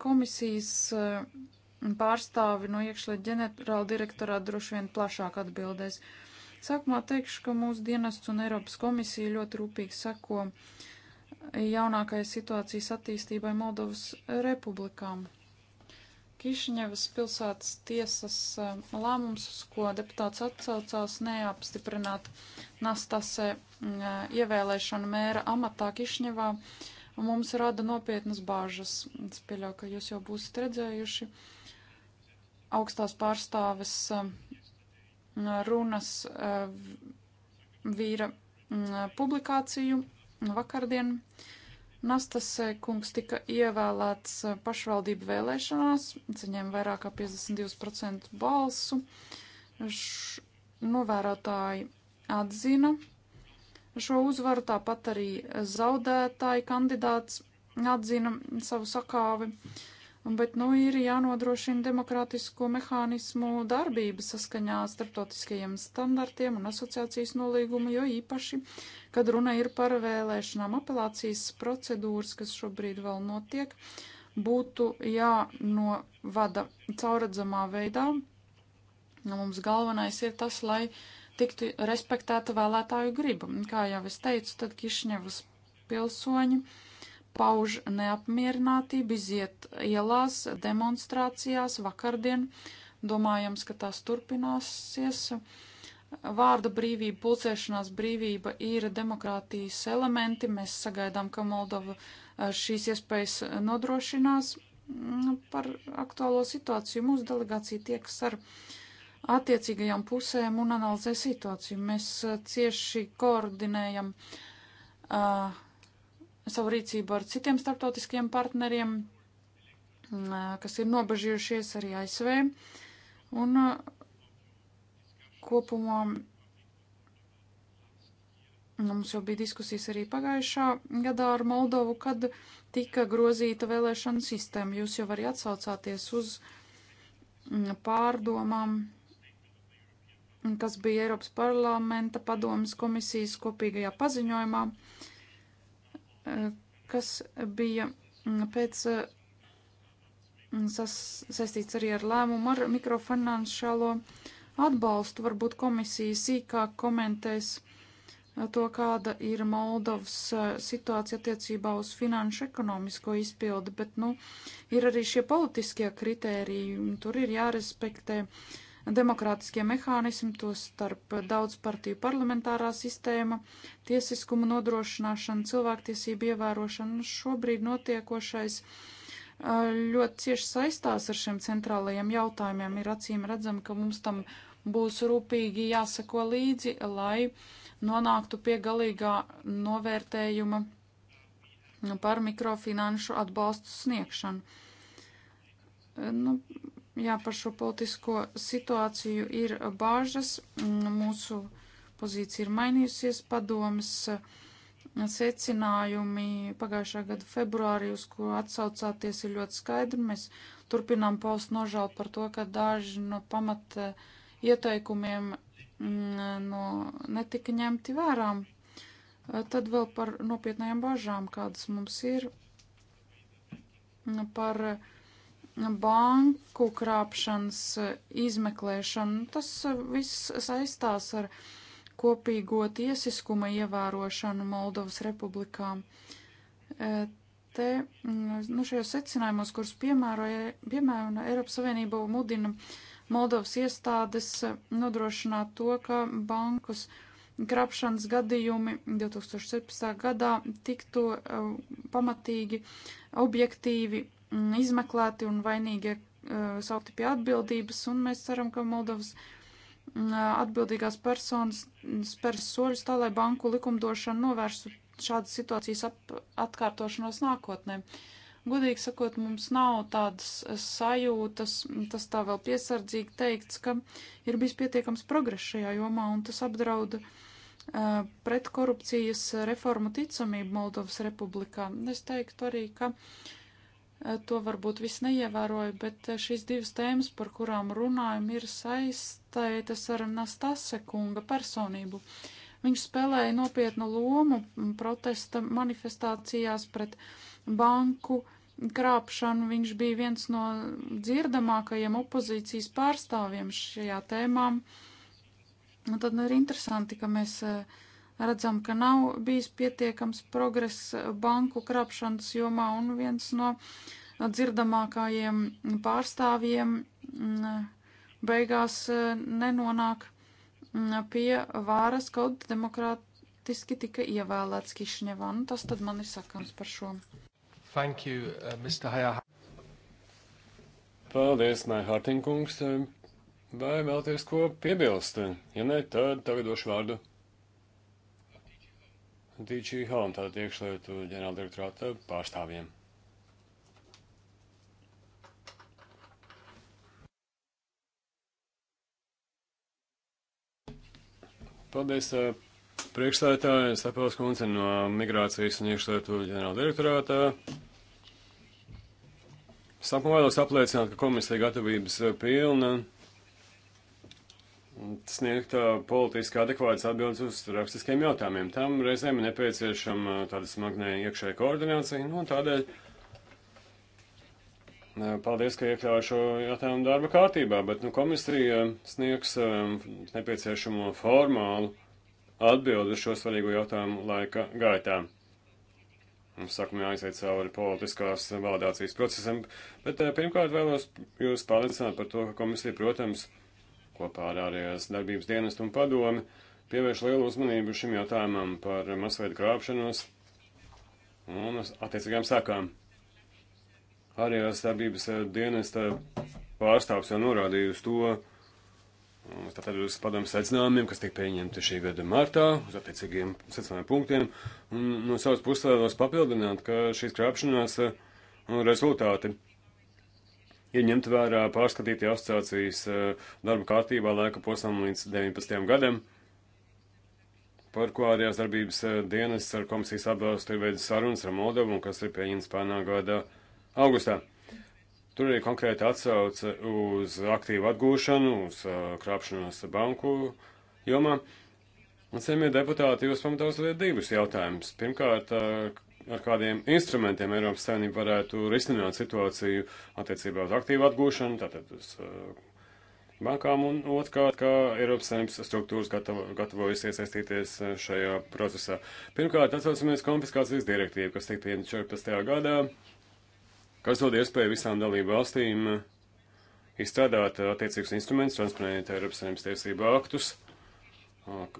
komisijas eh, pārstāvi no iekšļa ģenerāla direktorā droši vien plašāk atbildēs. Sākumā teikšu, ka mūsu dienests un Eiropas komisija ļoti rūpīgi seko jaunākajai situācijas attīstībai Moldovas republikām. Kišņevas pilsētas tiesas eh, lēmums, uz ko deputāts atsaucās neapstiprināt Nastase mm, eh, ievēlēšanu mēra amatā Kišņevā, mums rada nopietnas bāžas. Es pieļauju, ka jūs jau būsiet redzējuši augstās pārstāves eh, runas vīra mm, publikāciju vakardien. Uh, Nastasē kungs tika ievēlēts pašvaldību vēlēšanās, saņēma vairāk kā 52% balsu. Š, novērotāji atzina šo uzvaru, tāpat arī zaudētāji kandidāts atzina savu sakāvi. Uh, Bet, nu, ir jānodrošina demokrātisko mehānismu darbība saskaņā starptautiskajiem standartiem un asociācijas nolīgumu, jo īpaši, kad runa ir par vēlēšanām apelācijas procedūras, kas šobrīd vēl notiek, būtu jānovada cauradzamā veidā. Nu, mums galvenais ir tas, lai tiktu respektēta vēlētāju griba. Kā jau es teicu, tad Kišņevas pilsoņi pauž neapmierinātību, iziet ielās, demonstrācijās vakardien. Domājams, ka tās turpināsies. Vārda brīvība, pulcēšanās brīvība ir demokrātijas elementi. Mēs sagaidām, ka Moldova eh, šīs iespējas nodrošinās mm, par aktuālo situāciju. Mūsu delegācija tiekas ar attiecīgajām pusēm un analizē situāciju. Mēs eh, cieši koordinējam uh, savu rīcību ar citiem starptautiskiem partneriem, mm, kas ir nobežījušies arī ASV. Un kopumā nu, mums jau bija diskusijas arī pagājušā gadā ar Moldovu, kad tika grozīta vēlēšana sistēma. Jūs jau arī atsaucāties uz mm, pārdomām, kas bija Eiropas parlamenta padomas komisijas kopīgajā paziņojumā. Uh, kas bija mm, pēc mm, sas, saistīts arī ar lēmumu ar mikrofinanšālo atbalstu. Varbūt komisija sīkāk komentēs eh, to, kāda ir Moldovas eh, situācija attiecībā uz finanšu ekonomisko izpildi, bet, nu, ir arī šie politiskie kritēriji, un tur ir jārespektē uh, demokrātiskie mehānismi, to starp daudzpartiju parlamentārā sistēma, tiesiskuma nodrošināšana, cilvēktiesība ievērošana. Nu, šobrīd notiekošais ļoti cieši saistās ar šiem centrālajiem jautājumiem. Ir acīm redzam, ka mums tam būs rūpīgi jāsako līdzi, lai nonāktu pie galīgā novērtējuma par mikrofinanšu atbalstu sniegšanu. Nu, Jā, par šo politisko situāciju ir bāžas. Mm, mūsu pozīcija ir mainījusies. Padomas mm, secinājumi pagājušā gada februārī, uz ko atsaucāties, ir ļoti skaidri. Mēs turpinām paust nožēlu par to, ka daži no pamata eh, ieteikumiem mm, no, netika ņemti vērām. Eh, tad vēl par nopietnējām bažām, kādas mums ir par uh, banku krāpšanas eh, izmeklēšanu. Tas eh, viss saistās ar kopīgo tiesiskuma ievērošanu Moldovas republikā. Eh, te, mm, nu, šajos secinājumos, kurus piemēroja, piemēram, Eiropas Savienība mudina Moldovas iestādes nodrošināt to, ka bankus krapšanas gadījumi 2017. gadā tiktu pamatīgi, objektīvi Mm, izmeklēti un vainīgie eh, saukti pie atbildības, un mēs ceram, ka Moldovas mm, atbildīgās personas mm, spērs soļus tā, lai banku likumdošana novērstu šādas situācijas ap, atkārtošanos nākotnē. Godīgi sakot, mums nav tādas eh, sajūtas, tas tā vēl piesardzīgi teikts, ka ir bijis pietiekams progress šajā jomā, un tas apdraud uh, eh, pretkorupcijas reformu ticamību Moldovas republikā. Es teiktu arī, ka uh, Eh, to varbūt viss neievēroja, bet eh, šīs divas tēmas, par kurām runājam, ir saistītas ar Nastase kunga personību. Viņš spēlēja nopietnu lomu protesta manifestācijās pret banku krāpšanu. Viņš bija viens no dzirdamākajiem opozīcijas pārstāvjiem šajā tēmā. Un tad nu, ir interesanti, ka mēs uh, redzam, ka nav bijis pietiekams progress banku krapšanas jomā, un viens no dzirdamākajiem pārstāvjiem mm, beigās mm, nenonāk mm, pie vāras, kaut demokrātiski tika ievēlēts Kišņevā. Nu, tas tad man ir sakams par šo. Thank you, uh, Mr. Hayah. Paldies, Nai Hartinkungs. Vai vēlties ko piebilst? Ja nē, tad tagad došu vārdu DG Home, tātad iekšlietu ģenerāldirektorāta pārstāvjiem. Paldies, priekšstādātāji, Stepels Kunce no Migrācijas un iekšlietu ģenerāla direktorātā. Sākumā vēlos apliecināt, ka komisija gatavības pilna sniegt politiski adekvātas atbildes uz rakstiskiem jautājumiem. Tam reizēm ir nepieciešama uh, tāda smagnē iekšēja koordinācija, nu, un tādēļ uh, paldies, ka iekļāvā šo jautājumu darba kārtībā, bet, nu, komisija sniegs um, nepieciešamo formālu atbildi uz šo svarīgo jautājumu laika gaitā. Mums sākumā jāiziet cauri politiskās validācijas procesam, bet uh, pirmkārt vēlos jūs pārliecināt par to, ka komisija, protams, kopā ar ārējās darbības dienestu un padomi pievērš lielu uzmanību šim jautājumam par masveidu krāpšanos un attiecīgām sākām. Ārējās darbības dienesta pārstāvs jau norādīja uz to, Tātad uz padomu secinājumiem, kas tika pieņemti šī gada martā, uz attiecīgiem secinājumu punktiem, un no savas puses vēlos papildināt, ka šīs krāpšanās rezultāti ir ņemt vērā pārskatītie asociācijas eh, darba kārtībā laika posmam līdz 19. gadam, par ko ārējās darbības eh, dienas ar komisijas atbalstu ir veids sarunas ar Moldovu un kas ir pieņemts pērnā gada augustā. Tur ir konkrēti atsauce uz aktīvu atgūšanu, uz eh, krāpšanos banku jomā. Un, ciemie deputāti, jūs pamatā uzliet divus jautājumus. Pirmkārt, ar kādiem instrumentiem Eiropas Savienība varētu risināt situāciju attiecībā uz aktīvu atgūšanu, tātad uz uh, bankām un otrkārt, kā Eiropas Savienības struktūras gatavo, gatavojas iesaistīties uh, šajā procesā. Pirmkārt, atsaucamies konfiskācijas direktīvu, kas tika pieņemta 14. gadā, kas dod iespēju visām dalību valstīm uh, izstrādāt attiecīgus instrumentus, transponēt Eiropas Savienības tiesību aktus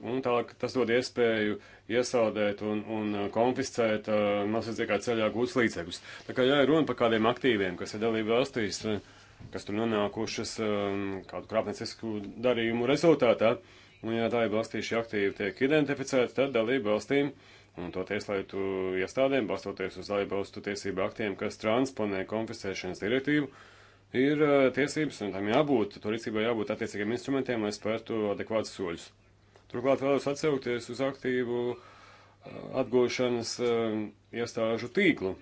Un tālāk tas dod iespēju iesaldēt un, un uh, konfiscēt uh, mazliet ceļā gūtas līdzekļus. Tā kā jā, runa par kādiem aktīviem, kas ir dalība valstīs, uh, kas tur nonākušas um, kādu krāpniecisku darījumu rezultātā, un ja dalība valstī šie aktīvi tiek identificēti, tad dalība valstīm un to tieslietu iestādēm, balstoties uz dalība valstu tiesību aktiem, kas transponē konfiscēšanas direktīvu, ir uh, tiesības, un tam jābūt, to rīcībā jābūt attiecīgiem instrumentiem, lai spērtu adekvātus soļus. Turklāt vēlos atsaukties uz aktīvu uh, atgūšanas uh, iestāžu tīklu.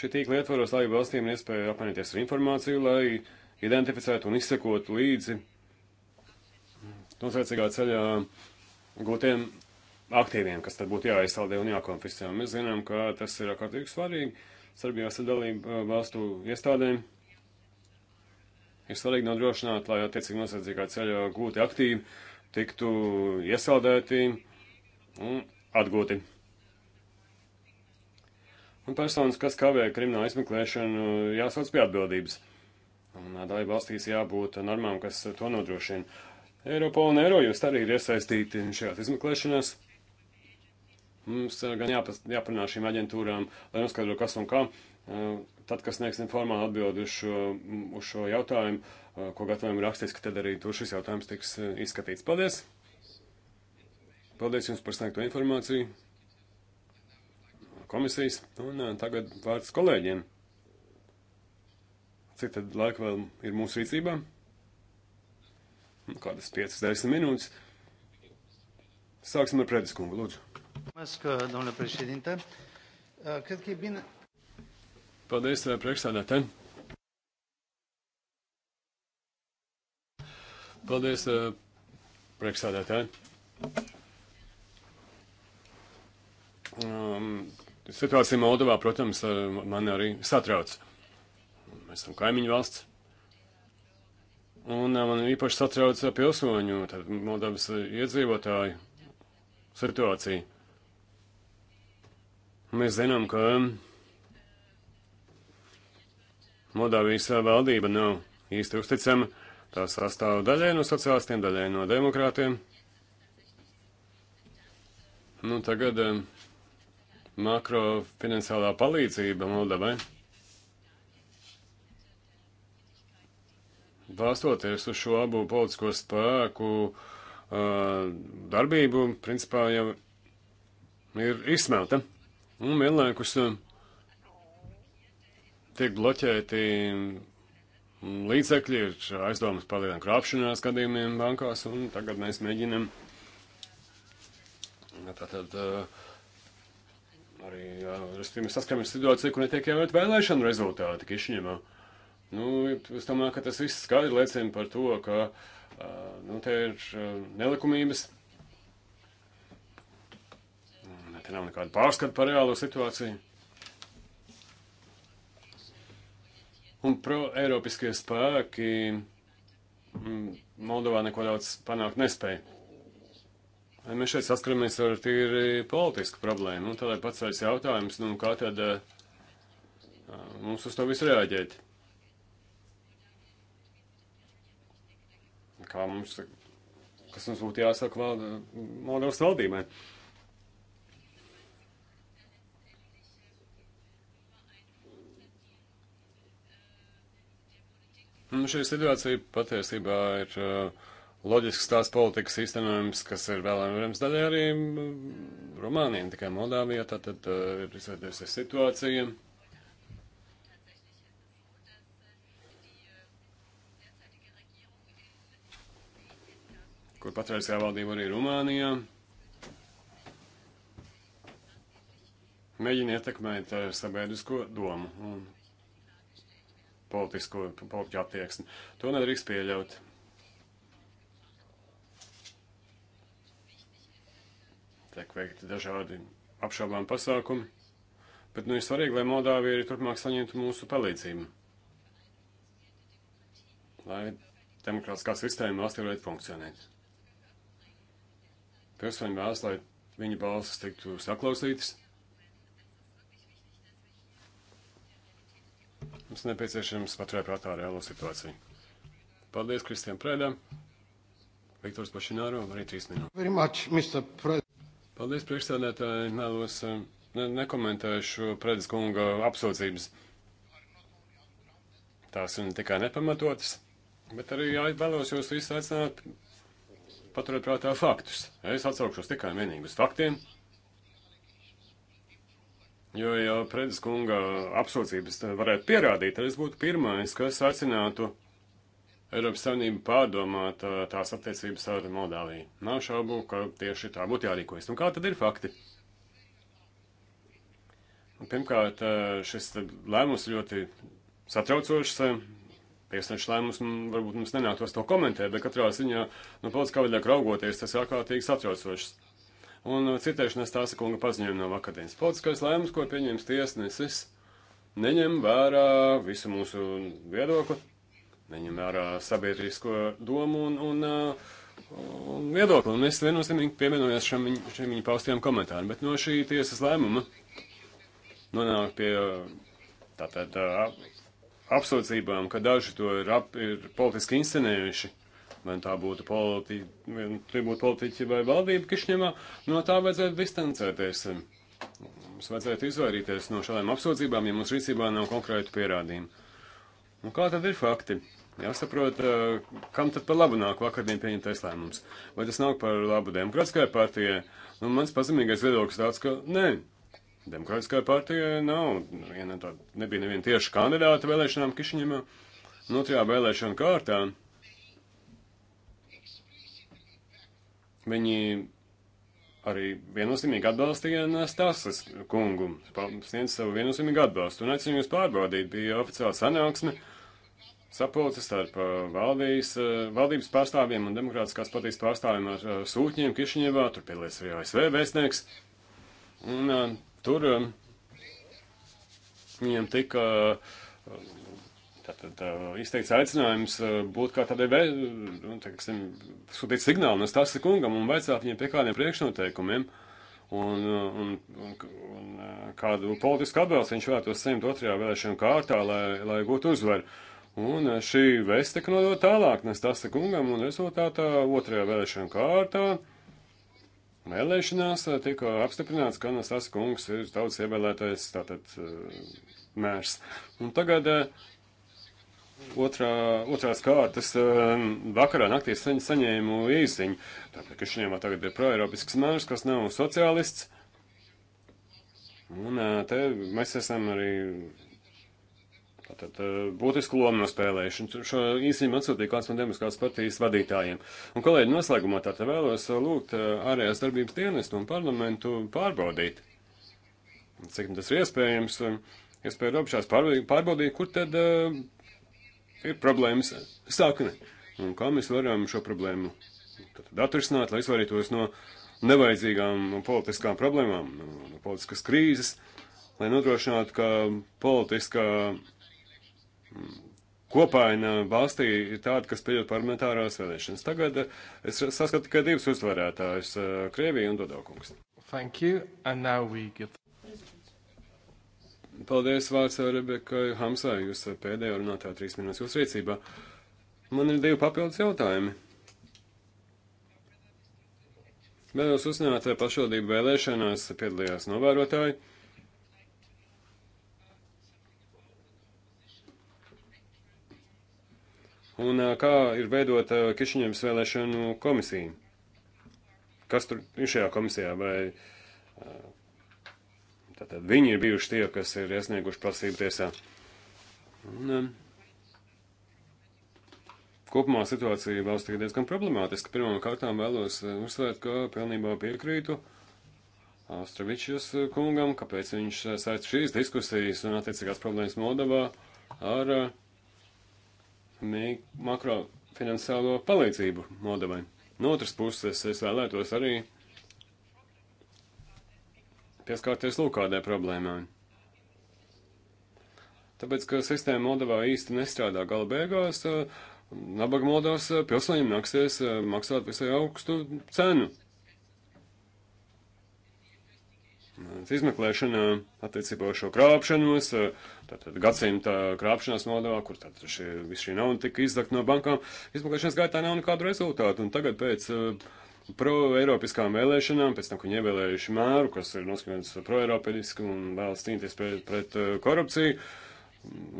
Šī tīkla ietvaros laivu valstīm iespēja apmainīties ar informāciju, lai identificētu un izsekotu līdzi nosacīgā ceļā gūtiem aktīviem, kas tad būtu jāizsaldē un jākonfiscē. Mēs zinām, ka tas ir ārkārtīgi svarīgi. Serbijā sadalība uh, valstu iestādēm ir svarīgi nodrošināt, lai attiecīgi nosacīgā ceļā gūti aktīvi tiktu iesaldēti un atgūti. Un personas, kas kavē kriminālu izmeklēšanu, jāsauc pie atbildības. Un dalība valstīs jābūt normām, kas to nodrošina. Eiropola un Eirojust arī ir iesaistīti šajās izmeklēšanās. Mums gan jāpas, jāparunā šīm aģentūrām, lai noskaidro, kas un kā. Uh, Eh, tad, kas sniegsim formāli atbildi uz šo, uz šo jautājumu, eh, ko gatavojam rakstiski, tad arī tur šis jautājums tiks eh, izskatīts. Paldies! Paldies jums par sniegto informāciju komisijas. Un tagad vārds kolēģiem. Cik tad laika vēl ir mūsu rīcībā? Nu, kādas 5-10 minūtes. Sāksim ar Predeskungu, lūdzu. Mulțumesc, domnule președinte. Cred că e bine, Paldies, eh, priekšsēdētāji. Paldies, eh, priekšsēdētāji. Um, situācija Moldovā, protams, ar mani arī satrauc. Mēs esam kaimiņu valsts. Un eh, man īpaši satrauc pilsoņu, tad Moldovas iedzīvotāju situāciju. Mēs zinām, ka Moldāvijas valdība nav īsti uzticama. Tā sastāv daļai no sociālistiem, daļai no demokrātiem. Nu, tagad um, eh, makrofinansālā palīdzība Moldavai. Balstoties uz šo abu politisko spēku uh, darbību, principā jau ir izsmelta. Un vienlaikus uh, tiek bloķēti līdzekļi, ir aizdomas par lieliem krāpšanās gadījumiem bankās, un tagad mēs mēģinam tātad arī, respektīvi, mēs saskaramies situāciju, kur netiek ievērot vēlēšanu rezultāti Kišņemā. Nu, es domāju, ka tas viss skaidri liecina par to, ka, nu, te ir nelikumības, te nav nekāda pārskata par reālo situāciju. Un pro-eiropiskie spēki mm, Moldovā neko daudz panākt nespēja. Vai mēs šeit saskaramies ar tīri politisku problēmu? Nu, tādēļ pats vairs jautājums, nu, kā tad uh, mums uz to visu reaģēt? Kā mums, kas mums būtu jāsaka vald, Moldovas valdībai? Uh, Un nu, šī situācija patiesībā ir uh, loģisks tās politikas īstenojums, kas ir vēlams daļai arī mm, Rumānijai, tikai Moldāvijā. Tātad uh, ir izveidojusies situācija. kur patreizējā valdība arī Rumānijā mēģina ietekmēt uh, sabiedrisko domu un politisko politiķu attieksmi. To nedrīkst pieļaut. Tiek veikti dažādi apšaubām pasākumi, bet nu ir svarīgi, lai Moldāvija arī turpmāk saņemtu mūsu palīdzību. Lai demokrātiskā sistēma valstī varētu funkcionēt. Pilsoņi vēlas, lai viņu balsis tiktu saklausītas. Mums nepieciešams paturēt prātā reālo situāciju. Paldies Kristiem Prēdam, Viktors Pašināro, arī trīs minūtes. Very much, Mr. Pred. Paldies priekšstādētāji, nelos, eh, ne, nekomentēšu Prēdas kunga apsūdzības. Tās ir ne tikai nepamatotas, bet arī vēlos jūs visus aicināt paturēt prātā faktus. Es atsaukšos tikai vienīgi uz faktiem. Jo, ja Predes kunga apsūdzības varētu pierādīt, tad es būtu pirmais, kas aicinātu Eiropas Savienību pārdomāt uh, tās attiecības ar Moldāviju. Nav šaubu, ka tieši tā būtu jārīkojas. Nu, kā tad ir fakti? Nu, pirmkārt, uh, šis lēmums ļoti satraucošs. Uh, tiesneša lēmums mm, varbūt mums nenāktos to komentēt, bet katrā ziņā no politiskā viedokļa raugoties, tas ir ārkārtīgi satraucošs. Un uh, citēšanās tās kunga paziņojuma no vakardienas. Politiskais lēmums, ko pieņems tiesnesis, neņem vērā visu mūsu viedokli, neņem vērā sabiedrisko domu un, un, uh, un viedokli. Un es viennozīmīgi pievienojos šiem, šiem viņa paustiem komentāriem. Bet no šī tiesas lēmuma nonāk pie uh, tātad apsūdzībām, ka daži to ir, ap, ir politiski inscenējuši vai tā būtu politi, būtu politiķi vai valdība Kišņemā, no tā vajadzētu distancēties. Mums vajadzētu izvairīties no šādām apsūdzībām, ja mums rīcībā nav konkrētu pierādījumu. Nu, kā tad ir fakti? Jāsaprot, eh, kam tad par labu nāk vakardien pieņemtais lēmums. Vai tas nāk par labu demokrātiskajai partijai? Nu, mans pazemīgais viedoklis tāds, ka nē, demokrātiskajai partijai nav. Ja ne tā, nebija neviena tieši kandidāta vēlēšanām Kišiņamā. Un otrajā vēlēšana kārtā Viņi arī viennozīmīgi atbalstīja Nastasas kungu, sniedz savu viennozīmīgu atbalstu. Un aicinu jūs pārbaudīt, bija oficiāla sanāksme, sapulce starp uh, valdīs, uh, valdības pārstāvjiem un demokrātiskās partijas pārstāvjiem ar uh, sūtņiem Kišņevā, tur piedalījās arī ASV vēstnieks. Un tur um, viņiem tika Tātad izteikts aicinājums būt kā tādai, nu, teiksim, sūtīt signālu no stāsta kungam un vajadzētu viņiem pie kādiem priekšnoteikumiem un, un, un, un kādu politisku atbalstu viņš vēlētos saņemt otrajā vēlēšana kārtā, lai, lai gūtu uzvaru. Un šī vēsts tika nodot tālāk no stāsta kungam un rezultātā otrajā vēlēšana kārtā. Vēlēšanās tika apstiprināts, ka Anastas kungs ir tautas ievēlētais, tātad mērs. Un tagad uh, otrā, otrās kārtas ehm, vakarā naktī saņ, saņēmu īsiņu. Tāpēc, ka šņēmā tagad ir proeiropisks mērs, kas nav sociālists. Un eh, te mēs esam arī tātad eh, būtisku lomu nospēlējuši. Šo īsiņu atsūtīja kāds no demokrātas partijas vadītājiem. Un, kolēģi, noslēgumā tātad vēlos eh, lūgt ārējās darbības dienestu un parlamentu pārbaudīt, cik tas ir iespējams, iespēja robežās pārbaudīt, pārbaudīt, kur tad uh, ir problēmas sākne. Un kā mēs varam šo problēmu atrisināt, lai izvairītos no nevajadzīgām politiskām problēmām, no, no politiskas krīzes, lai nodrošinātu, ka politiskā mm, kopaina valstī ir tāda, kas pieļaut parlamentārās vēlēšanas. Tagad eh, es saskatu tikai divus uzvarētājus eh, - Krieviju un Dodokungs. Thank you, and now we get... Paldies vārds Rebekai Hamsai, jūs pēdējo runātā trīs minūtes jūsu rīcībā. Man ir divi papildus jautājumi. Vēlos uzzināt, vai pašvaldību vēlēšanās piedalījās novērotāji. Un kā ir veidota Kišiņevas vēlēšanu komisija? Kas tur ir šajā komisijā? Vai Tātad viņi ir bijuši tie, kas ir iesnieguši prasību tiesā. Un, um, kopumā situācija valstī ir diezgan problemātiska. Pirmām kārtām vēlos uh, uzsvērt, ka pilnībā piekrītu Austravičus uh, kungam, kāpēc viņš uh, saist šīs diskusijas un attiecīgās problēmas Moldavā ar uh, makrofinansiālo palīdzību Moldavai. No otras puses, es vēlētos arī pieskārties lūk kādai problēmai. Tāpēc, ka sistēma Moldovā īsti nestrādā gala beigās, eh, nabaga Moldovas eh, pilsoņiem nāksies eh, maksāt visai augstu cenu. Izmeklēšana attiecībā uz šo krāpšanos, tātad gadsimta krāpšanās Moldovā, kur tātad šie, viss šī nauda tika izdakt no bankām, izmeklēšanas gaitā nav nekādu rezultātu, un tagad pēc uh, pro-eiropiskām vēlēšanām, pēc tam, ka viņi ievēlējuši mēru, kas ir noskaņots pro-eiropeiski un vēlas cīnīties pret, pret eh, korupciju.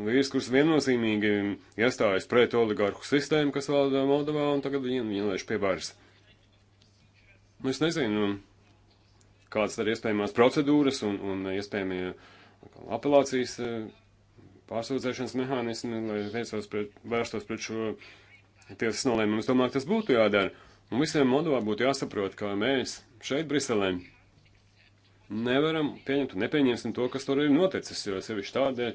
Vīrs, kurš viennozīmīgi iestājas pret oligarhu sistēmu, kas valda Moldovā, un tagad viņu ielaiž pie varas. Nu, es nezinu, kādas ir iespējamās procedūras un, un iespējamie apelācijas eh, pārsūdzēšanas mehānismi, lai vērstos pret, vērstos pret šo tiesas nolēmumu. Es domāju, ka tas būtu jādara. Un visiem Moldovā būtu jāsaprot, ka mēs šeit, Briselē, nevaram pieņemt un nepieņemsim to, kas tur ir noticis, jo sevišķi tādēļ,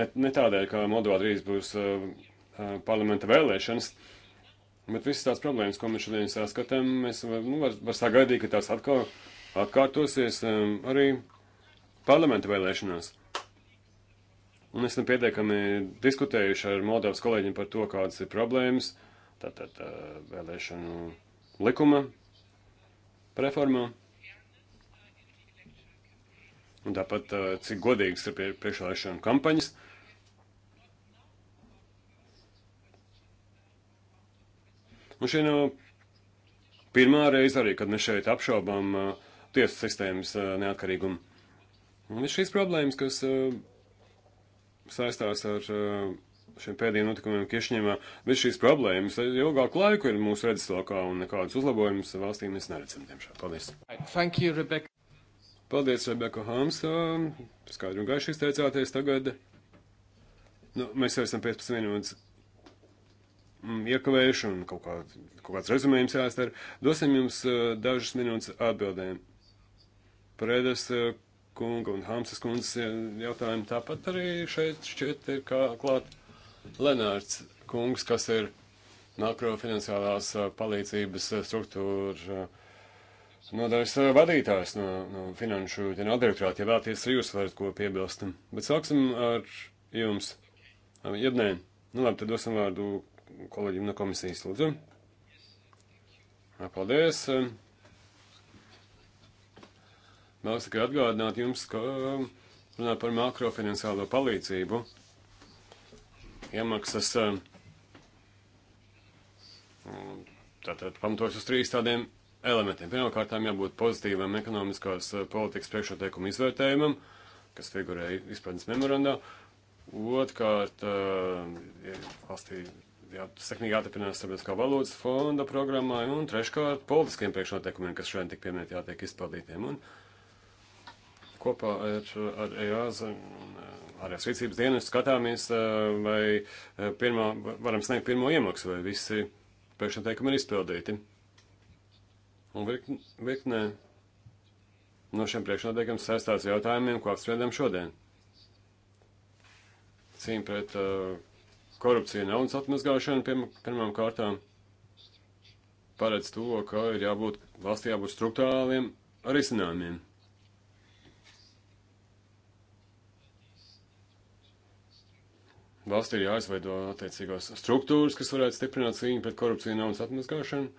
ne, ne tādēļ, ka Moldovā drīz būs uh, uh, parlamenta vēlēšanas, bet visas tās problēmas, ko mēs šodien saskatām, mēs var, uh, nu, var, var sagaidīt, ka tās atkal atkārtosies um, arī parlamenta vēlēšanās un esam pietiekami diskutējuši ar Moldovas kolēģiem par to, kādas ir problēmas, tātad tā, vēlēšanu likuma reformā. Un tāpat, cik godīgs ir priekšvēlēšana kampaņas. Un šī nav pirmā reize arī, kad mēs šeit apšaubām uh, tiesu sistēmas uh, neatkarīgumu. Un šīs problēmas, kas uh, saistās ar eh, šiem pēdējiem notikumiem Kišņemā. Viss šīs problēmas ilgāku laiku ir mūsu redzeslokā un nekādus uzlabojumus valstī mēs neredzam, diemžēl. Paldies. Thank you, Rebecca. Paldies, Rebeka Hamsa. Um, skaidri un gaiši izteicāties tagad. Nu, mēs jau esam 15 minūtes mm, iekavējuši un kaut, kā, kaut kāds rezumējums jāizdara. Dosim jums eh, dažas minūtes atbildēm. Prēdas eh, kunga un Hamsas kundzes jautājumu. Tāpat arī šeit šķiet ir kā klāt Lenārds kungs, kas ir makrofinansiālās palīdzības struktūra nodaļas vadītājs no, no finanšu ģenerāldirektorāta. Ja vēlaties, arī jūs varat ko piebilst. Bet sāksim ar jums. Ja nē, nu labi, tad dosim vārdu kolēģim no komisijas, lūdzu. Paldies. Paldies. Vēlos tikai atgādināt jums, ka runā par makrofinansālo palīdzību. Iemaksas eh, tātad pamatojas uz trīs tādiem elementiem. Pirmkārt, jābūt pozitīvam ekonomiskās eh, politikas priekšnoteikumu izvērtējumam, kas figurēja izpratnes memorandā. Otrkārt, eh, valstī jā, sekmīgi jāturpinās starptautiskā valodas fonda programmā, un treškārt, politiskiem priekšnoteikumiem, kas šodien tik pieminēti, jātiek izpildītiem. Un, uh, kopā ar, ar EASA un ārējās eh, rīcības dienas skatāmies, eh, vai eh, pirmā, varam sniegt pirmo iemaksu, vai visi pēkšņi teikumi ir izpildīti. Un virknē, virknē no šiem priekšnoteikumiem saistās jautājumiem, ko apspriedām šodien. Cīņa pret uh, korupciju naudas atmazgāšanu pirm, pirmām kārtām paredz to, ka ir jābūt valstī jābūt struktūrāliem risinājumiem. Valstī ir jāizveido attiecīgās struktūras, kas varētu stiprināt cīņu pret korupciju un naudas atmaskāšanu.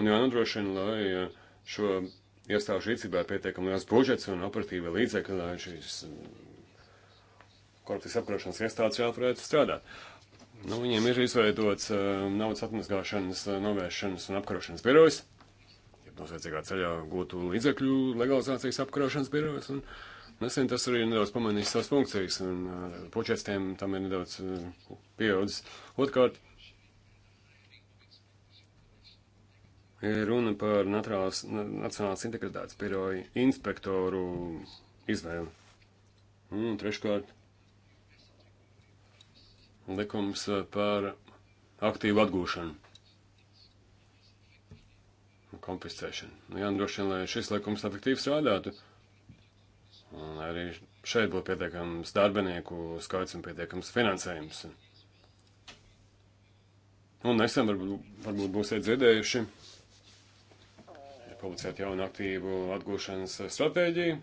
Un jānodrošina, lai eh, šo iestāžu rīcībā ir pietiekami liels budžets un operatīva līdzekļi, lai šīs eh, korupcijas apkarošanas iestādes vēl varētu strādāt. Nu, viņiem ir izveidots uh, naudas atmazgāšanas, uh, novēršanas un apkarošanas birojas, ja noziedzīgā ceļā gūtu līdzekļu legalizācijas apkarošanas birojas. Un, uh, Nesen tas arī nedaudz pamanīs savas funkcijas, un uh, počets tiem tam ir nedaudz uh, pieaudzis. Otkārt, ir runa par naturālās, Nacionālās integritātes biroja inspektoru izvēli. Un treškārt, likums uh, par aktīvu atgūšanu konfiscēšanu. Nu, jā, nu droši vien, lai šis likums efektīvi strādātu, Un arī šeit būtu pietiekams darbinieku skaits un pietiekams finansējums. Un nu, nesen varbūt, varbūt būsiet dzirdējuši, ir publicēta jauna aktīvu atgūšanas stratēģija.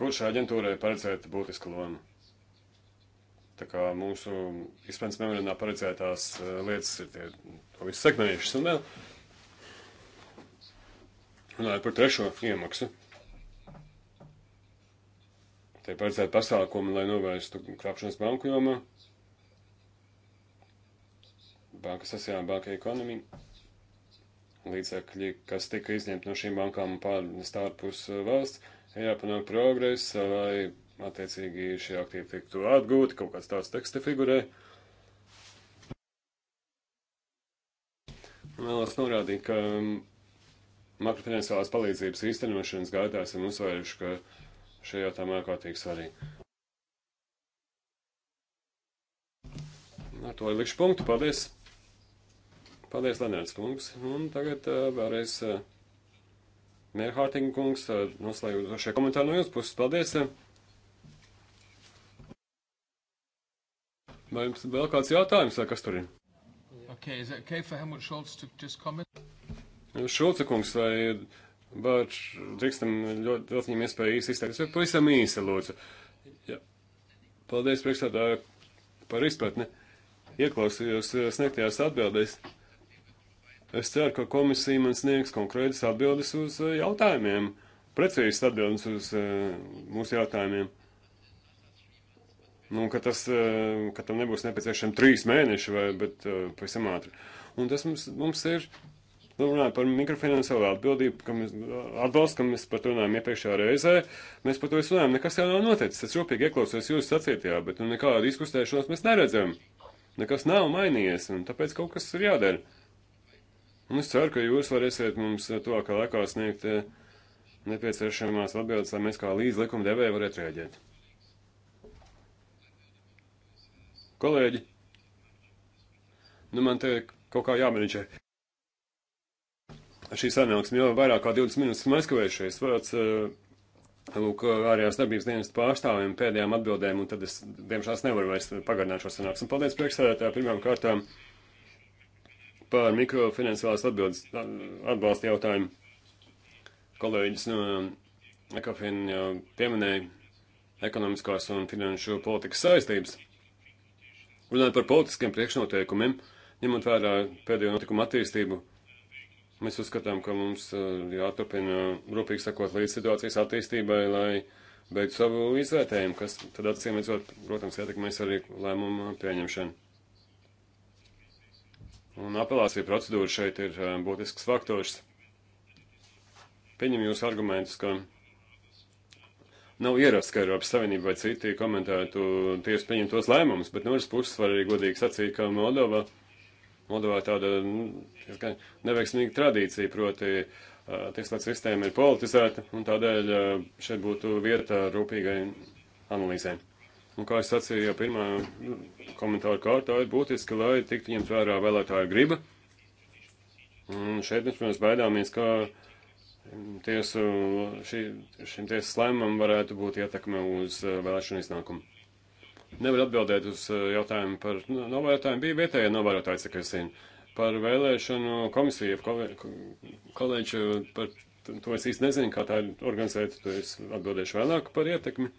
Kurš aģentūrai paredzēta būtiska loma? Tā kā mūsu izpētes memorandā paredzētās eh, lietas ir tie, to visu sekmējušas. Un vēl Runājot par trešo iemaksu. Te paredzēt pasākumu, lai novērstu krāpšanas banku jomā. Banka sasajā banka ekonomija. Līdzekļi, kas tika izņemti no šīm bankām un pārnest ārpus uh, valsts, ir jāpanāk progress, lai attiecīgi šie aktīvi tiktu atgūti, kaut kāds tāds teksta figurē. Vēlos norādīt, ka um, makrofinansiālās palīdzības īstenošanas gaitā esam uzsvēruši, ka šie jautājumi ārkārtīgi svarīgi. Ar to likšu punktu. Paldies! Paldies, Lenārds kungs! Un tagad uh, vēlreiz uh, Mērhārtinga kungs uh, noslēgušie komentāri no jūsu puses. Paldies! Vai jums vēl kāds jautājums, vai kas tur ir? Okay, is it okay for Helmut Scholz to just comment? Šulce kungs, vai var, drīkstam, ļoti dot viņam iespēju īsi izteikties, vai pavisam īsi, lūdzu. Jā. Paldies priekšsādāju par izpratni. Ieklausījos eh, sniegtajās atbildēs. Es ceru, ka komisija man sniegs konkrētas atbildes uz eh, jautājumiem, precīzas atbildes uz eh, mūsu jautājumiem. Nu, ka, tas, ka tam nebūs nepieciešami trīs mēneši, vai, bet pavisam ātri. Un tas mums, mums ir Nu, runāju par mikrofinansālo atbildību, kam mēs atbalstu, kam mēs par to runājām iepriekšējā reizē. Mēs par to es runājām, nekas jau nav noticis. Es rūpīgi ieklausos jūsu sacietajā, bet nu, nekādu izkustēšanos mēs neredzam. Nekas nav mainījies, un tāpēc kaut kas ir jādara. Un es ceru, ka jūs varēsiet mums to, kā laikā sniegt eh, nepieciešamās atbildes, lai mēs kā līdz likuma devēja varētu rēģēt. Kolēģi, nu man te kaut kā jāmenedžē šī sanāksme jau vairāk kā 20 minūtes aizkavējušies. Vārds eh, lūk, ārējās darbības dienas pārstāvjiem pēdējām atbildēm, un tad es, diemžēl, nevaru vairs pagarināt šo sanāksmi. Paldies, priekšsēdētāji, pirmām kārtām par mikrofinanciālās atbildes atbalsta jautājumu. Kolēģis no eh, Ekofina jau eh, pieminēja ekonomiskās un finanšu politikas saistības. Runājot par politiskiem priekšnoteikumiem, ņemot vērā pēdējo notikumu attīstību, Mēs uzskatām, ka mums eh, jāturpina rūpīgi sakot līdz situācijas attīstībai, lai beigtu savu izvērtējumu, kas tad acīm redzot, protams, ietekmēs arī lēmumu pieņemšanu. Un apelācija procedūra šeit ir eh, būtisks faktors. Pieņem jūs argumentus, ka nav ierasts, ka Eiropas Savienība vai citi komentētu tieši pieņemtos lēmumus, bet no otras puses var arī godīgi sacīt, ka Moldova. No Moldovā tāda nu, diezgan neveiksmīga tradīcija, proti tieslietu sistēma ir politizēta, un tādēļ šeit būtu vieta rūpīgai analīzē. Un, kā es sacīju jau pirmā nu, komentāra kārtā, ir būtiski, lai tiktu ņemt vērā vēlētāju griba. Un šeit mēs, protams, baidāmies, ka tiesu, šī, šim tiesas lēmumam varētu būt ietekme uz vēlēšanu iznākumu nevar atbildēt uz eh, jautājumu par novērotājiem, nu, bija vietējie novērotāji, cik es zinu, par vēlēšanu komisiju, kolēģi, eh, par to es īsti nezinu, kā tā ir organizēta, to es atbildēšu vēlāk par ietekmi.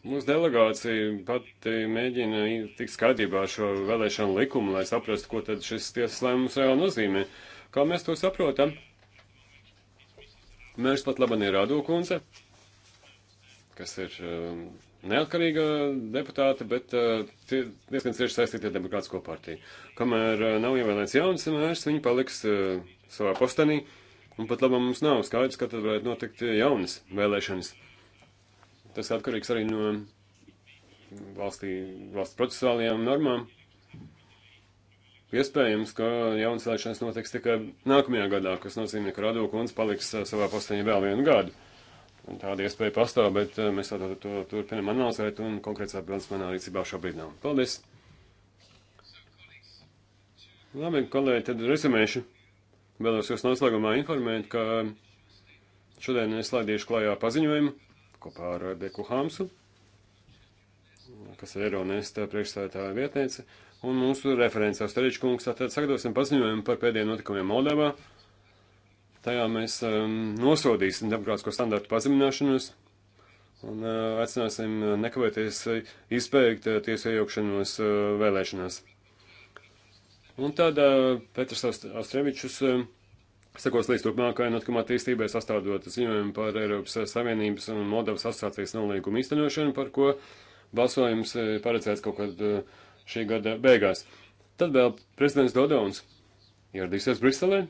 Mūsu delegācija pati mēģina tikt skaidrībā ar šo vēlēšanu likumu, lai saprastu, ko tad šis tiesas lēmums reāli nozīmē. Kā mēs to saprotam? Mēs pat labam ir Rādūkundze, kas ir eh, neatkarīga deputāta, bet uh, tie, diezgan cieši saistīti ar Demokrātisko partiju. Kamēr uh, nav ievēlēts jauns mērs, viņi paliks uh, savā postenī, un pat labam mums nav skaidrs, kad tad varētu notikt jaunas vēlēšanas. Tas atkarīgs arī no valstī, valsts procesuālajām normām. Iespējams, ka jaunas vēlēšanas notiks tikai nākamajā gadā, kas nozīmē, ka Radokons paliks savā postenī vēl vienu gadu. Tāda iespēja pastāv, bet eh, mēs tātad to, to turpinam analizēt un konkrēts atbildes manā rīcībā šobrīd nav. Paldies! Labi, kolēģi, tad rezumēšu. Vēlos jūs noslēgumā informēt, ka šodien es laidīšu klājā paziņojumu kopā ar Deku Hamsu, kas ir Eironesta priekšstādātāja vietniece, un mūsu referents Austeričkungs, tātad sagatavosim paziņojumu par pēdējiem notikumiem Moldavā. Tajā mēs um, nosodīsim demokrātisko standartu pazemināšanos un uh, aicināsim eh, nekavēties eh, izbeigt uh, tiesu iejaukšanos uh, vēlēšanās. Un tad uh, Petrs Austrevičus uh, sekos līdz turpmākajai notikumā attīstībai sastādot ziņojumu par Eiropas Savienības un Moldavas asociācijas nolīgumu īstenošanu, par ko balsojums uh, paredzēts kaut kad uh, šī gada beigās. Tad vēl prezidents Dodons ieradīsies Briselē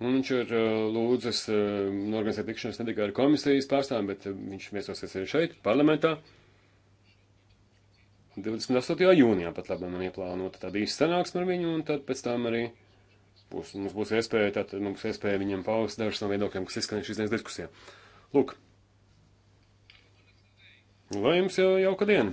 Un viņš ir eh, lūdzis eh, organizēt tikšanos ne tikai ar komisijas pārstāvjiem, bet eh, viņš viesosies arī šeit, parlamentā. 28. jūnijā pat labi man ieplānota tāda īsta sanāksme ar viņu, un tad pēc tam arī būs, mums būs iespēja, tad mums iespēja viņam paust dažus no viedokļiem, kas izskan šīs dienas diskusijā. Lūk. Lai jums jau jauka diena!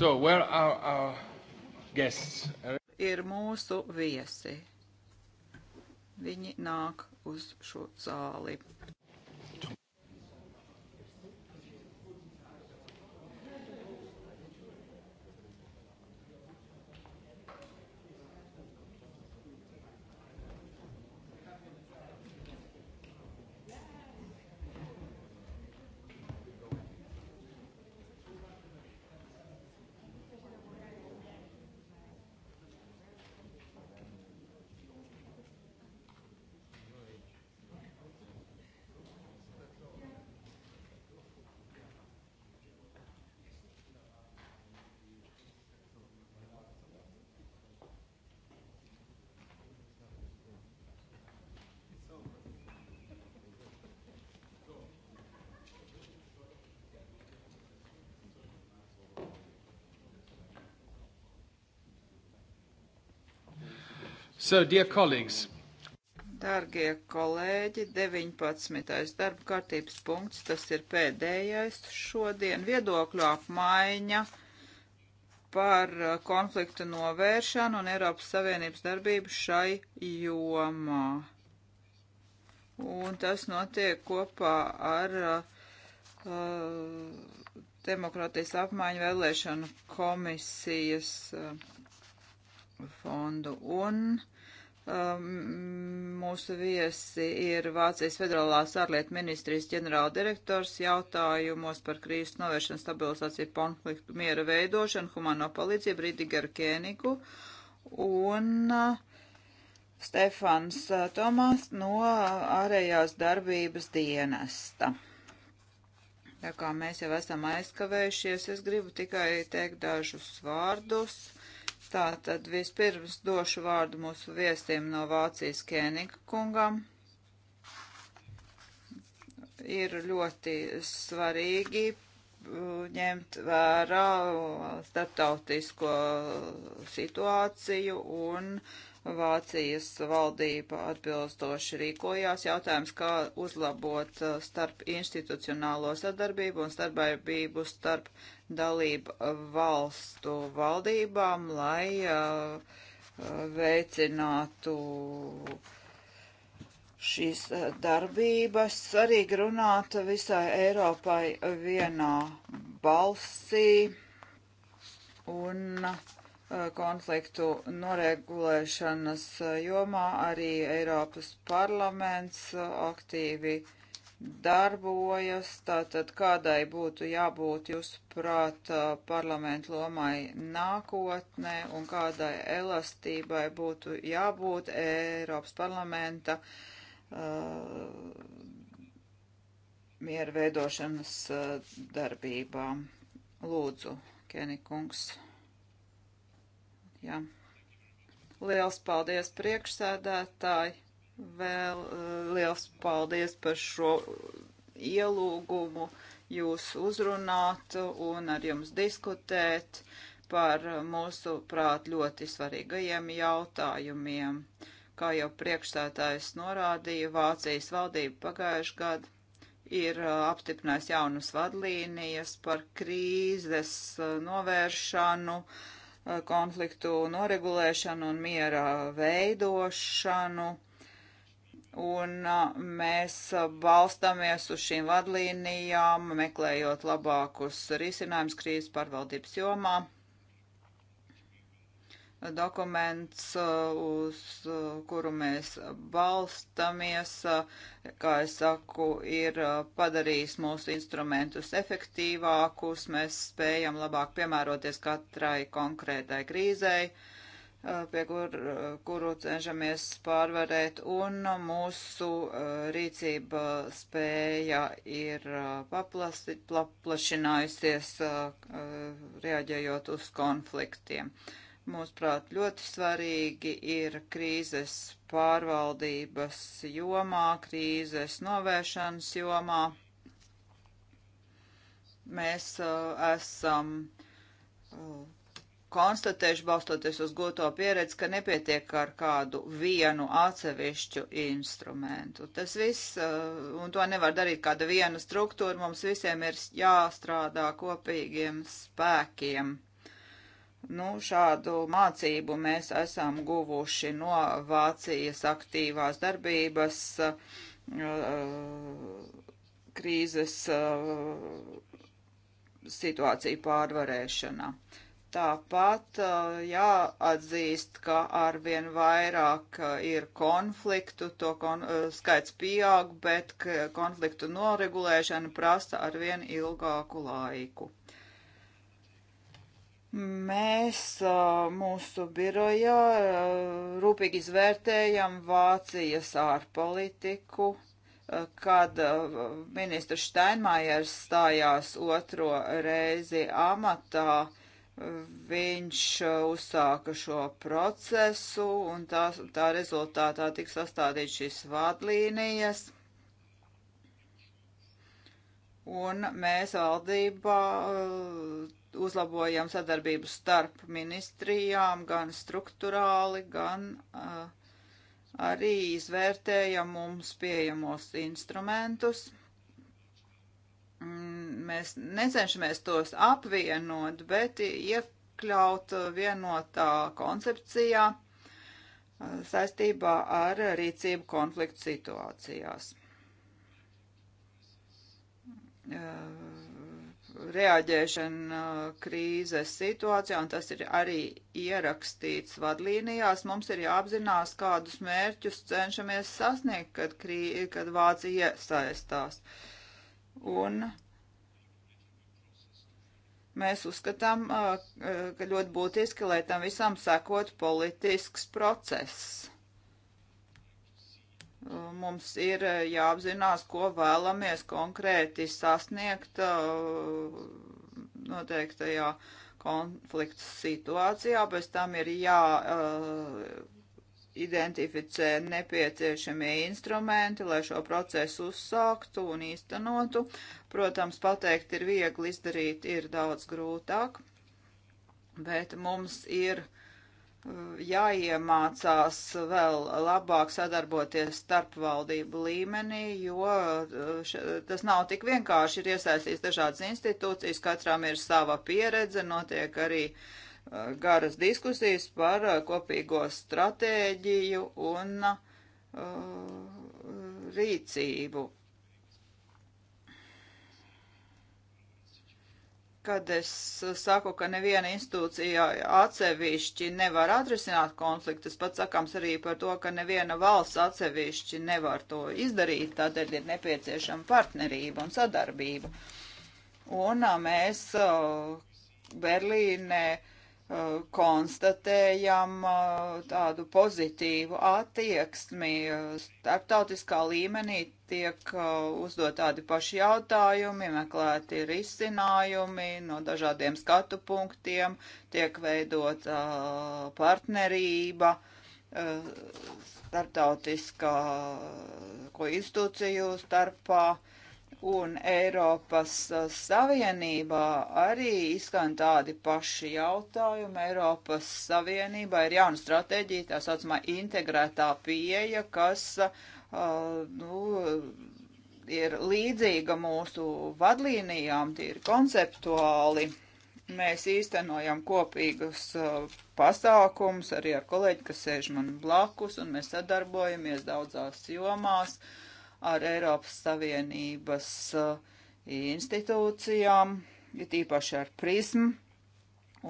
So, where are our guests? Ir mūsu viesi. Viņi nāk uz šo zāli. So, dear colleagues. Dargie kolēģi, 19. darba kārtības punkts, tas ir pēdējais šodien viedokļu apmaiņa par uh, konfliktu novēršanu un Eiropas Savienības darbību šai jomā. Un tas notiek kopā ar uh, uh Demokrātijas apmaiņu vēlēšanu komisijas uh, fondu. Un uh, Um, mūsu viesi ir Vācijas Federālās ārlietu ministrijas ģenerāldirektors jautājumos par krīzes novēršanu, stabilizāciju, konfliktu, miera veidošanu, humano palīdzību, Ridigeru Kēniku un uh, Stefans uh, Tomas no ārējās darbības dienesta. Tā kā mēs jau esam aizkavējušies, es gribu tikai teikt dažus vārdus Tātad vispirms došu vārdu mūsu viesiem no Vācijas Kēnika kungam. Ir ļoti svarīgi uh, ņemt vērā uh, starptautisko situāciju un Vācijas valdība atbilstoši rīkojās. Jautājums, kā uzlabot uh, starp institucionālo sadarbību un starpdarbību starp dalību uh, valstu valdībām, lai uh, uh veicinātu šīs uh, darbības. Svarīgi runāt visai Eiropai vienā balsī un konfliktu noregulēšanas jomā arī Eiropas parlaments aktīvi uh, darbojas, tātad kādai būtu jābūt jūs prāt parlamentu lomai nākotnē un kādai elastībai būtu jābūt Eiropas parlamenta uh, mieru veidošanas uh, darbībā. Lūdzu, Kenikungs. Jā. Liels paldies priekšsēdētāji! Vēl eh, liels paldies par šo ielūgumu jūs uzrunāt un ar jums diskutēt par mūsu prāt ļoti svarīgajiem jautājumiem. Kā jau priekšstādājs norādīja, Vācijas valdība pagājuši gadu ir eh, apstiprinājis jaunas vadlīnijas par krīzes eh, novēršanu, konfliktu noregulēšanu un miera veidošanu un mēs balstamies uz šīm vadlīnijām, meklējot labākus risinājumus krīzes pārvaldības jomā. Dokuments, uz kuru mēs balstamies, kā es saku, ir padarījis mūsu instrumentus efektīvākus, mēs spējam labāk piemēroties katrai konkrētai krīzei. Uh, pie kur, kuru cenšamies pārvarēt, un mūsu rīcība spēja ir paplasti, pla, plašinājusies, reaģējot uz konfliktiem. Mūsuprāt, ļoti svarīgi ir krīzes pārvaldības jomā, krīzes novēršanas jomā. Mēs uh, esam uh, konstatējuši, balstoties uz goto pieredzi, ka nepietiek ar kādu vienu atsevišķu instrumentu. Tas viss, uh, un to nevar darīt kāda viena struktūra, mums visiem ir jāstrādā kopīgiem spēkiem. Nu, šādu mācību mēs esam guvuši no Vācijas aktīvās darbības uh, uh, krīzes situāciju pārvarēšanā. Tāpat uh, jāatzīst, ka arvien vairāk uh, ir konfliktu, to kon uh, skaits pieaug, bet konfliktu noregulēšana prasa arvien ilgāku laiku. Mēs mūsu birojā rūpīgi izvērtējam Vācijas ārpolitiku, kad ministrs Steinmeiers stājās otro reizi amatā viņš uh, uzsāka šo procesu un tā, tā rezultātā tika sastādīt šīs vadlīnijas. Un mēs valdībā uh, uzlabojam sadarbību starp ministrijām, gan struktūrāli, gan uh, arī izvērtējam mums pieejamos instrumentus. Mm Mēs necenšamies tos apvienot, bet iekļaut vienotā koncepcijā saistībā ar rīcību konfliktu situācijās. Reaģēšana krīzes situācijā, un tas ir arī ierakstīts vadlīnijās, mums ir jāapzinās, kādus mērķus cenšamies sasniegt, kad, krī, kad Vācija iesaistās. Un uh, Mēs uzskatām, ka ļoti būtiski, lai tam visam sekot politisks process. Mums ir jāapzinās, ko vēlamies konkrēti sasniegt noteiktajā konflikts situācijā, pēc tam ir jā identificē nepieciešamie instrumenti, lai šo procesu uzsāktu un īstenotu. Protams, pateikt ir viegli izdarīt, ir daudz grūtāk, bet mums ir uh, jāiemācās vēl labāk sadarboties starpvaldību līmenī, jo uh, še, tas nav tik vienkārši, ir iesaistīts dažādas institūcijas, katram ir sava pieredze, notiek arī uh, garas diskusijas par uh, kopīgo stratēģiju un uh, rīcību. Kad es saku, ka neviena institūcija atsevišķi nevar atrisināt konfliktus, pats sakams arī par to, ka neviena valsts atsevišķi nevar to izdarīt, tādēļ ir nepieciešama partnerība un sadarbība. Un uh, mēs Berlīnē uh, konstatējam tādu pozitīvu attieksmi. Starptautiskā līmenī tiek uzdot tādi paši jautājumi, meklēti risinājumi no dažādiem skatu punktiem, tiek veidot partnerība starptautiskā ko institūciju starpā. Uh, un Eiropas eh, Savienībā arī izskan tādi paši jautājumi. Eiropas Savienībā ir jauna stratēģija, tā saucamā integrētā pieeja, kas uh, nu, ir līdzīga mūsu vadlīnijām, tīri konceptuāli. Mēs īstenojam kopīgus uh, pasākums arī ar kolēģi, kas sēž man blakus, un mēs sadarbojamies daudzās jomās. Uh, ar Eiropas Savienības eh, institūcijām, it īpaši ar prismu,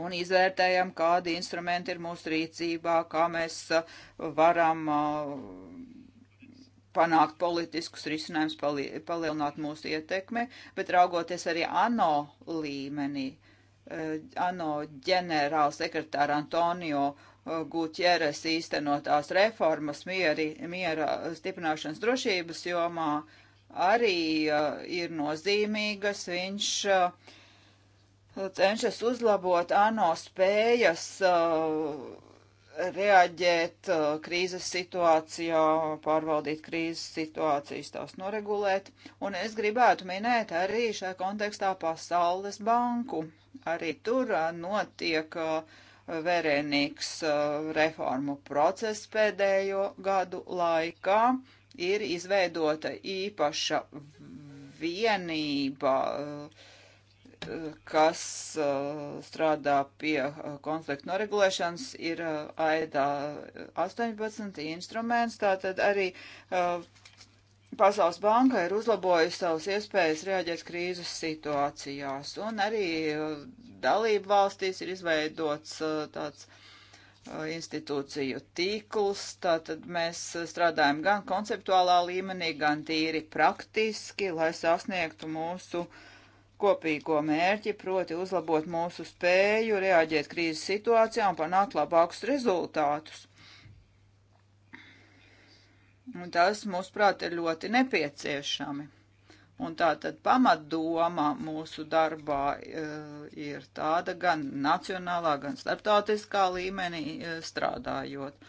un izvērtējam, kādi instrumenti ir mūsu rīcībā, kā mēs eh, varam eh, panākt politiskus risinājumus, palielināt mūsu ietekmi, bet raugoties arī ANO līmenī. ANO ģenerāls sekretāra Antonio Guķeres īstenotās reformas mieri, miera stiprināšanas drošības jomā arī uh, ir nozīmīgas. Viņš uh, cenšas uzlabot ANO spējas uh, reaģēt uh, krīzes situācijā, pārvaldīt krīzes situācijas, tās noregulēt. Un es gribētu minēt arī šajā kontekstā Pasaules banku. Arī tur uh, notiek uh, verenīgs uh, reformu process pēdējo gadu laikā. Ir izveidota īpaša vienība, uh, kas uh, strādā pie konfliktu noregulēšanas, ir AIDA 18 instruments, tātad arī Pasaules banka ir uzlabojusi savas iespējas rēģēt krīzes situācijās, un arī dalību valstīs ir izveidots uh, tāds uh, institūciju tīkls, tātad mēs uh, strādājam gan konceptuālā līmenī, gan tīri praktiski, lai sasniegtu mūsu kopīgo mērķi, proti uzlabot mūsu spēju reaģēt krīzes situācijā un panākt labākus rezultātus. Un tas, mūsuprāt, ir ļoti nepieciešami. Un tā tad pamatdoma mūsu darbā e, ir tāda gan nacionālā, gan starptautiskā līmenī e, strādājot.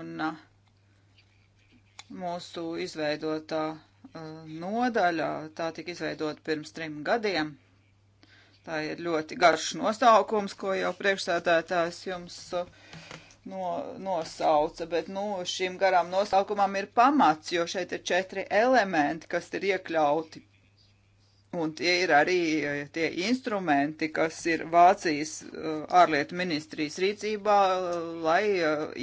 Un e, mūsu izveidotā nodaļa, tā tika izveidota pirms trim gadiem. Tā ir ļoti garš nosaukums, ko jau priekšsēdētājs jums uh, no, nosauca, bet nu, šim garam nosaukumam ir pamats, jo šeit ir četri elementi, kas ir iekļauti. Un tie ir arī eh, tie instrumenti, kas ir Vācijas eh, ārlietu ministrijas rīcībā, eh, lai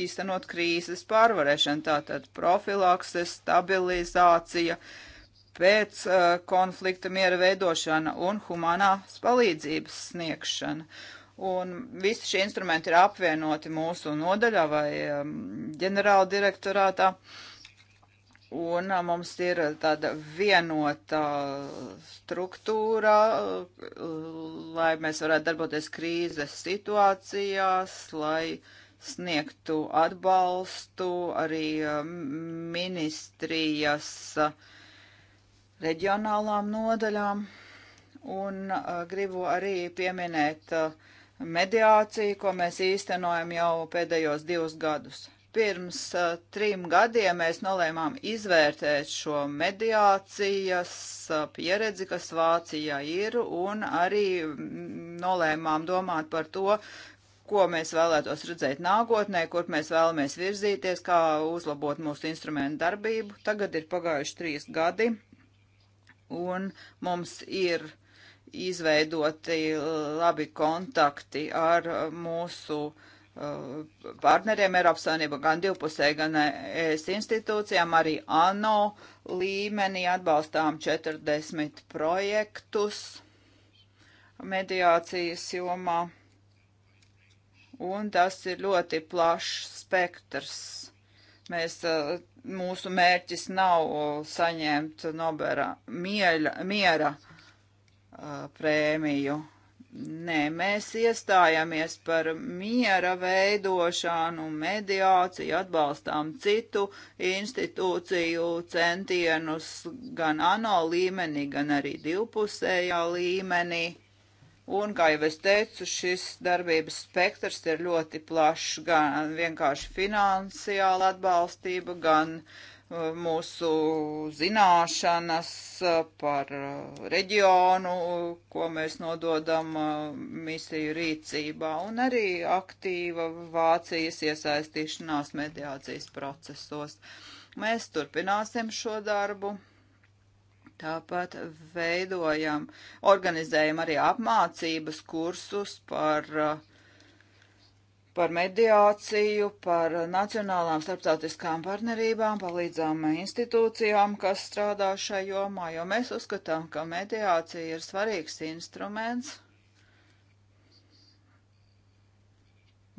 īstenot krīzes pārvarēšanu, tātad profilakses, stabilizācija, pēc uh, konflikta miera veidošana un humanās palīdzības sniegšana. Un visi šie instrumenti ir apvienoti mūsu nodaļā vai um, ģenerāla direktorātā. Un uh, mums ir tāda vienota struktūra, uh, lai mēs varētu darboties krīzes situācijās, lai sniegtu atbalstu arī um, ministrijas uh, reģionālām nodaļām. Un gribu arī pieminēt uh, mediācija, ko mēs īstenojam jau pēdējos divus gadus. Pirms uh, trim gadiem mēs nolēmām izvērtēt šo mediācijas uh, pieredzi, kas Vācijā ir, un arī mm, nolēmām domāt par to, ko mēs vēlētos redzēt nākotnē, kur mēs vēlamies virzīties, kā uzlabot mūsu instrumentu darbību. Tagad ir pagājuši trīs gadi, un mums ir uh, izveidoti eh, labi kontakti ar eh, mūsu eh, partneriem Eiropas Savienība gan divpusē, gan ES institūcijām, arī ANO līmenī atbalstām 40 projektus mediācijas jomā. Un tas ir ļoti plašs spektrs. Mēs, mūsu mērķis nav saņemt Nobera miera, miera prēmiju. Nē, mēs iestājamies par miera veidošanu, mediāciju, atbalstām citu institūciju centienus gan ANO līmenī, gan arī divpusējā līmenī. Un, kā jau es teicu, šis darbības spektrs ir ļoti plašs, gan vienkārši finansiāla atbalstība, gan uh, mūsu zināšanas par uh, reģionu, ko mēs nododam uh, misiju rīcībā, un arī aktīva Vācijas iesaistīšanās mediācijas procesos. Mēs turpināsim šo darbu. Tāpat veidojam, organizējam arī apmācības kursus par uh, par mediāciju, par nacionālām starptautiskām partnerībām, palīdzām institūcijām, kas strādā šajā jomā, jo mēs uzskatām, ka mediācija ir svarīgs instruments.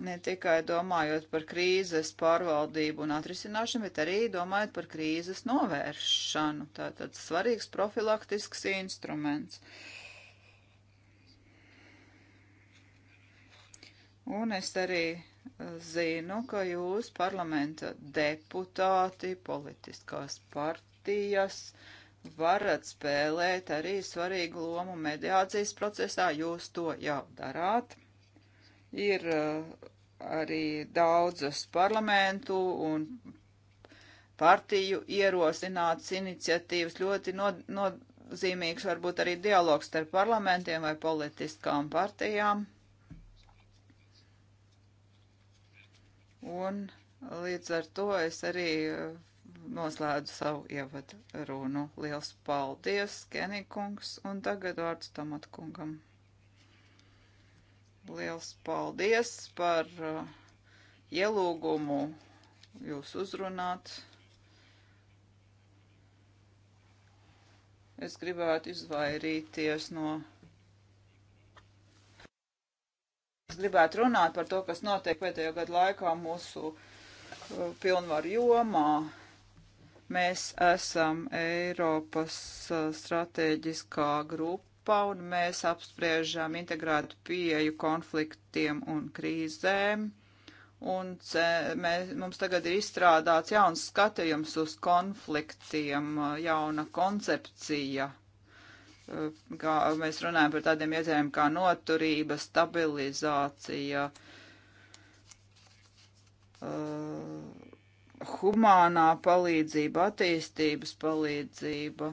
Ne tikai domājot par krīzes pārvaldību un atrisināšanu, bet arī domājot par krīzes novēršanu. Tātad svarīgs profilaktisks instruments. Uh, Un es arī eh, zinu, ka jūs parlamenta deputāti, politiskās partijas, varat spēlēt arī svarīgu lomu mediācijas procesā, jūs to jau darāt. Ir eh, arī daudzas parlamentu un partiju ierosināts iniciatīvas ļoti no, nozīmīgs varbūt arī dialogs starp parlamentiem vai politiskām partijām. Un līdz ar to es arī uh, noslēdzu savu ievadu runu. Liels paldies, Kenikungs, un tagad vārds Tomatkungam. Liels paldies par uh, ielūgumu jūs uzrunāt. Es gribētu izvairīties no gribētu runāt par to, kas notiek pēdējo gadu laikā mūsu uh, pilnvaru jomā. Mēs esam Eiropas uh, stratēģiskā grupa un mēs apspriežam integrētu pieeju konfliktiem un krīzēm. Un ce, mēs, mums tagad ir izstrādāts jauns skatījums uz konfliktiem, uh, jauna koncepcija. Uh, kā mēs runājam par tādiem jēdzieniem kā noturība, stabilizācija, uh, humānā palīdzība, attīstības palīdzība.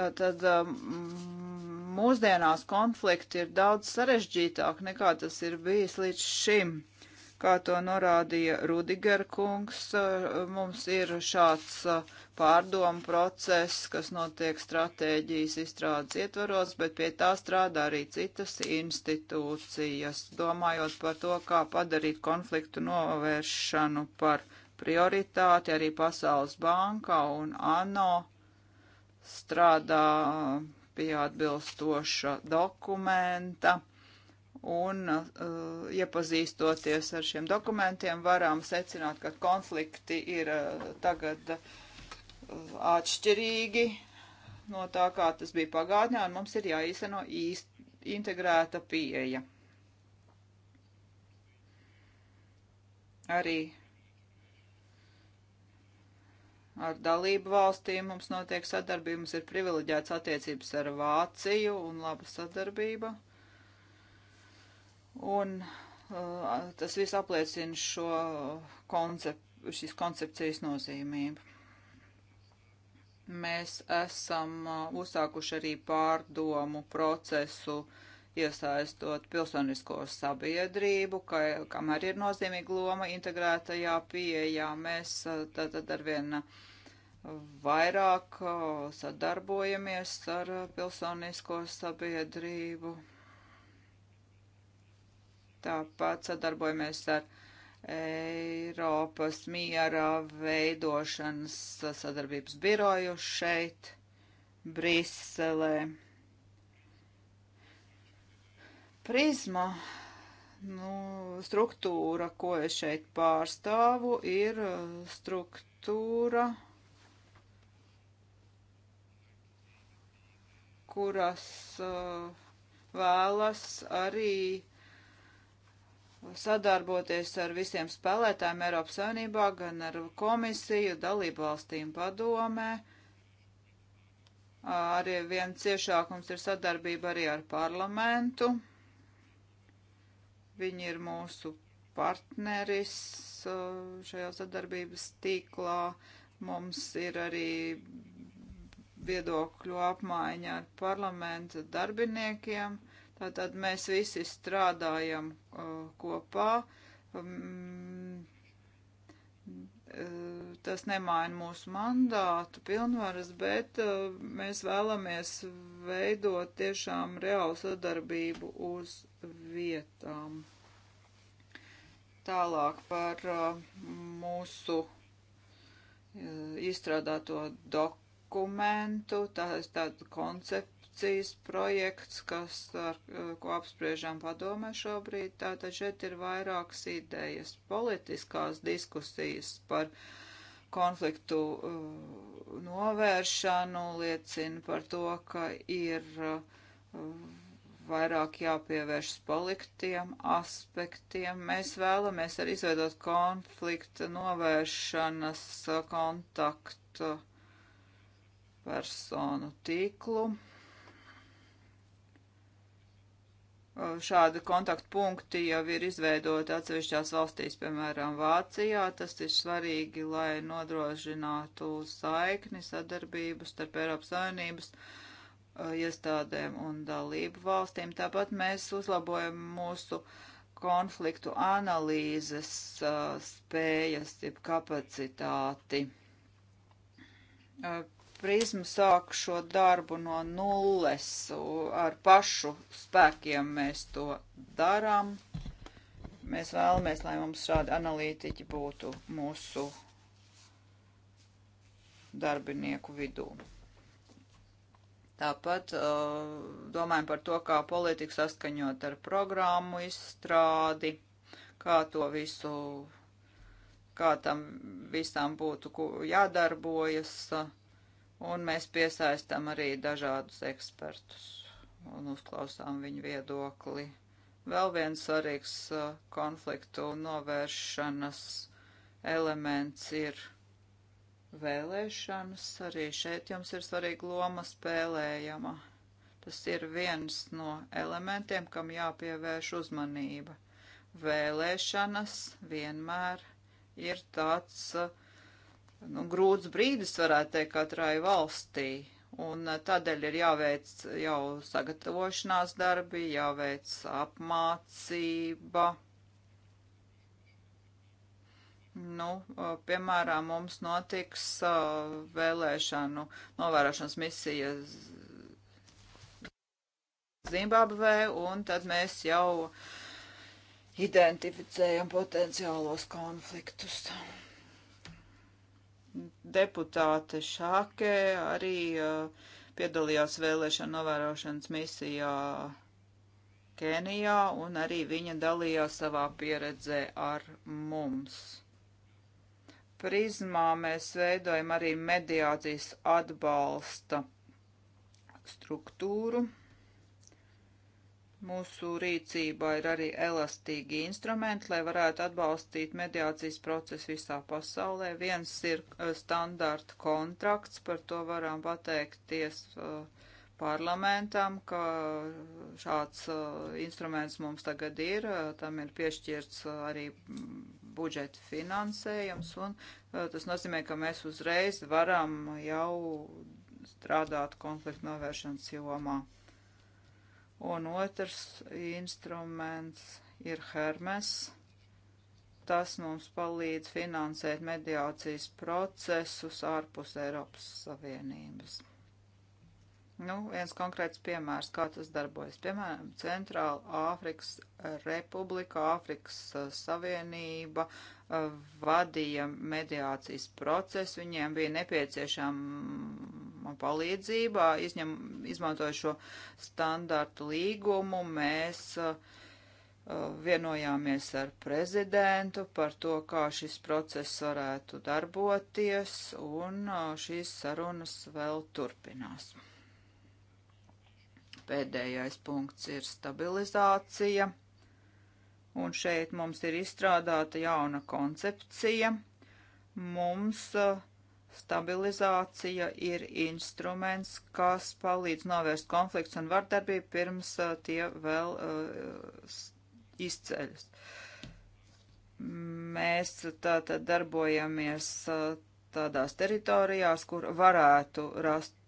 Tātad um, mūsdienās konflikti ir daudz sarežģītāk nekā tas ir bijis līdz šim kā to norādīja Rudiger kungs, mums ir šāds uh, pārdomu process, kas notiek stratēģijas izstrādes ietvaros, bet pie tā strādā arī citas institūcijas, domājot par to, kā padarīt konfliktu novēršanu par prioritāti arī Pasaules bankā un ANO strādā uh, pie atbilstoša dokumenta un uh, iepazīstoties ar šiem dokumentiem, varam secināt, ka konflikti ir uh, tagad uh, atšķirīgi no tā, kā tas bija pagātnē, un mums ir jāīsteno īst, integrēta pieeja. Arī ar dalību valstīm mums notiek sadarbība, mums ir privileģēts attiecības ar Vāciju un laba sadarbība. Uh, Un uh, tas viss apliecina šo koncept, šīs koncepcijas nozīmību. Mēs esam uh, uzsākuši arī pārdomu procesu uh, iesaistot pilsonisko sabiedrību, ka, kam arī ir nozīmīga loma integrētajā pieejā. Mēs uh, tad, tad arvien uh, vairāk uh, sadarbojamies ar pilsonisko sabiedrību. Tāpat sadarbojamies ar Eiropas miera veidošanas sadarbības biroju šeit, Briselē. Prizma nu, struktūra, ko es šeit pārstāvu, ir uh, struktūra, kuras uh, vēlas arī sadarboties ar visiem spēlētājiem Eiropas Savienībā, gan ar komisiju, dalību valstīm padomē. Arī viens ciešākums ir sadarbība arī ar parlamentu. Viņi ir mūsu partneris šajā sadarbības tīklā. Mums ir arī viedokļu apmaiņa ar parlamenta darbiniekiem Tad mēs visi strādājam uh, kopā. Um, uh, tas nemaina mūsu mandātu, pilnvaras, bet uh, mēs vēlamies veidot tiešām reālu sadarbību uz vietām. Tālāk par uh, mūsu uh, izstrādāto dokumentu, tā ir tāda koncept opcijas projekts, kas ar eh, ko apspriežam padomē šobrīd. Tātad šeit ir vairākas idejas, politiskās diskusijas par konfliktu uh, novēršanu liecina par to, ka ir uh, vairāk jāpievēršas paliktiem aspektiem. Mēs vēlamies arī izveidot konflikta novēršanas kontaktu personu tīklu. Eh, šādi kontaktpunkti jau ir izveidoti atsevišķās valstīs, piemēram, Vācijā. Tas ir svarīgi, lai nodrošinātu saikni sadarbību starp Eiropas Savienības eh, iestādēm un dalību valstīm. Tāpat mēs uzlabojam mūsu konfliktu analīzes eh, spējas, jeb kapacitāti prizmu sāk šo darbu no nulles. Ar pašu spēkiem mēs to darām. Mēs vēlamies, lai mums šādi analītiķi būtu mūsu darbinieku vidū. Tāpat uh, domājam par to, kā politiku saskaņot ar programmu izstrādi, kā to visu, kā tam visām būtu jādarbojas. Uh, un mēs piesaistam arī dažādus ekspertus un uzklausām viņu viedokli. Vēl viens svarīgs uh, konfliktu novēršanas elements ir vēlēšanas. Arī šeit jums ir svarīga loma spēlējama. Tas ir viens no elementiem, kam jāpievērš uzmanība. Vēlēšanas vienmēr ir tāds uh, nu, grūts brīdis, varētu teikt, katrai valstī. Un eh, tādēļ ir jāveic jau sagatavošanās darbi, jāveic apmācība. Nu, eh, piemēram, mums notiks uh, vēlēšanu novērošanas misija Zimbabvē, un tad mēs jau identificējam potenciālos konfliktus deputāte Šāke arī uh, piedalījās vēlēšana novērošanas misijā Kenijā, un arī viņa dalījās savā pieredzē ar mums. Prizmā mēs veidojam arī mediācijas atbalsta struktūru. Mūsu rīcībā ir arī elastīgi instrumenti, lai varētu atbalstīt mediācijas procesu visā pasaulē. Viens ir eh, standarta kontrakts, par to varam pateikties uh, parlamentam, ka šāds uh, instruments mums tagad ir, uh, tam ir piešķirts arī mm, budžeta finansējums, un tas nozīmē, ka mēs uzreiz varam jau strādāt konfliktu novēršanas jomā un otrs instruments ir Hermes. Tas mums palīdz finansēt mediācijas procesus ārpus Eiropas Savienības. Nu, viens konkrēts piemērs, kā tas darbojas. Piemēram, Centrāla Āfrikas Republika, Āfrikas eh, Savienība eh, vadīja mediācijas procesu, viņiem bija nepieciešama palīdzībā, izņem, izmantoju šo standartu līgumu, mēs uh, uh, vienojāmies ar prezidentu par to, kā šis process varētu darboties, un uh, šīs sarunas vēl turpinās. Pēdējais punkts ir stabilizācija, un šeit mums ir izstrādāta jauna koncepcija. Mums uh, Stabilizācija ir instruments, kas palīdz novērst konflikts un vardarbību pirms uh, tie vēl uh, izceļas. Mēs uh, tātad darbojamies uh, tādās teritorijās, kur varētu rast,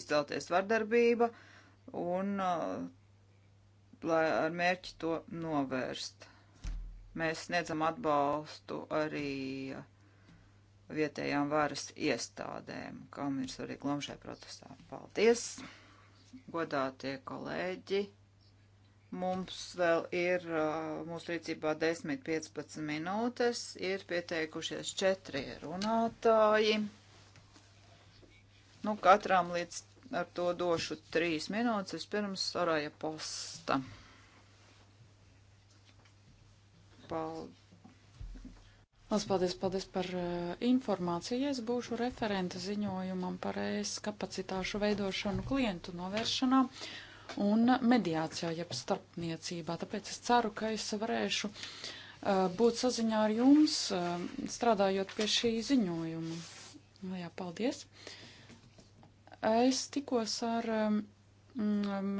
izcelties vardarbība un uh, lai ar mērķi to novērst. Mēs sniedzam atbalstu arī uh, vietējām varas iestādēm, kam ir svarīgi loma šajā procesā. Paldies, godātie kolēģi! Mums vēl ir uh, mūsu rīcībā 10-15 minūtes, ir pieteikušies četri runātāji. Nu, katram līdz ar to došu trīs minūtes, vispirms Sorāja posta. Paldies! Lielas paldies, paldies par uh, informāciju. Es būšu referenta ziņojumam par ES kapacitāšu veidošanu klientu novēršanā un mediācijā, jeb starpniecībā. Tāpēc es ceru, ka es varēšu uh, būt saziņā ar jums, uh, strādājot pie šī ziņojuma. Nu jā, paldies. Es tikos ar um,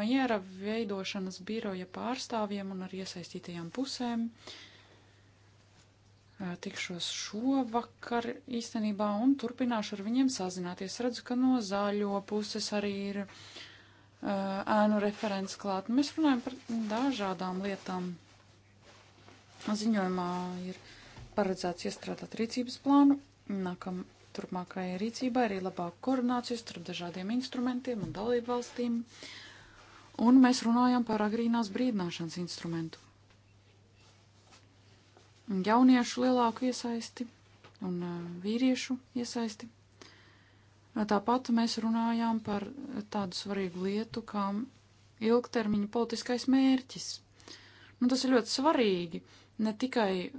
miera veidošanas biroja pārstāvjiem un ar iesaistītajām pusēm. Uh, tikšos šovakar īstenībā un turpināšu ar viņiem sazināties. Redzu, ka no zāļo puses arī ir ēnu referents klāt. Mēs runājam par dažādām lietām. Ziņojumā ir paredzēts iestrādāt rīcības plānu. Nākam turpmākajai rīcībai arī labāka koordinācija starp dažādiem instrumentiem un dalību valstīm. Un mēs runājam par agrīnās brīdināšanas instrumentu jauniešu lielāku iesaisti un e, vīriešu iesaisti. E, tāpat mēs runājām par tādu svarīgu lietu, kā ilgtermiņa politiskais mērķis. Nu, tas ir ļoti svarīgi ne tikai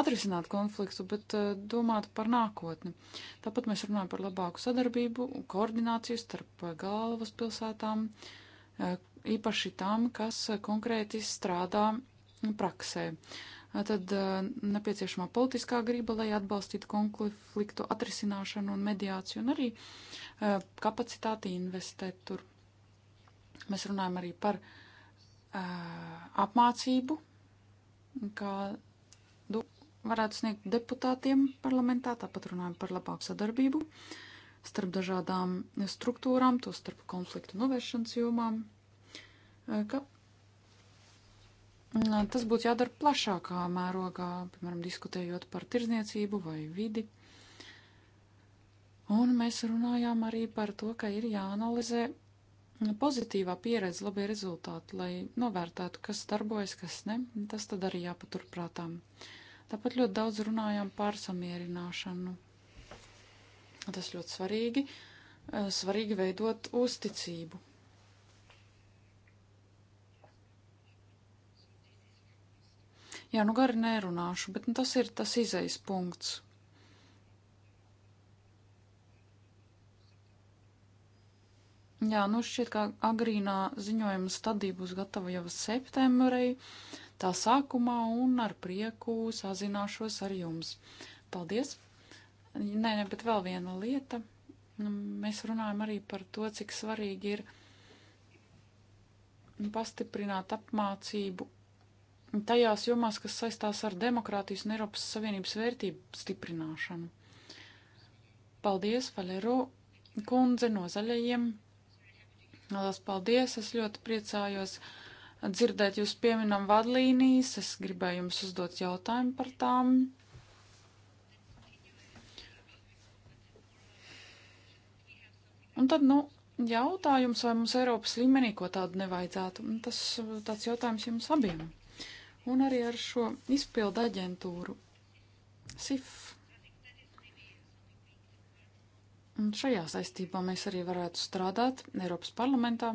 atrisināt konfliktu, bet e, domāt par nākotni. Tāpat mēs runājam par labāku sadarbību un koordināciju starp galvaspilsētām, īpaši tām, kas konkrēti strādā praksē. Uh, tad e, nepieciešamā politiskā griba, lai atbalstītu konfliktu atrisināšanu un mediāciju, un arī e, kapacitāti investēt tur. Mēs runājam arī par e, apmācību, kā varētu sniegt deputātiem parlamentā, tāpat runājam par labāku sadarbību starp dažādām struktūrām, to starp konfliktu novēršanas jomām, ka Mm, tas būtu jādara plašākā mērogā, piemēram, diskutējot par tirzniecību vai vidi. Un mēs runājām arī par to, ka ir jāanalizē pozitīvā pieredze, labie rezultāti, lai novērtētu, kas darbojas, kas ne. Tas tad arī jāpaturprātām. Tāpat ļoti daudz runājām par samierināšanu. Tas ļoti svarīgi. Eh, svarīgi veidot uzticību. Jā, nu gari nerunāšu, bet nu, tas ir tas izejas punkts. Jā, nu šķiet, ka agrīnā ziņojuma stadija būs gatava jau septembrī, tā sākumā, un ar prieku sazināšos ar jums. Paldies! Nē, nē, bet vēl viena lieta. Nu, mēs runājam arī par to, cik svarīgi ir pastiprināt apmācību tajās jomās, kas saistās ar demokrātijas un Eiropas Savienības vērtību stiprināšanu. Paldies, Valero kundze no zaļajiem. Lielas paldies, es ļoti priecājos dzirdēt jūs pieminam vadlīnijas, es gribēju jums uzdot jautājumu par tām. Un tad, nu, jautājums, vai mums Eiropas līmenī ko tādu nevajadzētu? Tas tāds jautājums jums abiem un arī ar šo izpildu aģentūru SIF. Un šajā saistībā mēs arī varētu strādāt Eiropas parlamentā.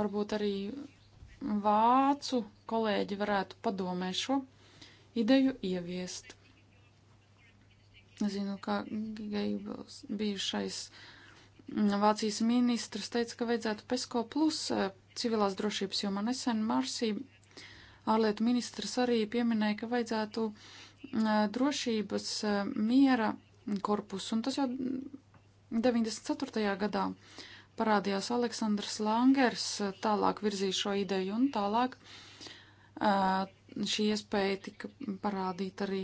Varbūt arī vācu kolēģi varētu padomē šo ideju ieviest. Es zinu, ka Geibels bijušais Vācijas ministrs teica, ka vajadzētu PESCO plus eh, civilās drošības, jo man nesen Marsī ārlietu ministrs arī pieminēja, ka vajadzētu drošības miera korpusu, un tas jau 94. gadā parādījās Aleksandrs Langers, tālāk virzīja šo ideju, un tālāk šī iespēja tika parādīta arī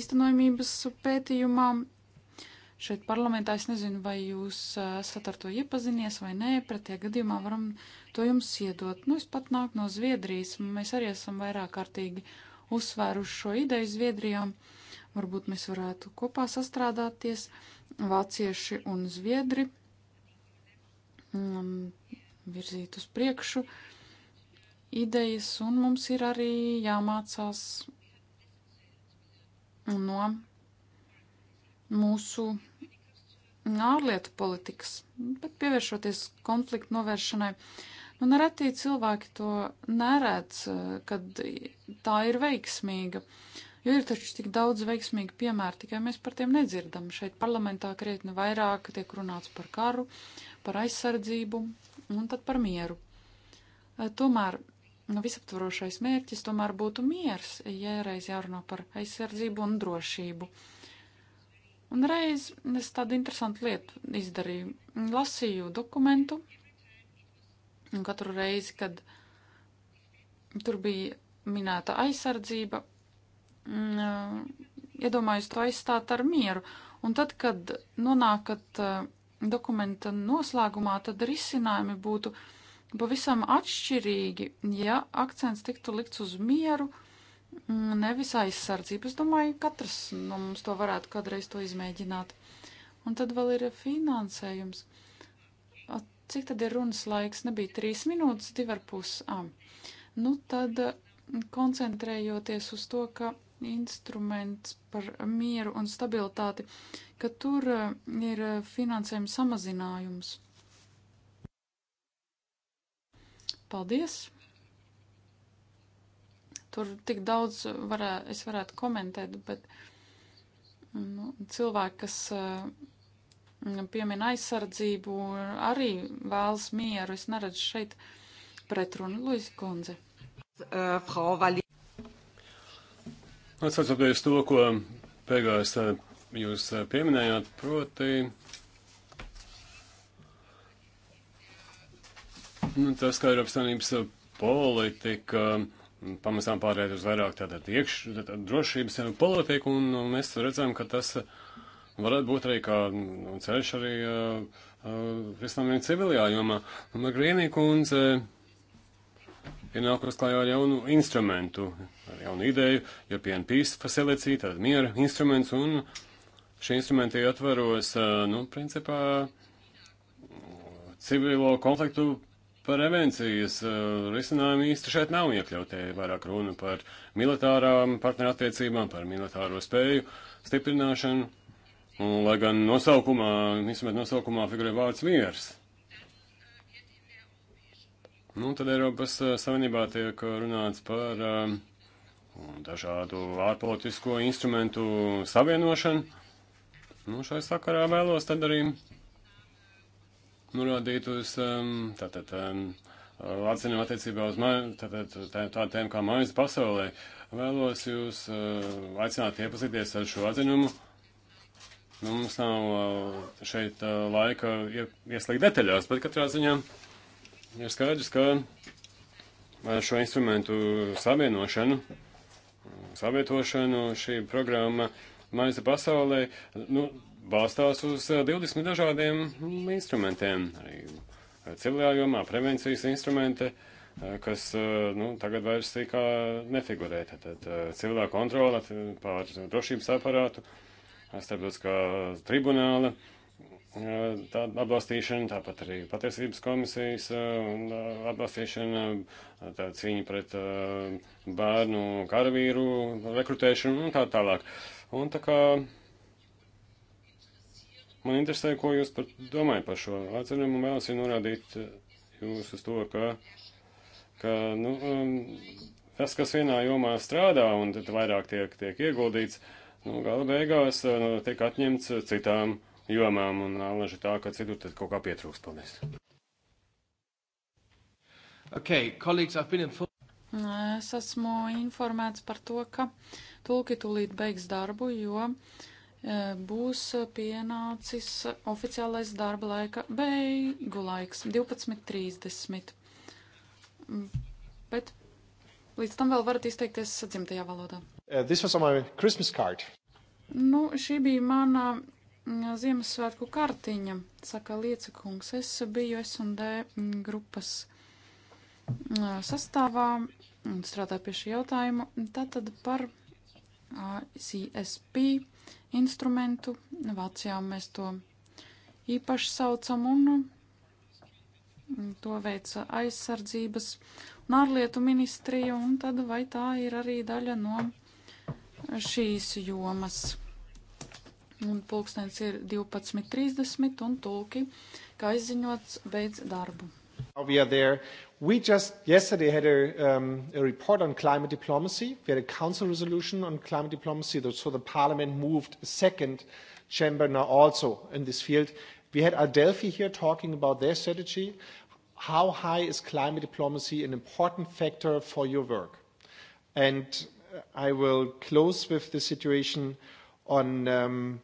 īstenojumības pētījumā šeit parlamentā. Es nezinu, vai jūs eh, esat ar to iepazinies vai nē, pretie gadījumā varam to jums iedot. Nu, es pat nāku no Zviedrijas, mēs arī esam vairāk kārtīgi uzsvēruši šo ideju Zviedrijām. Varbūt mēs varētu kopā sastrādāties, vācieši un zviedri, um, virzīt uz priekšu idejas, un mums ir arī jāmācās no mūsu ārlietu politikas, bet pievēršoties konfliktu novēršanai. Nu, nereti cilvēki to neredz, kad tā ir veiksmīga. Jo ir taču tik daudz veiksmīgu piemēru, tikai mēs par tiem nedzirdam. Šeit parlamentā krietni vairāk tiek runāts par karu, par aizsardzību un tad par mieru. Tomēr nu, visaptvarošais mērķis tomēr būtu miers, ja reiz jārunā par aizsardzību un drošību. Uh, Un reiz es tādu interesantu lietu izdarīju. Lasīju dokumentu, un katru reizi, kad tur bija minēta aizsardzība, mm, eh, iedomājos to aizstāt ar mieru. Un tad, kad nonākat eh, dokumenta noslēgumā, tad risinājumi būtu pavisam atšķirīgi, ja akcents tiktu likts uz mieru Mm, nevis aizsardzību. Es domāju, katrs no mums to varētu kādreiz to izmēģināt. Un tad vēl ir finansējums. Cik tad ir runas laiks? Nebija trīs minūtes, divi ar pus. Ah. Nu tad mm, koncentrējoties uz to, ka instruments par mieru un stabilitāti, ka tur ir finansējuma samazinājums. Paldies! tur tik daudz varē, es varētu komentēt, bet nu, cilvēki, kas eh, piemin aizsardzību, arī vēlas mieru. Es neredzu šeit pretrunu. Luisa Kundze. Uh, eh, Frau Valī. Atsaucoties to, ko beigās eh, jūs pieminējāt, proti, nu, tas, kā Eiropas Savienības politika pamazām pārējāt uz vairāk tātad iekš, tātad drošības politiku, un, un mēs redzam, ka tas varētu būt arī kā nu, ceļš arī uh, uh, visam vien civilajā jomā. Un Magrīnī kundze ir nākus klājā ar jaunu instrumentu, ar jaunu ideju, European Peace Facility, tātad miera instruments, un šie instrumenti ietvaros, uh, nu, principā, civilo konfliktu Prevencijas eh, risinājumi īsti šeit nav iekļautie. Vairāk runa par militārām partnerattiecībām, par militāro spēju stiprināšanu. Un, lai gan nosaukumā, izmet nosaukumā figurē vārds miers. Nu, tad Eiropas eh, Savienībā tiek runāts par um, dažādu ārpolitisko instrumentu savienošanu. Nu, šai sakarā vēlos tad arī norādīt uz um, tātad, um, atziņu attiecībā uz tātad, tā tēma kā mājas pasaulē. Vēlos jūs uh, aicināt iepazīties ar šo atziņumu. Nu, mums nav uh, šeit uh, laika ieslīgt detaļās, bet katrā ziņā ir skaidrs, ka šo instrumentu savienošanu, savietošanu šī programma maize pasaulē, nu, balstās uz 20 eh, dažādiem instrumentiem, arī eh, civilajā jomā prevencijas instrumenti, eh, kas nu, tagad vairs kā nefigurē. Tad civilā kontrola pār drošības aparātu, starptautiskā tribunāla tā atbalstīšana, tāpat arī patiesības komisijas atbalstīšana, tā cīņa pret bērnu karavīru rekrutēšanu un tā tālāk. Un tā kā Man interesē, ko jūs par, domājat par šo atzinumu, un vēlas ir norādīt eh, jūs uz to, ka, ka nu, um, tas, kas vienā jomā strādā un tad vairāk tiek, tiek ieguldīts, nu, gala beigās eh, nu, tiek atņemts citām jomām, un alaži tā, ka citur tad kaut kā pietrūks. Paldies! Okay, colleagues, I've been informed. Es esmu informēts par to, ka tulki tūlīt beigs darbu, jo uh, būs pienācis oficiālais darba laika beigu laiks - 12.30. Mm, bet līdz tam vēl varat izteikties dzimtajā valodā. Uh, nu, šī bija mana mm, Ziemassvētku kartiņa, saka Liecakungs. Es biju S&D mm, grupas sastāvā un strādāju pie šī jautājuma. Tātad par CSP instrumentu. Vācijā mēs to īpaši saucam un to veica aizsardzības un ārlietu ministrija, un tad vai tā ir arī daļa no šīs jomas. Un pulkstens ir 12.30 un tulki, kā izziņots, beidz darbu. We are there. We just yesterday had a, um, a report on climate diplomacy. We had a council resolution on climate diplomacy, so the parliament moved a second chamber now also in this field. We had Adelphi here talking about their strategy. How high is climate diplomacy an important factor for your work? And I will close with the situation on um,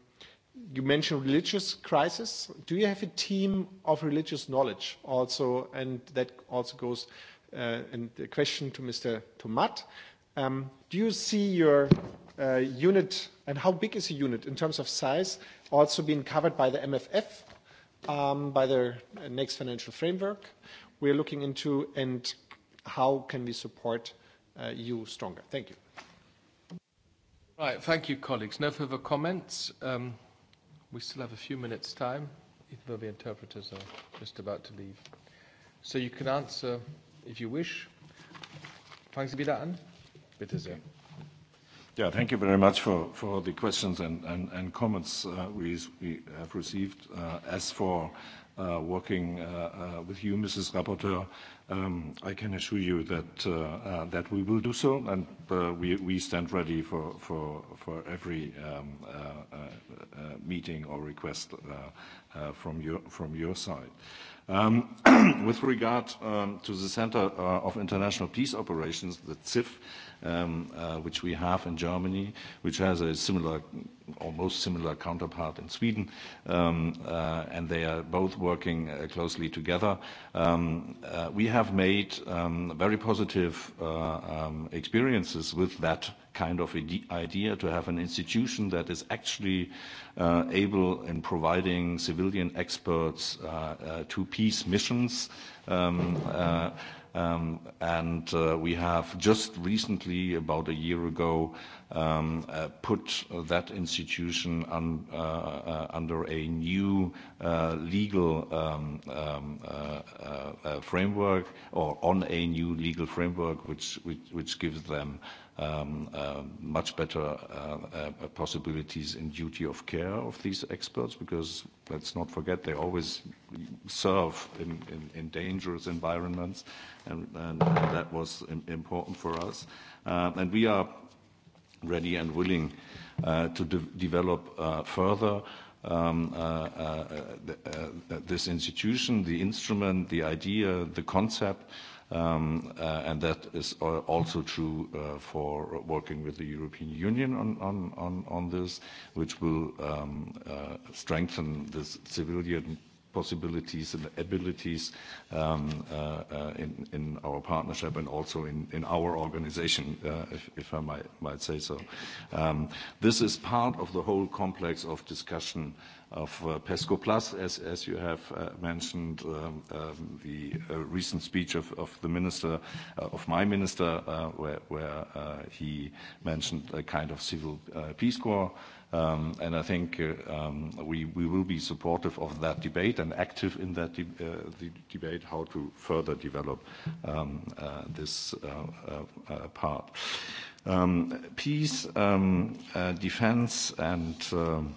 you mentioned religious crisis. Do you have a team of religious knowledge also? And that also goes, uh, and the question to Mr. Tomat. Um, do you see your uh, unit, and how big is the unit in terms of size, also being covered by the MFF, um, by the next financial framework we're looking into, and how can we support uh, you stronger? Thank you. Right. Thank you, colleagues. No further comments. Um, We still have a few minutes' time, even though the interpreters are just about to leave. So you can answer if you wish. Fangen Sie wieder an. Bitte sehr. Yeah, thank you very much for, for the questions and, and, and comments uh, we, we have received. Uh, as for uh, working uh, uh, with you, Mrs. Rapporteur, Um, I can assure you that, uh, uh, that we will do so, and uh, we, we stand ready for, for, for every um, uh, uh, uh, meeting or request from your, from your side. Um, [CLEARS THROAT] with regard um, to the Center of International Peace Operations, the CIF, um, uh, which we have in Germany, which has a similar, almost similar counterpart in Sweden, um, uh, and they are both working uh, closely together. Um, uh, we have made um, very positive uh, um, experiences with that kind of idea to have an institution that is actually uh, able in providing civilian experts uh, uh, to peace missions. Um, uh, Um, and uh, we have just recently, about a year ago, um, uh, put that institution un, uh, uh, under a new uh, legal um, um, uh, uh, uh, framework or on a new legal framework which, which, which gives them uh, um, uh, much better uh, uh, possibilities in duty of care of these experts because let's not forget they always serve in, in, in dangerous environments and, and, and that was important for us. Uh, and we are ready and willing uh, to de develop uh, further um, uh, uh, uh, th uh, this institution, the instrument, the idea, the concept, Um, uh, and that is uh, also true uh, for working with the European Union on, on, on, on this, which will um, uh, strengthen the civilian possibilities and abilities um, uh, uh, in, in our partnership and also in, in our organization, uh, if, if I might, might say so. Um, this is part of the whole complex of discussion uh, of uh, PESCO Plus, as, as you have uh, mentioned, um, um, the uh, recent speech of, of the minister, uh, of my minister, uh, where, where uh, he mentioned a kind of civil uh, peace corps. Um, and I think uh, um, we, we will be supportive of that debate and active in that de uh, the debate, how to further develop um, uh, this uh, uh, uh, part. Um, peace, um, defense, and um,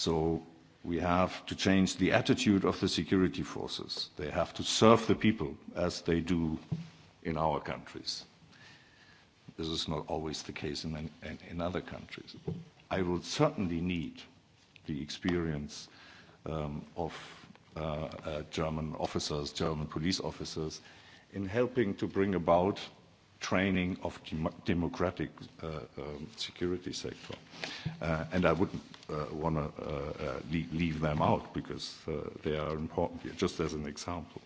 So we have to change the attitude of the security forces. They have to serve the people as they do in our countries. This is not always the case in, in, in other countries. I will certainly need the experience um, of uh, uh, German officers, German police officers, in helping to bring about training of dem democratic uh, um, security sector. Uh, and I wouldn't uh, want to uh, uh, leave, leave them out because uh, they are important here, just as an example.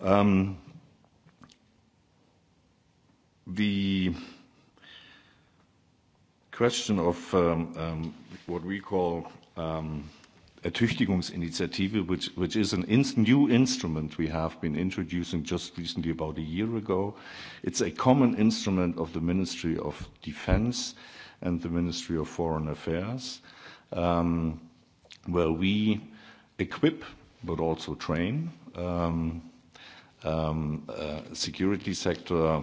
Um, the question of um, um, what we call um, – Ertüchtigungsinitiative, which, which is an ins new instrument we have been introducing just recently, about a year ago. It's a common instrument of the Ministry of Defense and the Ministry of Foreign Affairs, um, where we equip but also train um, um, uh, security sector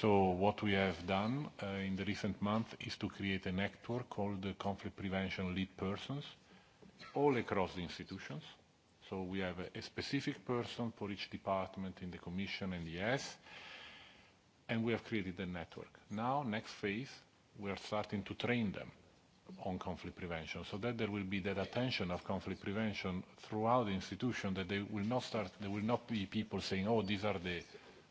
So what we have done uh, in the recent month is to create a network called the Conflict Prevention Lead Persons, all across the institutions. So we have a, a specific person for each department in the Commission and the ES, and we have created a network. Now, next phase, we are starting to train them on conflict prevention, so that there will be that attention of conflict prevention throughout the institution, that they will not start, there will not be people saying, "Oh, these are the